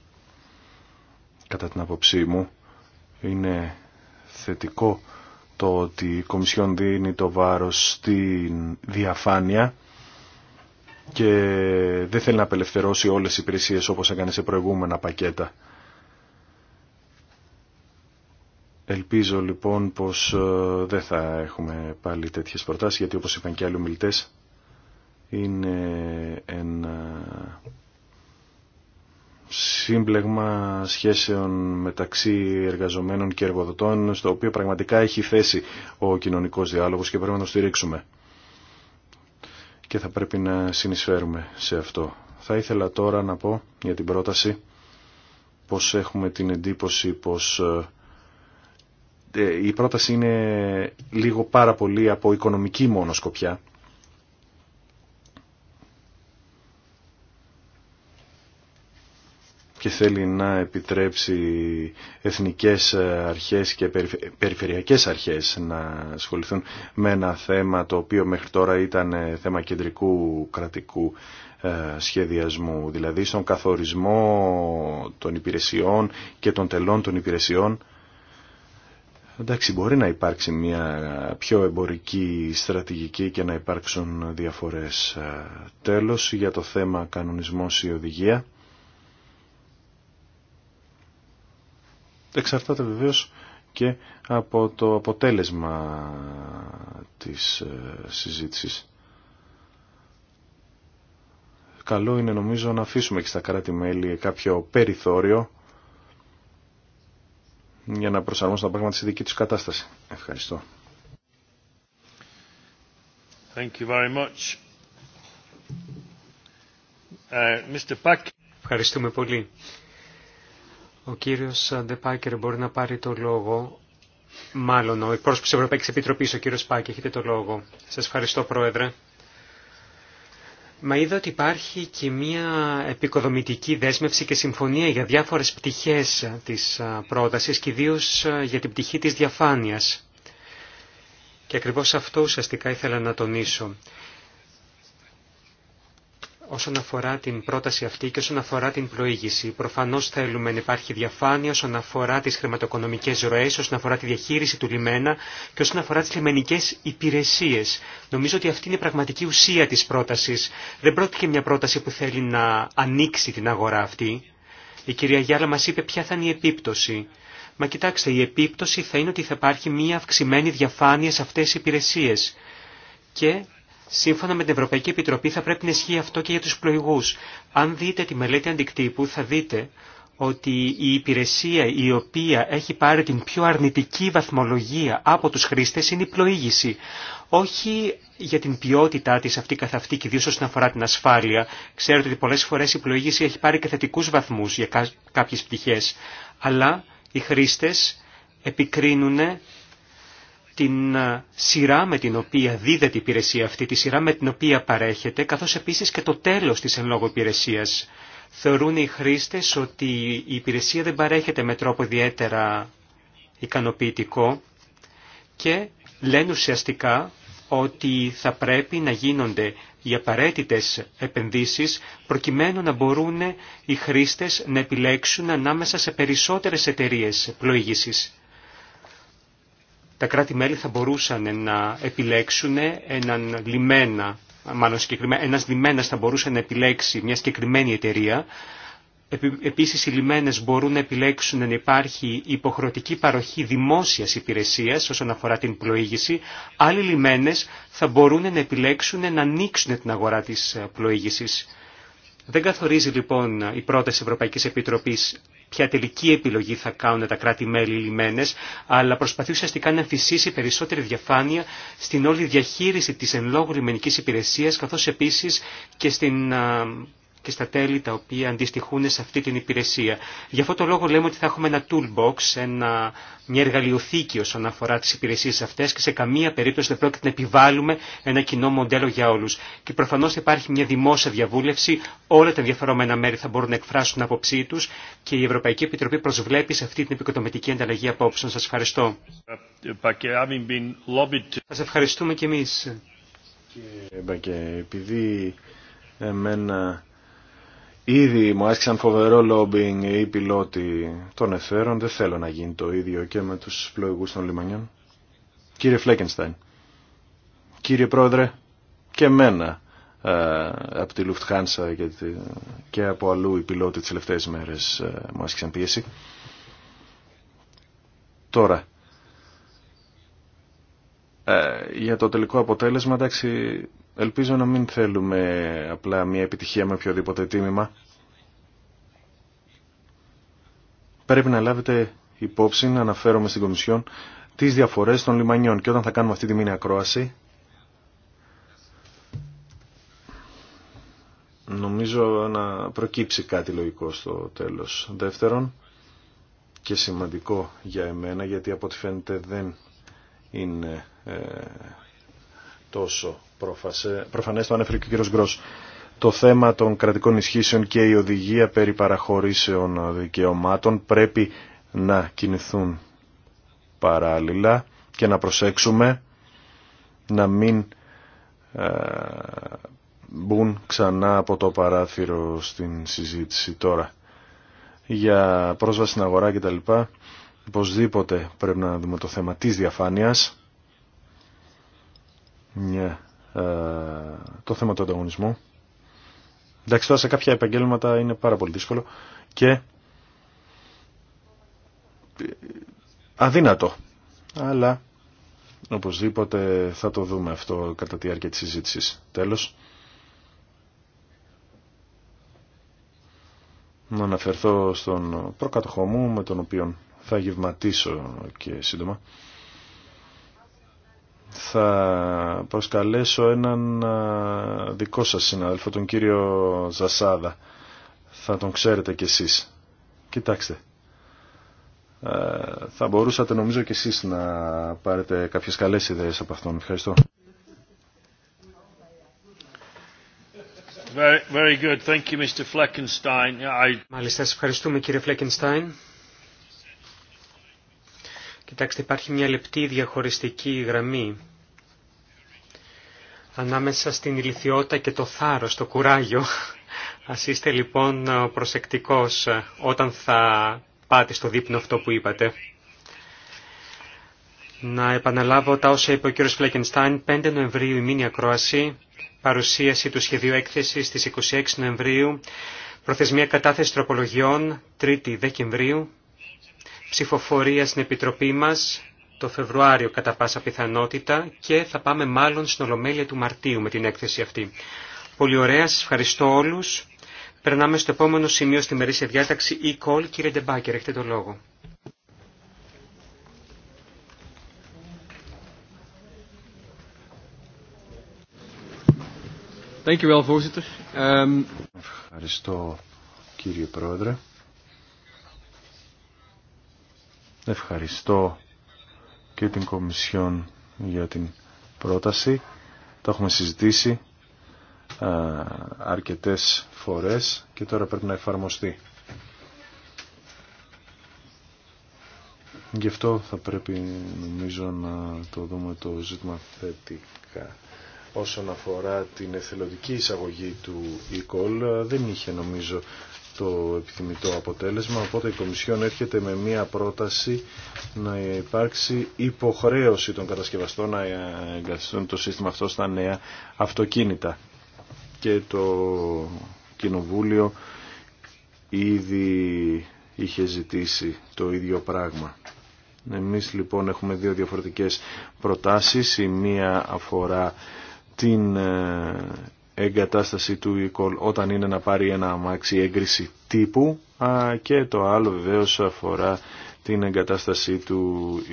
κατά την άποψή μου, είναι θετικό το ότι η Κομισιόν δίνει το βάρος στην διαφάνεια και δεν θέλει να απελευθερώσει όλες οι υπηρεσίες όπως έκανε σε προηγούμενα πακέτα. Ελπίζω λοιπόν πως ε, δεν θα έχουμε πάλι τέτοιες προτάσεις γιατί όπως είπαν και άλλοι ομιλητές είναι ένα σύμπλεγμα σχέσεων μεταξύ εργαζομένων και εργοδοτών στο οποίο πραγματικά έχει θέση ο κοινωνικός διάλογος και πρέπει να το στηρίξουμε. Και θα πρέπει να συνεισφέρουμε σε αυτό. Θα ήθελα τώρα να πω για την πρόταση πως έχουμε την εντύπωση πως ε, ε, η πρόταση είναι λίγο πάρα πολύ από οικονομική μόνο σκοπιά και θέλει να επιτρέψει εθνικές αρχές και περιφερειακές αρχές να ασχοληθούν με ένα θέμα το οποίο μέχρι τώρα ήταν θέμα κεντρικού κρατικού ε, σχεδιασμού, δηλαδή στον καθορισμό των υπηρεσιών και των τελών των υπηρεσιών. Εντάξει, μπορεί να υπάρξει μια πιο εμπορική στρατηγική και να υπάρξουν διαφορές. Ε, τέλος, για το θέμα κανονισμός ή οδηγία. εξαρτάται βεβαίως και από το αποτέλεσμα της ε, συζήτησης. Καλό είναι νομίζω να αφήσουμε και στα κράτη-μέλη κάποιο περιθώριο για να προσαρμόσουν τα πράγματα στη δική τους κατάσταση. Ευχαριστώ. Thank you very much. Uh, Mr. Ευχαριστούμε πολύ. Ο κύριος Ντεπάκερ μπορεί να πάρει το λόγο. Μάλλον ο εκπρόσωπος της Ευρωπαϊκής Επιτροπής, ο κύριος Πάκη, έχετε το λόγο. Σας ευχαριστώ Πρόεδρε. Μα είδα ότι υπάρχει και μία επικοδομητική δέσμευση και συμφωνία για διάφορες πτυχές της πρότασης και ιδίω για την πτυχή της διαφάνειας. Και ακριβώς αυτό ουσιαστικά ήθελα να τονίσω όσον αφορά την πρόταση αυτή και όσον αφορά την πλοήγηση. Προφανώς θέλουμε να υπάρχει διαφάνεια όσον αφορά τις χρηματοοικονομικές ροές, όσον αφορά τη διαχείριση του λιμένα και όσον αφορά τις λιμενικές υπηρεσίες. Νομίζω ότι αυτή είναι η πραγματική ουσία της πρότασης. Δεν πρόκειται μια πρόταση που θέλει να ανοίξει την αγορά αυτή. Η κυρία Γιάλα μας είπε ποια θα είναι η επίπτωση. Μα κοιτάξτε, η επίπτωση θα είναι ότι θα υπάρχει μια αυξημένη διαφάνεια σε αυτές τις υπηρεσίες. Και Σύμφωνα με την Ευρωπαϊκή Επιτροπή θα πρέπει να ισχύει αυτό και για τους πλοηγούς. Αν δείτε τη μελέτη αντικτύπου θα δείτε ότι η υπηρεσία η οποία έχει πάρει την πιο αρνητική βαθμολογία από τους χρήστες είναι η πλοήγηση. Όχι για την ποιότητά της αυτή καθ' αυτή και ιδίως όσον αφορά την ασφάλεια. Ξέρετε ότι πολλές φορές η πλοήγηση έχει πάρει και θετικούς βαθμούς για κάποιες πτυχές. Αλλά οι χρήστες επικρίνουν την ε, σειρά με την οποία δίδεται η υπηρεσία αυτή, τη σειρά με την οποία παρέχεται, καθώς επίσης και το τέλος της εν λόγω υπηρεσίας. Θεωρούν οι χρήστες ότι η υπηρεσία δεν παρέχεται με τρόπο ιδιαίτερα ικανοποιητικό και λένε ουσιαστικά ότι θα πρέπει να γίνονται οι απαραίτητες επενδύσεις προκειμένου να μπορούν οι χρήστες να επιλέξουν ανάμεσα σε περισσότερες εταιρείες πλοήγησης τα κράτη-μέλη θα μπορούσαν να επιλέξουν έναν λιμένα, μάλλον συγκεκριμένα, ένας λιμένας θα μπορούσε να επιλέξει μια συγκεκριμένη εταιρεία. Επίσης οι λιμένες μπορούν να επιλέξουν να υπάρχει υποχρεωτική παροχή δημόσιας υπηρεσίας όσον αφορά την πλοήγηση. Άλλοι λιμένες θα μπορούν να επιλέξουν να ανοίξουν την αγορά της πλοήγησης. Δεν καθορίζει λοιπόν η πρόταση Ευρωπαϊκής Επιτροπής ποια τελική επιλογή θα κάνουν τα κράτη-μέλη λιμένες, αλλά προσπαθεί ουσιαστικά να φυσήσει περισσότερη διαφάνεια στην όλη διαχείριση της εν λόγω λιμενικής υπηρεσίας, καθώς επίσης και στην και στα τέλη τα οποία αντιστοιχούν σε αυτή την υπηρεσία. Γι' αυτό το λόγο λέμε ότι θα έχουμε ένα toolbox, ένα, μια εργαλειοθήκη όσον αφορά τις υπηρεσίες αυτές και σε καμία περίπτωση δεν πρόκειται να επιβάλλουμε ένα κοινό μοντέλο για όλους. Και προφανώς θα υπάρχει μια δημόσια διαβούλευση, όλα τα ενδιαφερόμενα μέρη θα μπορούν να εκφράσουν άποψή τους και η Ευρωπαϊκή Επιτροπή προσβλέπει σε αυτή την επικοδομητική ανταλλαγή απόψεων. Σας ευχαριστώ. Σας ευχαριστούμε κι εμείς. επειδή εμένα Ήδη μου άσκησαν φοβερό λόμπινγκ οι πιλότοι των εφαίρων. Δεν θέλω να γίνει το ίδιο και με τους πλοηγούς των λιμανιών. Κύριε Φλέκενστάιν, κύριε Πρόεδρε, και μένα ε, από τη Λουφτχάνσα και, και από αλλού οι πιλότοι τις τελευταίες μέρες ε, μου άσκησαν πίεση. Τώρα, ε, για το τελικό αποτέλεσμα, εντάξει, Ελπίζω να μην θέλουμε απλά μια επιτυχία με οποιοδήποτε τίμημα. Πρέπει να λάβετε υπόψη, να αναφέρομαι στην Κομισιόν, τις διαφορές των λιμανιών. Και όταν θα κάνουμε αυτή τη μήνυα ακρόαση, νομίζω να προκύψει κάτι λογικό στο τέλος. Δεύτερον, και σημαντικό για εμένα, γιατί από ό,τι φαίνεται δεν είναι ε, τόσο Προφανές το ανέφερε και ο κ. Γκρό. Το θέμα των κρατικών ισχύσεων και η οδηγία περί παραχωρήσεων δικαιωμάτων πρέπει να κινηθούν παράλληλα και να προσέξουμε να μην ε, μπουν ξανά από το παράθυρο στην συζήτηση τώρα. Για πρόσβαση στην αγορά κτλ. Οπωσδήποτε πρέπει να δούμε το θέμα της διαφάνειας. Ε, το θέμα του ανταγωνισμού. Εντάξει, τώρα σε κάποια επαγγέλματα είναι πάρα πολύ δύσκολο και ε, αδύνατο. Αλλά οπωσδήποτε θα το δούμε αυτό κατά τη διάρκεια της συζήτησης. Τέλος. Να αναφερθώ στον προκατοχό μου με τον οποίο θα γευματίσω και σύντομα θα προσκαλέσω έναν δικό σας συνάδελφο, τον κύριο Ζασάδα. Θα τον ξέρετε κι εσείς. Κοιτάξτε. Ε, θα μπορούσατε νομίζω κι εσείς να πάρετε κάποιες καλές ιδέες από αυτόν. Ευχαριστώ. Very, very good. Thank you, Mr. Fleckenstein. I... Μάλιστα, σας ευχαριστούμε κύριε Φλέκενστάιν. Κοιτάξτε, υπάρχει μια λεπτή διαχωριστική γραμμή ανάμεσα στην ηλικιότητα και το θάρρος, το κουράγιο. Ας είστε λοιπόν προσεκτικός όταν θα πάτε στο δείπνο αυτό που είπατε. Να επαναλάβω τα όσα είπε ο κ. Φλέκενστάιν, 5 Νοεμβρίου η μήνυα ακρόαση, παρουσίαση του σχεδίου έκθεσης στις 26 Νοεμβρίου, προθεσμία κατάθεση τροπολογιών 3η Δεκεμβρίου, ψηφοφορία στην Επιτροπή μας το Φεβρουάριο κατά πάσα πιθανότητα και θα πάμε μάλλον στην Ολομέλεια του Μαρτίου με την έκθεση αυτή. Πολύ ωραία, σας ευχαριστώ όλους. Περνάμε στο επόμενο σημείο στη μερίσια διάταξη e-call. Κύριε Ντεμπάκερ, έχετε το λόγο. Thank you well, um, Ευχαριστώ κύριε Πρόεδρε. Ευχαριστώ και την Κομισιόν για την πρόταση. Το έχουμε συζητήσει ε, αρκετές φορές και τώρα πρέπει να εφαρμοστεί. Γι' αυτό θα πρέπει νομίζω να το δούμε το ζήτημα θετικά. Όσον αφορά την εθελοντική εισαγωγή του e δεν είχε νομίζω το επιθυμητό αποτέλεσμα, οπότε η Κομισιόν έρχεται με μία πρόταση να υπάρξει υποχρέωση των κατασκευαστών να εγκαθιστούν το σύστημα αυτό στα νέα αυτοκίνητα. Και το Κοινοβούλιο ήδη είχε ζητήσει το ίδιο πράγμα. Εμείς λοιπόν έχουμε δύο διαφορετικές προτάσεις. Η μία αφορά την ε, εγκατάσταση του e όταν είναι να πάρει ένα αμάξι έγκριση τύπου και το άλλο βεβαίως αφορά την εγκατάστασή του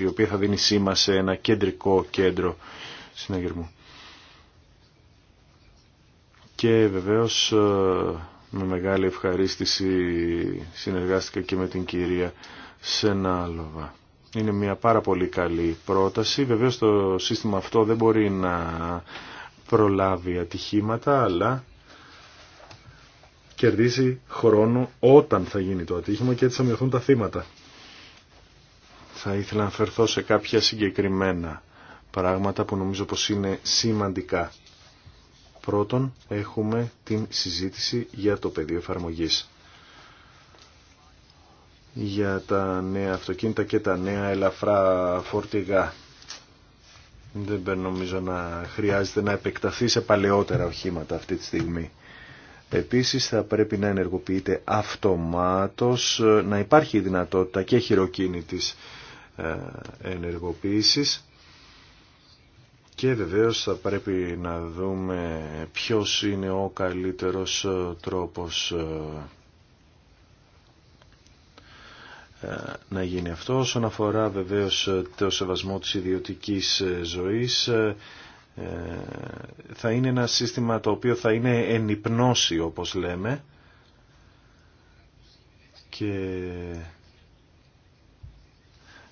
η οποία θα δίνει σήμα σε ένα κεντρικό κέντρο συναγερμού. Και βεβαίως με μεγάλη ευχαρίστηση συνεργάστηκα και με την κυρία Σενάλοβα. Είναι μια πάρα πολύ καλή πρόταση. Βεβαίως το σύστημα αυτό δεν μπορεί να προλάβει ατυχήματα, αλλά κερδίζει χρόνο όταν θα γίνει το ατύχημα και έτσι θα μειωθούν τα θύματα. Θα ήθελα να φερθώ σε κάποια συγκεκριμένα πράγματα που νομίζω πως είναι σημαντικά. Πρώτον, έχουμε την συζήτηση για το πεδίο εφαρμογής. Για τα νέα αυτοκίνητα και τα νέα ελαφρά φορτηγά δεν νομίζω να χρειάζεται να επεκταθεί σε παλαιότερα οχήματα αυτή τη στιγμή. Επίσης θα πρέπει να ενεργοποιείται αυτομάτως, να υπάρχει η δυνατότητα και χειροκίνητης ε, ενεργοποίησης και βεβαίως θα πρέπει να δούμε ποιος είναι ο καλύτερος ε, τρόπος ε, ε, να γίνει αυτό. Όσον αφορά βεβαίως ε, το σεβασμό της ιδιωτικής ε, ζωής, θα είναι ένα σύστημα το οποίο θα είναι ενυπνώσει όπως λέμε και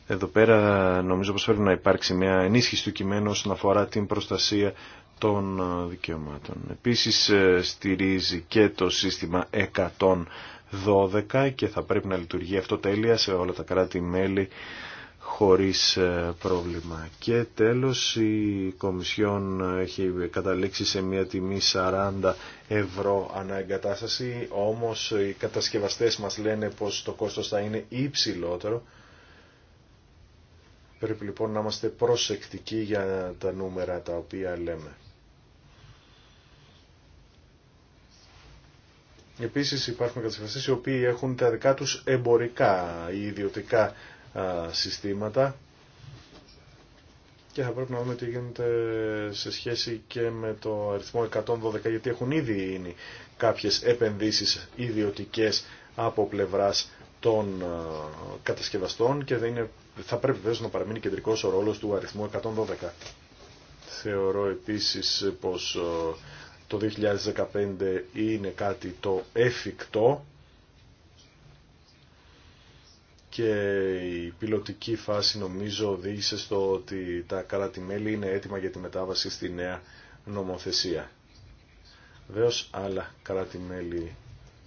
εδώ πέρα νομίζω πως πρέπει να υπάρξει μια ενίσχυση του κειμένου όσον αφορά την προστασία των δικαιωμάτων. Επίσης στηρίζει και το σύστημα 100 12 και θα πρέπει να λειτουργεί αυτό τέλεια σε όλα τα κράτη-μέλη χωρίς ε, πρόβλημα. Και τέλος η Κομισιόν έχει καταλήξει σε μια τιμή 40 ευρώ αναεγκατάσταση, όμως οι κατασκευαστές μας λένε πως το κόστος θα είναι υψηλότερο. Πρέπει λοιπόν να είμαστε προσεκτικοί για τα νούμερα τα οποία λέμε. Επίση υπάρχουν κατασκευαστέ οι οποίοι έχουν τα δικά τους εμπορικά ή ιδιωτικά συστήματα και θα πρέπει να δούμε τι γίνεται σε σχέση και με το αριθμό 112 γιατί έχουν ήδη γίνει κάποιες επενδύσεις ιδιωτικέ από πλευράς των κατασκευαστών και δεν είναι, θα πρέπει βέβαια να παραμείνει κεντρικός ο ρόλος του αριθμού 112. Θεωρώ επίσης πως το 2015 είναι κάτι το εφικτό και η πιλωτική φάση νομίζω οδήγησε στο ότι τα κράτη-μέλη είναι έτοιμα για τη μετάβαση στη νέα νομοθεσία. Βεβαίω άλλα κράτη-μέλη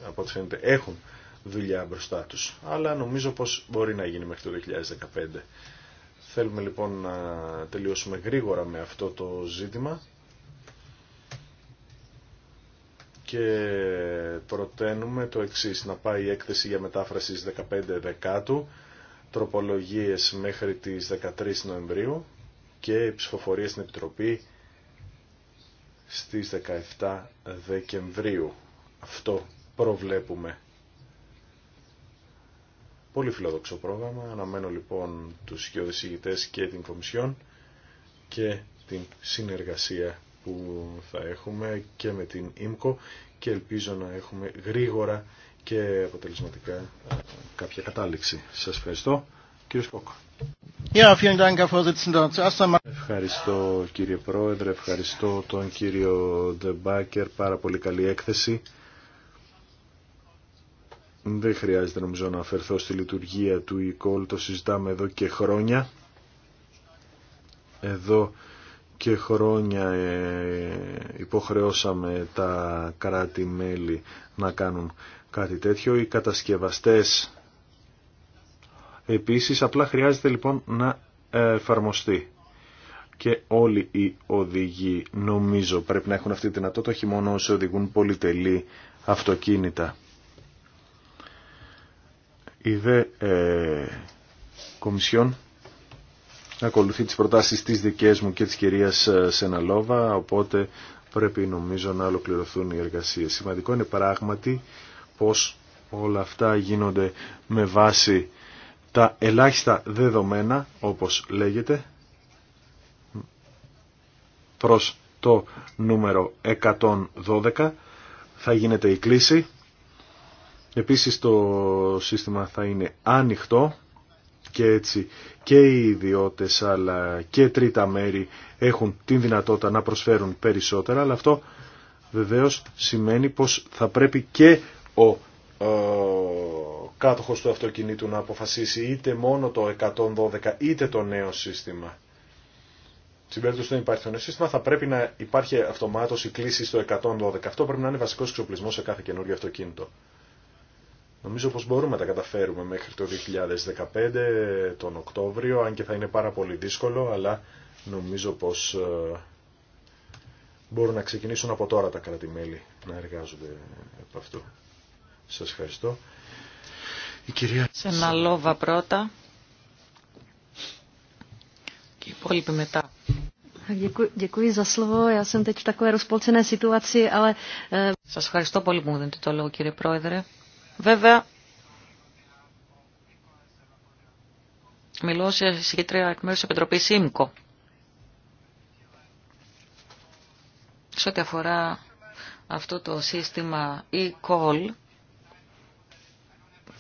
από έχουν δουλειά μπροστά τους, αλλά νομίζω πως μπορεί να γίνει μέχρι το 2015. Θέλουμε λοιπόν να τελειώσουμε γρήγορα με αυτό το ζήτημα και προτείνουμε το εξής, να πάει η έκθεση για μετάφραση 15 Δεκάτου, τροπολογίες μέχρι τις 13 Νοεμβρίου και ψηφοφορία στην Επιτροπή στις 17 Δεκεμβρίου. Αυτό προβλέπουμε. Πολύ φιλόδοξο πρόγραμμα. Αναμένω λοιπόν τους γεωδησηγητές και την Κομισιόν και την συνεργασία που θα έχουμε και με την ΙΜΚΟ και ελπίζω να έχουμε γρήγορα και αποτελεσματικά ε, κάποια κατάληξη. Σας ευχαριστώ. Κύριε Σκόκο. Ευχαριστώ κύριε Πρόεδρε, ευχαριστώ τον κύριο Ντεμπάκερ, πάρα πολύ καλή έκθεση. Δεν χρειάζεται νομίζω να αφαιρθώ στη λειτουργία του e το συζητάμε εδώ και χρόνια. Εδώ και χρόνια ε, υποχρεώσαμε τα κράτη-μέλη να κάνουν κάτι τέτοιο. Οι κατασκευαστές επίσης απλά χρειάζεται λοιπόν να εφαρμοστεί. Και όλοι οι οδηγοί νομίζω πρέπει να έχουν αυτή τη δυνατότητα, όχι μόνο όσοι οδηγούν πολυτελή αυτοκίνητα. Η δε ε, Κομισιόν ακολουθεί τις προτάσεις της δικές μου και της κυρίας ε, Σεναλόβα, οπότε πρέπει νομίζω να ολοκληρωθούν οι εργασίες. Σημαντικό είναι πράγματι πως όλα αυτά γίνονται με βάση τα ελάχιστα δεδομένα, όπως λέγεται, προς το νούμερο 112 θα γίνεται η κλίση. Επίσης το σύστημα θα είναι ανοιχτό και έτσι και οι ιδιώτες αλλά και τρίτα μέρη έχουν την δυνατότητα να προσφέρουν περισσότερα αλλά αυτό βεβαίως σημαίνει πως θα πρέπει και ο ο ε, κάτοχος του αυτοκινήτου να αποφασίσει είτε μόνο το 112 είτε το νέο σύστημα. Στην περίπτωση δεν υπάρχει το νέο σύστημα θα πρέπει να υπάρχει αυτομάτως η κλίση στο 112. Αυτό πρέπει να είναι βασικός εξοπλισμός σε κάθε καινούριο αυτοκίνητο. Νομίζω πως μπορούμε να τα καταφέρουμε μέχρι το 2015, τον Οκτώβριο, αν και θα είναι πάρα πολύ δύσκολο, αλλά νομίζω πως ε, μπορούν να ξεκινήσουν από τώρα τα κρατημέλη να εργάζονται από αυτό. Σας ευχαριστώ. Η κυρία... Σε πρώτα και οι μετά. Σας ευχαριστώ πολύ που μου δίνετε το λόγο κύριε Πρόεδρε. Βέβαια, μιλώ σε συγκέντρια εκ μέρους της Επιτροπής ΣΥΜΚΟ. Σε ό,τι αφορά αυτό το σύστημα e-call,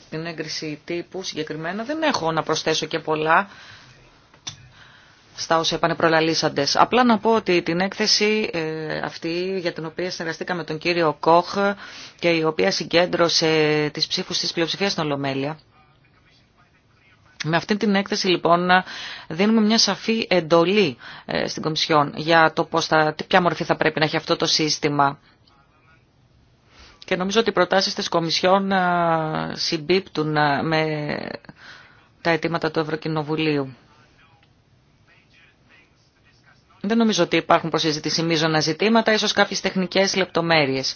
την έγκριση τύπου συγκεκριμένα, δεν έχω να προσθέσω και πολλά στα όσα είπανε προλαλήσαντε. Απλά να πω ότι την έκθεση ε, αυτή για την οποία συνεργαστήκαμε τον κύριο Κόχ και η οποία συγκέντρωσε τις ψήφους της πλειοψηφίας στην Ολομέλεια, με αυτή την έκθεση λοιπόν δίνουμε μια σαφή εντολή ε, στην Κομισιόν για το πώς θα, ποια μορφή θα πρέπει να έχει αυτό το σύστημα. Και νομίζω ότι οι προτάσεις της Κομισιόν ε, συμπίπτουν με τα αιτήματα του Ευρωκοινοβουλίου. Δεν νομίζω ότι υπάρχουν προσυζήτηση μείζωνα ζητήματα, ίσως κάποιες τεχνικές λεπτομέρειες.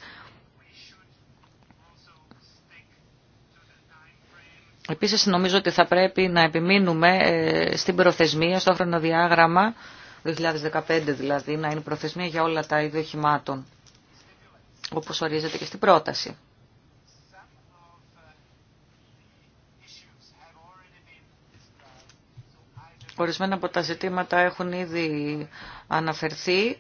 Επίσης νομίζω ότι θα πρέπει να επιμείνουμε ε, στην προθεσμία, στο χρονοδιάγραμμα, 2015 δηλαδή, να είναι προθεσμία για όλα τα είδη οχημάτων, όπως ορίζεται και στην πρόταση. Ορισμένα από τα ζητήματα έχουν ήδη αναφερθεί.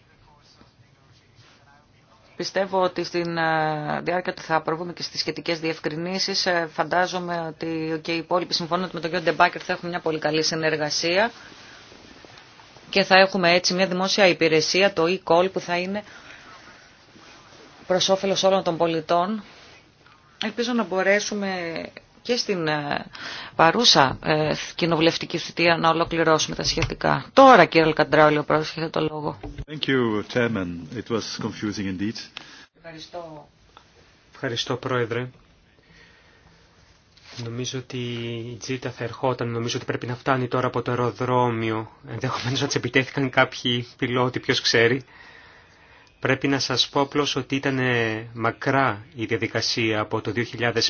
Πιστεύω ότι στην ε, διάρκεια του θα προβούμε και στις σχετικές διευκρινήσεις. Ε, φαντάζομαι ότι και οι υπόλοιποι συμφωνούν ότι με τον κ. Ντεμπάκερ θα έχουμε μια πολύ καλή συνεργασία και θα έχουμε έτσι μια δημόσια υπηρεσία, το e-call που θα είναι προς όφελος όλων των πολιτών. Ελπίζω να μπορέσουμε και στην ε, παρούσα ε, κοινοβουλευτική θητεία να ολοκληρώσουμε τα σχετικά. Τώρα κύριε Αλκαντράουλη, ο πρόεδρος έχετε το λόγο. Ευχαριστώ. Ευχαριστώ Πρόεδρε. Νομίζω ότι η Τζίτα θα ερχόταν, νομίζω ότι πρέπει να φτάνει τώρα από το αεροδρόμιο. Ενδεχομένω να τη επιτέθηκαν κάποιοι πιλότοι, ποιος ξέρει. Πρέπει να σας πω απλώ ότι ήταν ε, μακρά η διαδικασία από το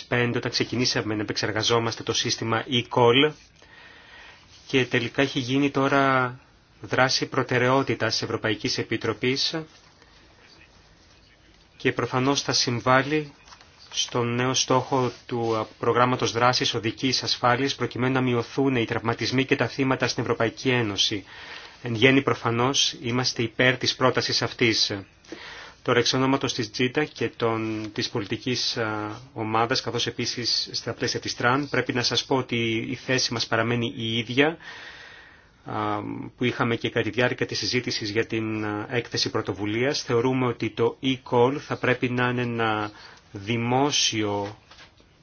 2005 όταν ξεκινήσαμε να επεξεργαζόμαστε το σύστημα e-call και τελικά έχει γίνει τώρα δράση προτεραιότητας Ευρωπαϊκής Επιτροπής και προφανώς θα συμβάλλει στον νέο στόχο του προγράμματος δράσης οδικής ασφάλειας προκειμένου να μειωθούν οι τραυματισμοί και τα θύματα στην Ευρωπαϊκή Ένωση. Εν γέννη προφανώς είμαστε υπέρ της πρότασης αυτής. Τώρα εξ ονόματος της Τζίτα και των, της πολιτικής ε, ομάδας, καθώς επίσης στα πλαίσια της Τραν, πρέπει να σας πω ότι η θέση μας παραμένει η ίδια ε, που είχαμε και κατά τη διάρκεια της συζήτησης για την ε, έκθεση πρωτοβουλίας. Θεωρούμε ότι το e-call θα πρέπει να είναι ένα δημόσιο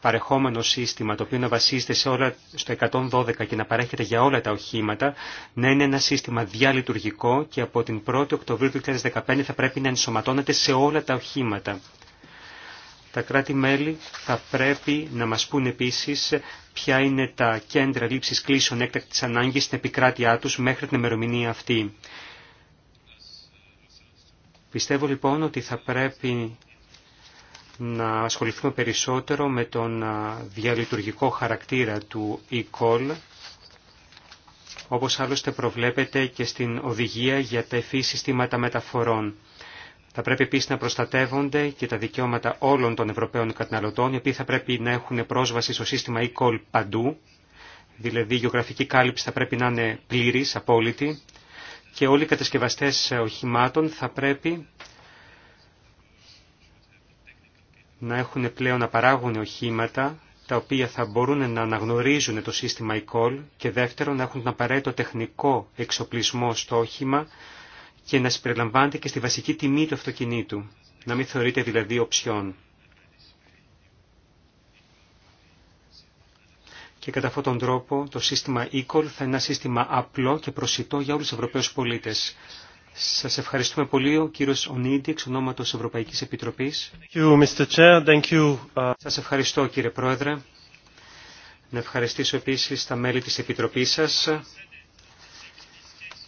παρεχόμενο σύστημα το οποίο να βασίζεται σε όλα, στο 112 και να παρέχεται για όλα τα οχήματα να είναι ένα σύστημα διαλειτουργικό και από την 1η Οκτωβρίου του 2015 θα πρέπει να ενσωματώνεται σε όλα τα οχήματα. Τα κράτη-μέλη θα πρέπει να μας πούν επίσης ποια είναι τα κέντρα λήψης κλήσεων έκτακτης ανάγκης στην επικράτειά τους μέχρι την ημερομηνία αυτή. Πιστεύω λοιπόν ότι θα πρέπει να ασχοληθούμε περισσότερο με τον διαλειτουργικό χαρακτήρα του e-call, όπως άλλωστε προβλέπεται και στην οδηγία για τα Εφή συστήματα μεταφορών. Θα πρέπει επίσης να προστατεύονται και τα δικαιώματα όλων των Ευρωπαίων καταναλωτών, οι οποίοι θα πρέπει να έχουν πρόσβαση στο σύστημα e-call παντού, δηλαδή η γεωγραφική κάλυψη θα πρέπει να είναι πλήρης, απόλυτη, και όλοι οι κατασκευαστές ε, οχημάτων θα πρέπει να έχουν πλέον να παράγουν οχήματα τα οποία θα μπορούν να αναγνωρίζουν το σύστημα και δεύτερον να έχουν τον απαραίτητο τεχνικό εξοπλισμό στο όχημα και να συμπεριλαμβάνεται και στη βασική τιμή του αυτοκινήτου, να μην θεωρείται δηλαδή οψιών. Και κατά αυτόν τον τρόπο το σύστημα e-call θα είναι ένα σύστημα απλό και προσιτό για όλους τους Ευρωπαίους πολίτες. Σας ευχαριστούμε πολύ, ο κύριος Ονίδη, εξ ονόματος Ευρωπαϊκής Επιτροπής. you, Chair. Uh, σας ευχαριστώ, κύριε Πρόεδρε. Να ευχαριστήσω επίσης τα μέλη της Επιτροπής σας.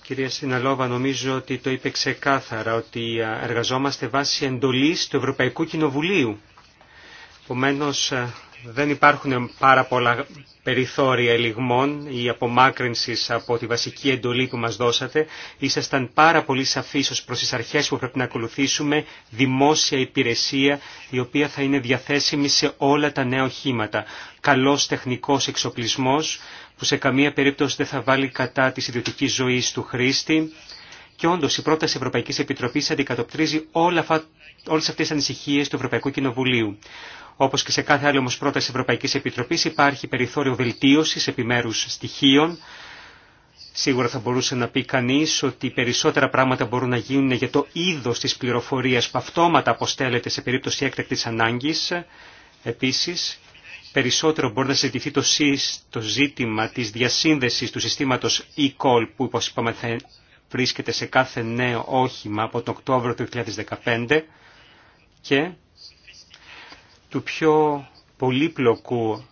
Κυρία Σιναλόβα, νομίζω ότι το είπε ξεκάθαρα ότι εργαζόμαστε βάσει εντολής του Ευρωπαϊκού Κοινοβουλίου δεν υπάρχουν πάρα πολλά περιθώρια ελιγμών ή απομάκρυνσης από τη βασική εντολή που μας δώσατε. Ήσασταν πάρα πολύ σαφείς ως προς τις αρχές που πρέπει να ακολουθήσουμε δημόσια υπηρεσία η οποία θα είναι διαθέσιμη σε όλα τα νέα οχήματα. Καλός τεχνικός εξοπλισμός που σε καμία περίπτωση δεν θα βάλει κατά της ιδιωτικής ζωής του χρήστη. Και όντω η πρόταση Ευρωπαϊκή Επιτροπή αντικατοπτρίζει όλα αυτά, όλες αυτές τις ανησυχίες του Ευρωπαϊκού Κοινοβουλίου. Όπω και σε κάθε άλλη όμω πρόταση Ευρωπαϊκή Επιτροπή υπάρχει περιθώριο βελτίωση επιμέρου στοιχείων. Σίγουρα θα μπορούσε να πει κανεί ότι περισσότερα πράγματα μπορούν να γίνουν για το είδο τη πληροφορία που αυτόματα αποστέλλεται σε περίπτωση έκτακτη ανάγκη. Επίση, περισσότερο μπορεί να συζητηθεί το, το ζήτημα τη διασύνδεση του συστήματο e-call που, όπω είπαμε, θα βρίσκεται σε κάθε νέο όχημα από τον Οκτώβριο του 2015 και του πιο πολύπλοκου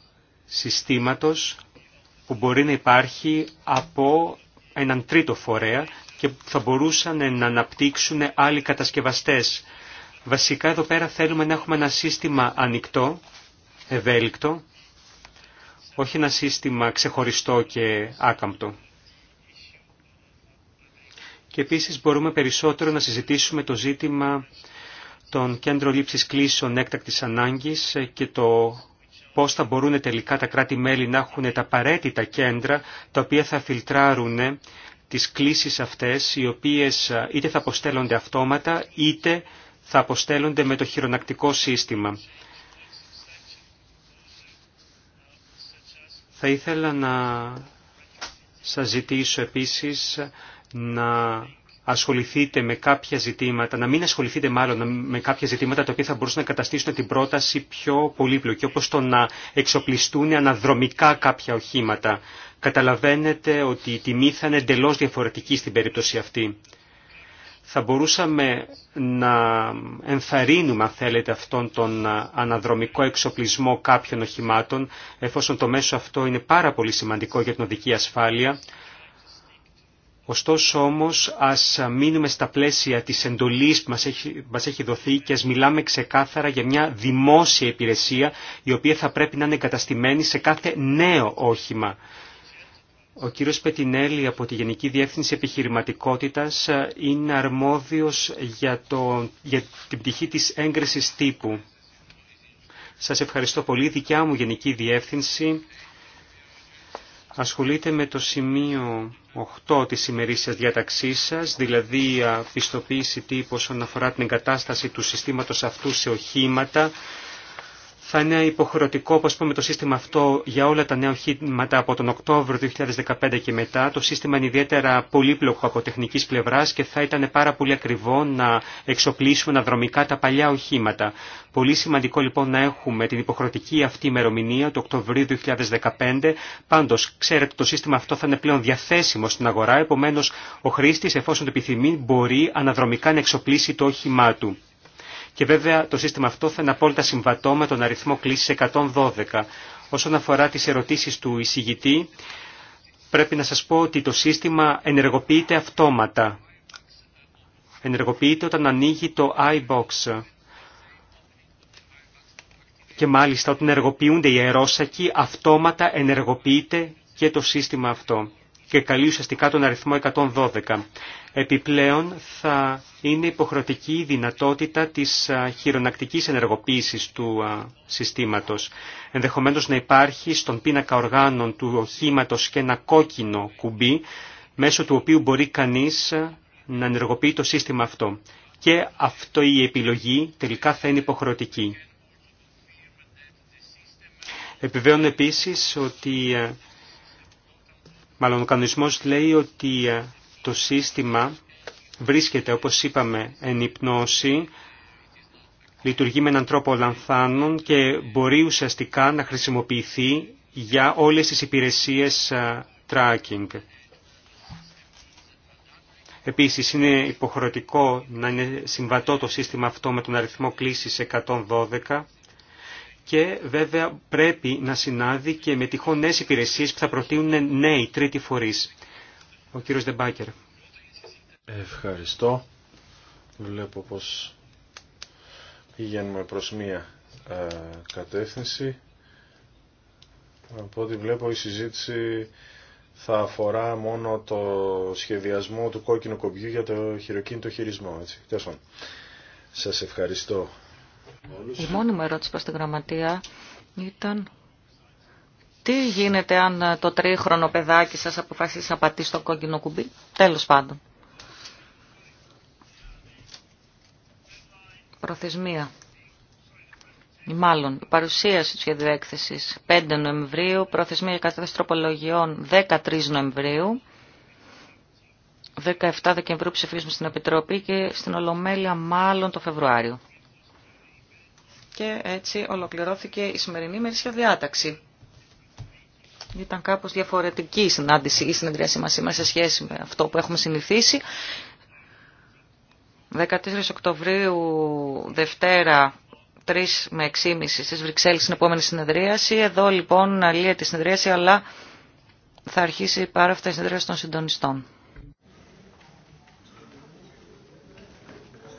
συστήματος που μπορεί να υπάρχει από έναν τρίτο φορέα και θα μπορούσαν να αναπτύξουν άλλοι κατασκευαστές. Βασικά εδώ πέρα θέλουμε να έχουμε ένα σύστημα ανοιχτό, ευέλικτο, όχι ένα σύστημα ξεχωριστό και άκαμπτο. Και επίσης μπορούμε περισσότερο να συζητήσουμε το ζήτημα τον Κέντρο Λήψης Κλήσεων Έκτακτης Ανάγκης και το πώς θα μπορούν τελικά τα κράτη-μέλη να έχουν τα απαραίτητα κέντρα τα οποία θα φιλτράρουν τις κλίσεις αυτές οι οποίες είτε θα αποστέλλονται αυτόματα είτε θα αποστέλλονται με το χειρονακτικό σύστημα. Θα ήθελα να σας ζητήσω επίσης να ασχοληθείτε με κάποια ζητήματα, να μην ασχοληθείτε μάλλον με κάποια ζητήματα τα οποία θα μπορούσαν να καταστήσουν την πρόταση πιο πολύπλοκη, όπως το να εξοπλιστούν αναδρομικά κάποια οχήματα. Καταλαβαίνετε ότι η τιμή θα είναι εντελώς διαφορετική στην περίπτωση αυτή. Θα μπορούσαμε να ενθαρρύνουμε, αν θέλετε, αυτόν τον αναδρομικό εξοπλισμό κάποιων οχημάτων, εφόσον το μέσο αυτό είναι πάρα πολύ σημαντικό για την οδική ασφάλεια, Ωστόσο όμως ας μείνουμε στα πλαίσια της εντολής που μας έχει, δοθεί και ας μιλάμε ξεκάθαρα για μια δημόσια υπηρεσία η οποία θα πρέπει να είναι εγκαταστημένη σε κάθε νέο όχημα. Ο κύριος Πετινέλη από τη Γενική Διεύθυνση Επιχειρηματικότητας ε, είναι αρμόδιος για, το, για την πτυχή της έγκρισης τύπου. Σας ευχαριστώ πολύ. δικιά μου Γενική Διεύθυνση ασχολείται με το σημείο 8 της ημερήσιας διαταξής σας, δηλαδή πιστοποίηση τύπου όσον αφορά την εγκατάσταση του συστήματος αυτού σε οχήματα, θα είναι υποχρεωτικό, όπως πούμε, το σύστημα αυτό για όλα τα νέα οχήματα από τον Οκτώβριο 2015 και μετά. Το σύστημα είναι ιδιαίτερα πολύπλοκο από τεχνικής πλευράς και θα ήταν πάρα πολύ ακριβό να εξοπλίσουμε αναδρομικά τα παλιά οχήματα. Πολύ σημαντικό λοιπόν να έχουμε την υποχρεωτική αυτή ημερομηνία του Οκτωβρίου 2015. Πάντως, ξέρετε, το σύστημα αυτό θα είναι πλέον διαθέσιμο στην αγορά, επομένω ο χρήστη, εφόσον το επιθυμεί, μπορεί αναδρομικά να εξοπλίσει το όχημά του. Και βέβαια το σύστημα αυτό θα είναι απόλυτα συμβατό με τον αριθμό κλήση 112. Όσον αφορά τις ερωτήσεις του εισηγητή, πρέπει να σας πω ότι το σύστημα ενεργοποιείται αυτόματα. Ενεργοποιείται όταν ανοίγει το iBox. Και μάλιστα όταν ενεργοποιούνται οι αερόσακοι, αυτόματα ενεργοποιείται και το σύστημα αυτό και καλεί ουσιαστικά τον αριθμό 112. Επιπλέον θα είναι υποχρεωτική η δυνατότητα της χειρονακτικής ενεργοποίησης του συστήματος. Ενδεχομένως να υπάρχει στον πίνακα οργάνων του οχήματο και ένα κόκκινο κουμπί, μέσω του οποίου μπορεί κανείς να ενεργοποιεί το σύστημα αυτό. Και αυτό η επιλογή τελικά θα είναι υποχρεωτική. Επιβεβαιώνω επίσης ότι, μάλλον ο κανονισμός λέει ότι το σύστημα βρίσκεται, όπως είπαμε, εν υπνώση, λειτουργεί με έναν τρόπο λανθάνων και μπορεί ουσιαστικά να χρησιμοποιηθεί για όλες τις υπηρεσίες tracking. Επίσης είναι υποχρεωτικό να είναι συμβατό το σύστημα αυτό με τον αριθμό κλήσης 112 και βέβαια πρέπει να συνάδει και με τυχόν νέες υπηρεσίες που θα προτείνουν νέοι τρίτη φορείς. Ο κύριος Δεμπάκερ. Ευχαριστώ. Βλέπω πως πηγαίνουμε προς μία ε, κατεύθυνση. Από ό,τι βλέπω η συζήτηση θα αφορά μόνο το σχεδιασμό του κόκκινου κομπιού για το χειροκίνητο χειρισμό. Έτσι. Σας ευχαριστώ. Η μόνη μου ερώτηση προς την γραμματεία ήταν τι γίνεται αν το τρίχρονο παιδάκι σας αποφασίσει να πατήσει το κόκκινο κουμπί. Τέλος πάντων. προθεσμία. Μάλλον, η παρουσίαση του σχέδιου έκθεση 5 Νοεμβρίου, προθεσμία για τροπολογιών 13 Νοεμβρίου, 17 Δεκεμβρίου ψηφίσουμε στην Επιτροπή και στην Ολομέλεια μάλλον το Φεβρουάριο. Και έτσι ολοκληρώθηκε η σημερινή ημερήσια διάταξη. Ήταν κάπως διαφορετική η συνάντηση ή συνεδρίασή μας σήμερα σε σχέση με αυτό που έχουμε συνηθίσει. 14 Οκτωβρίου, Δευτέρα, 3 με 6.30 στις Βρυξέλλες στην επόμενη συνεδρίαση. Εδώ λοιπόν λύεται η συνεδρίαση, αλλά θα αρχίσει πάρα αυτά η συνεδρίαση των συντονιστών.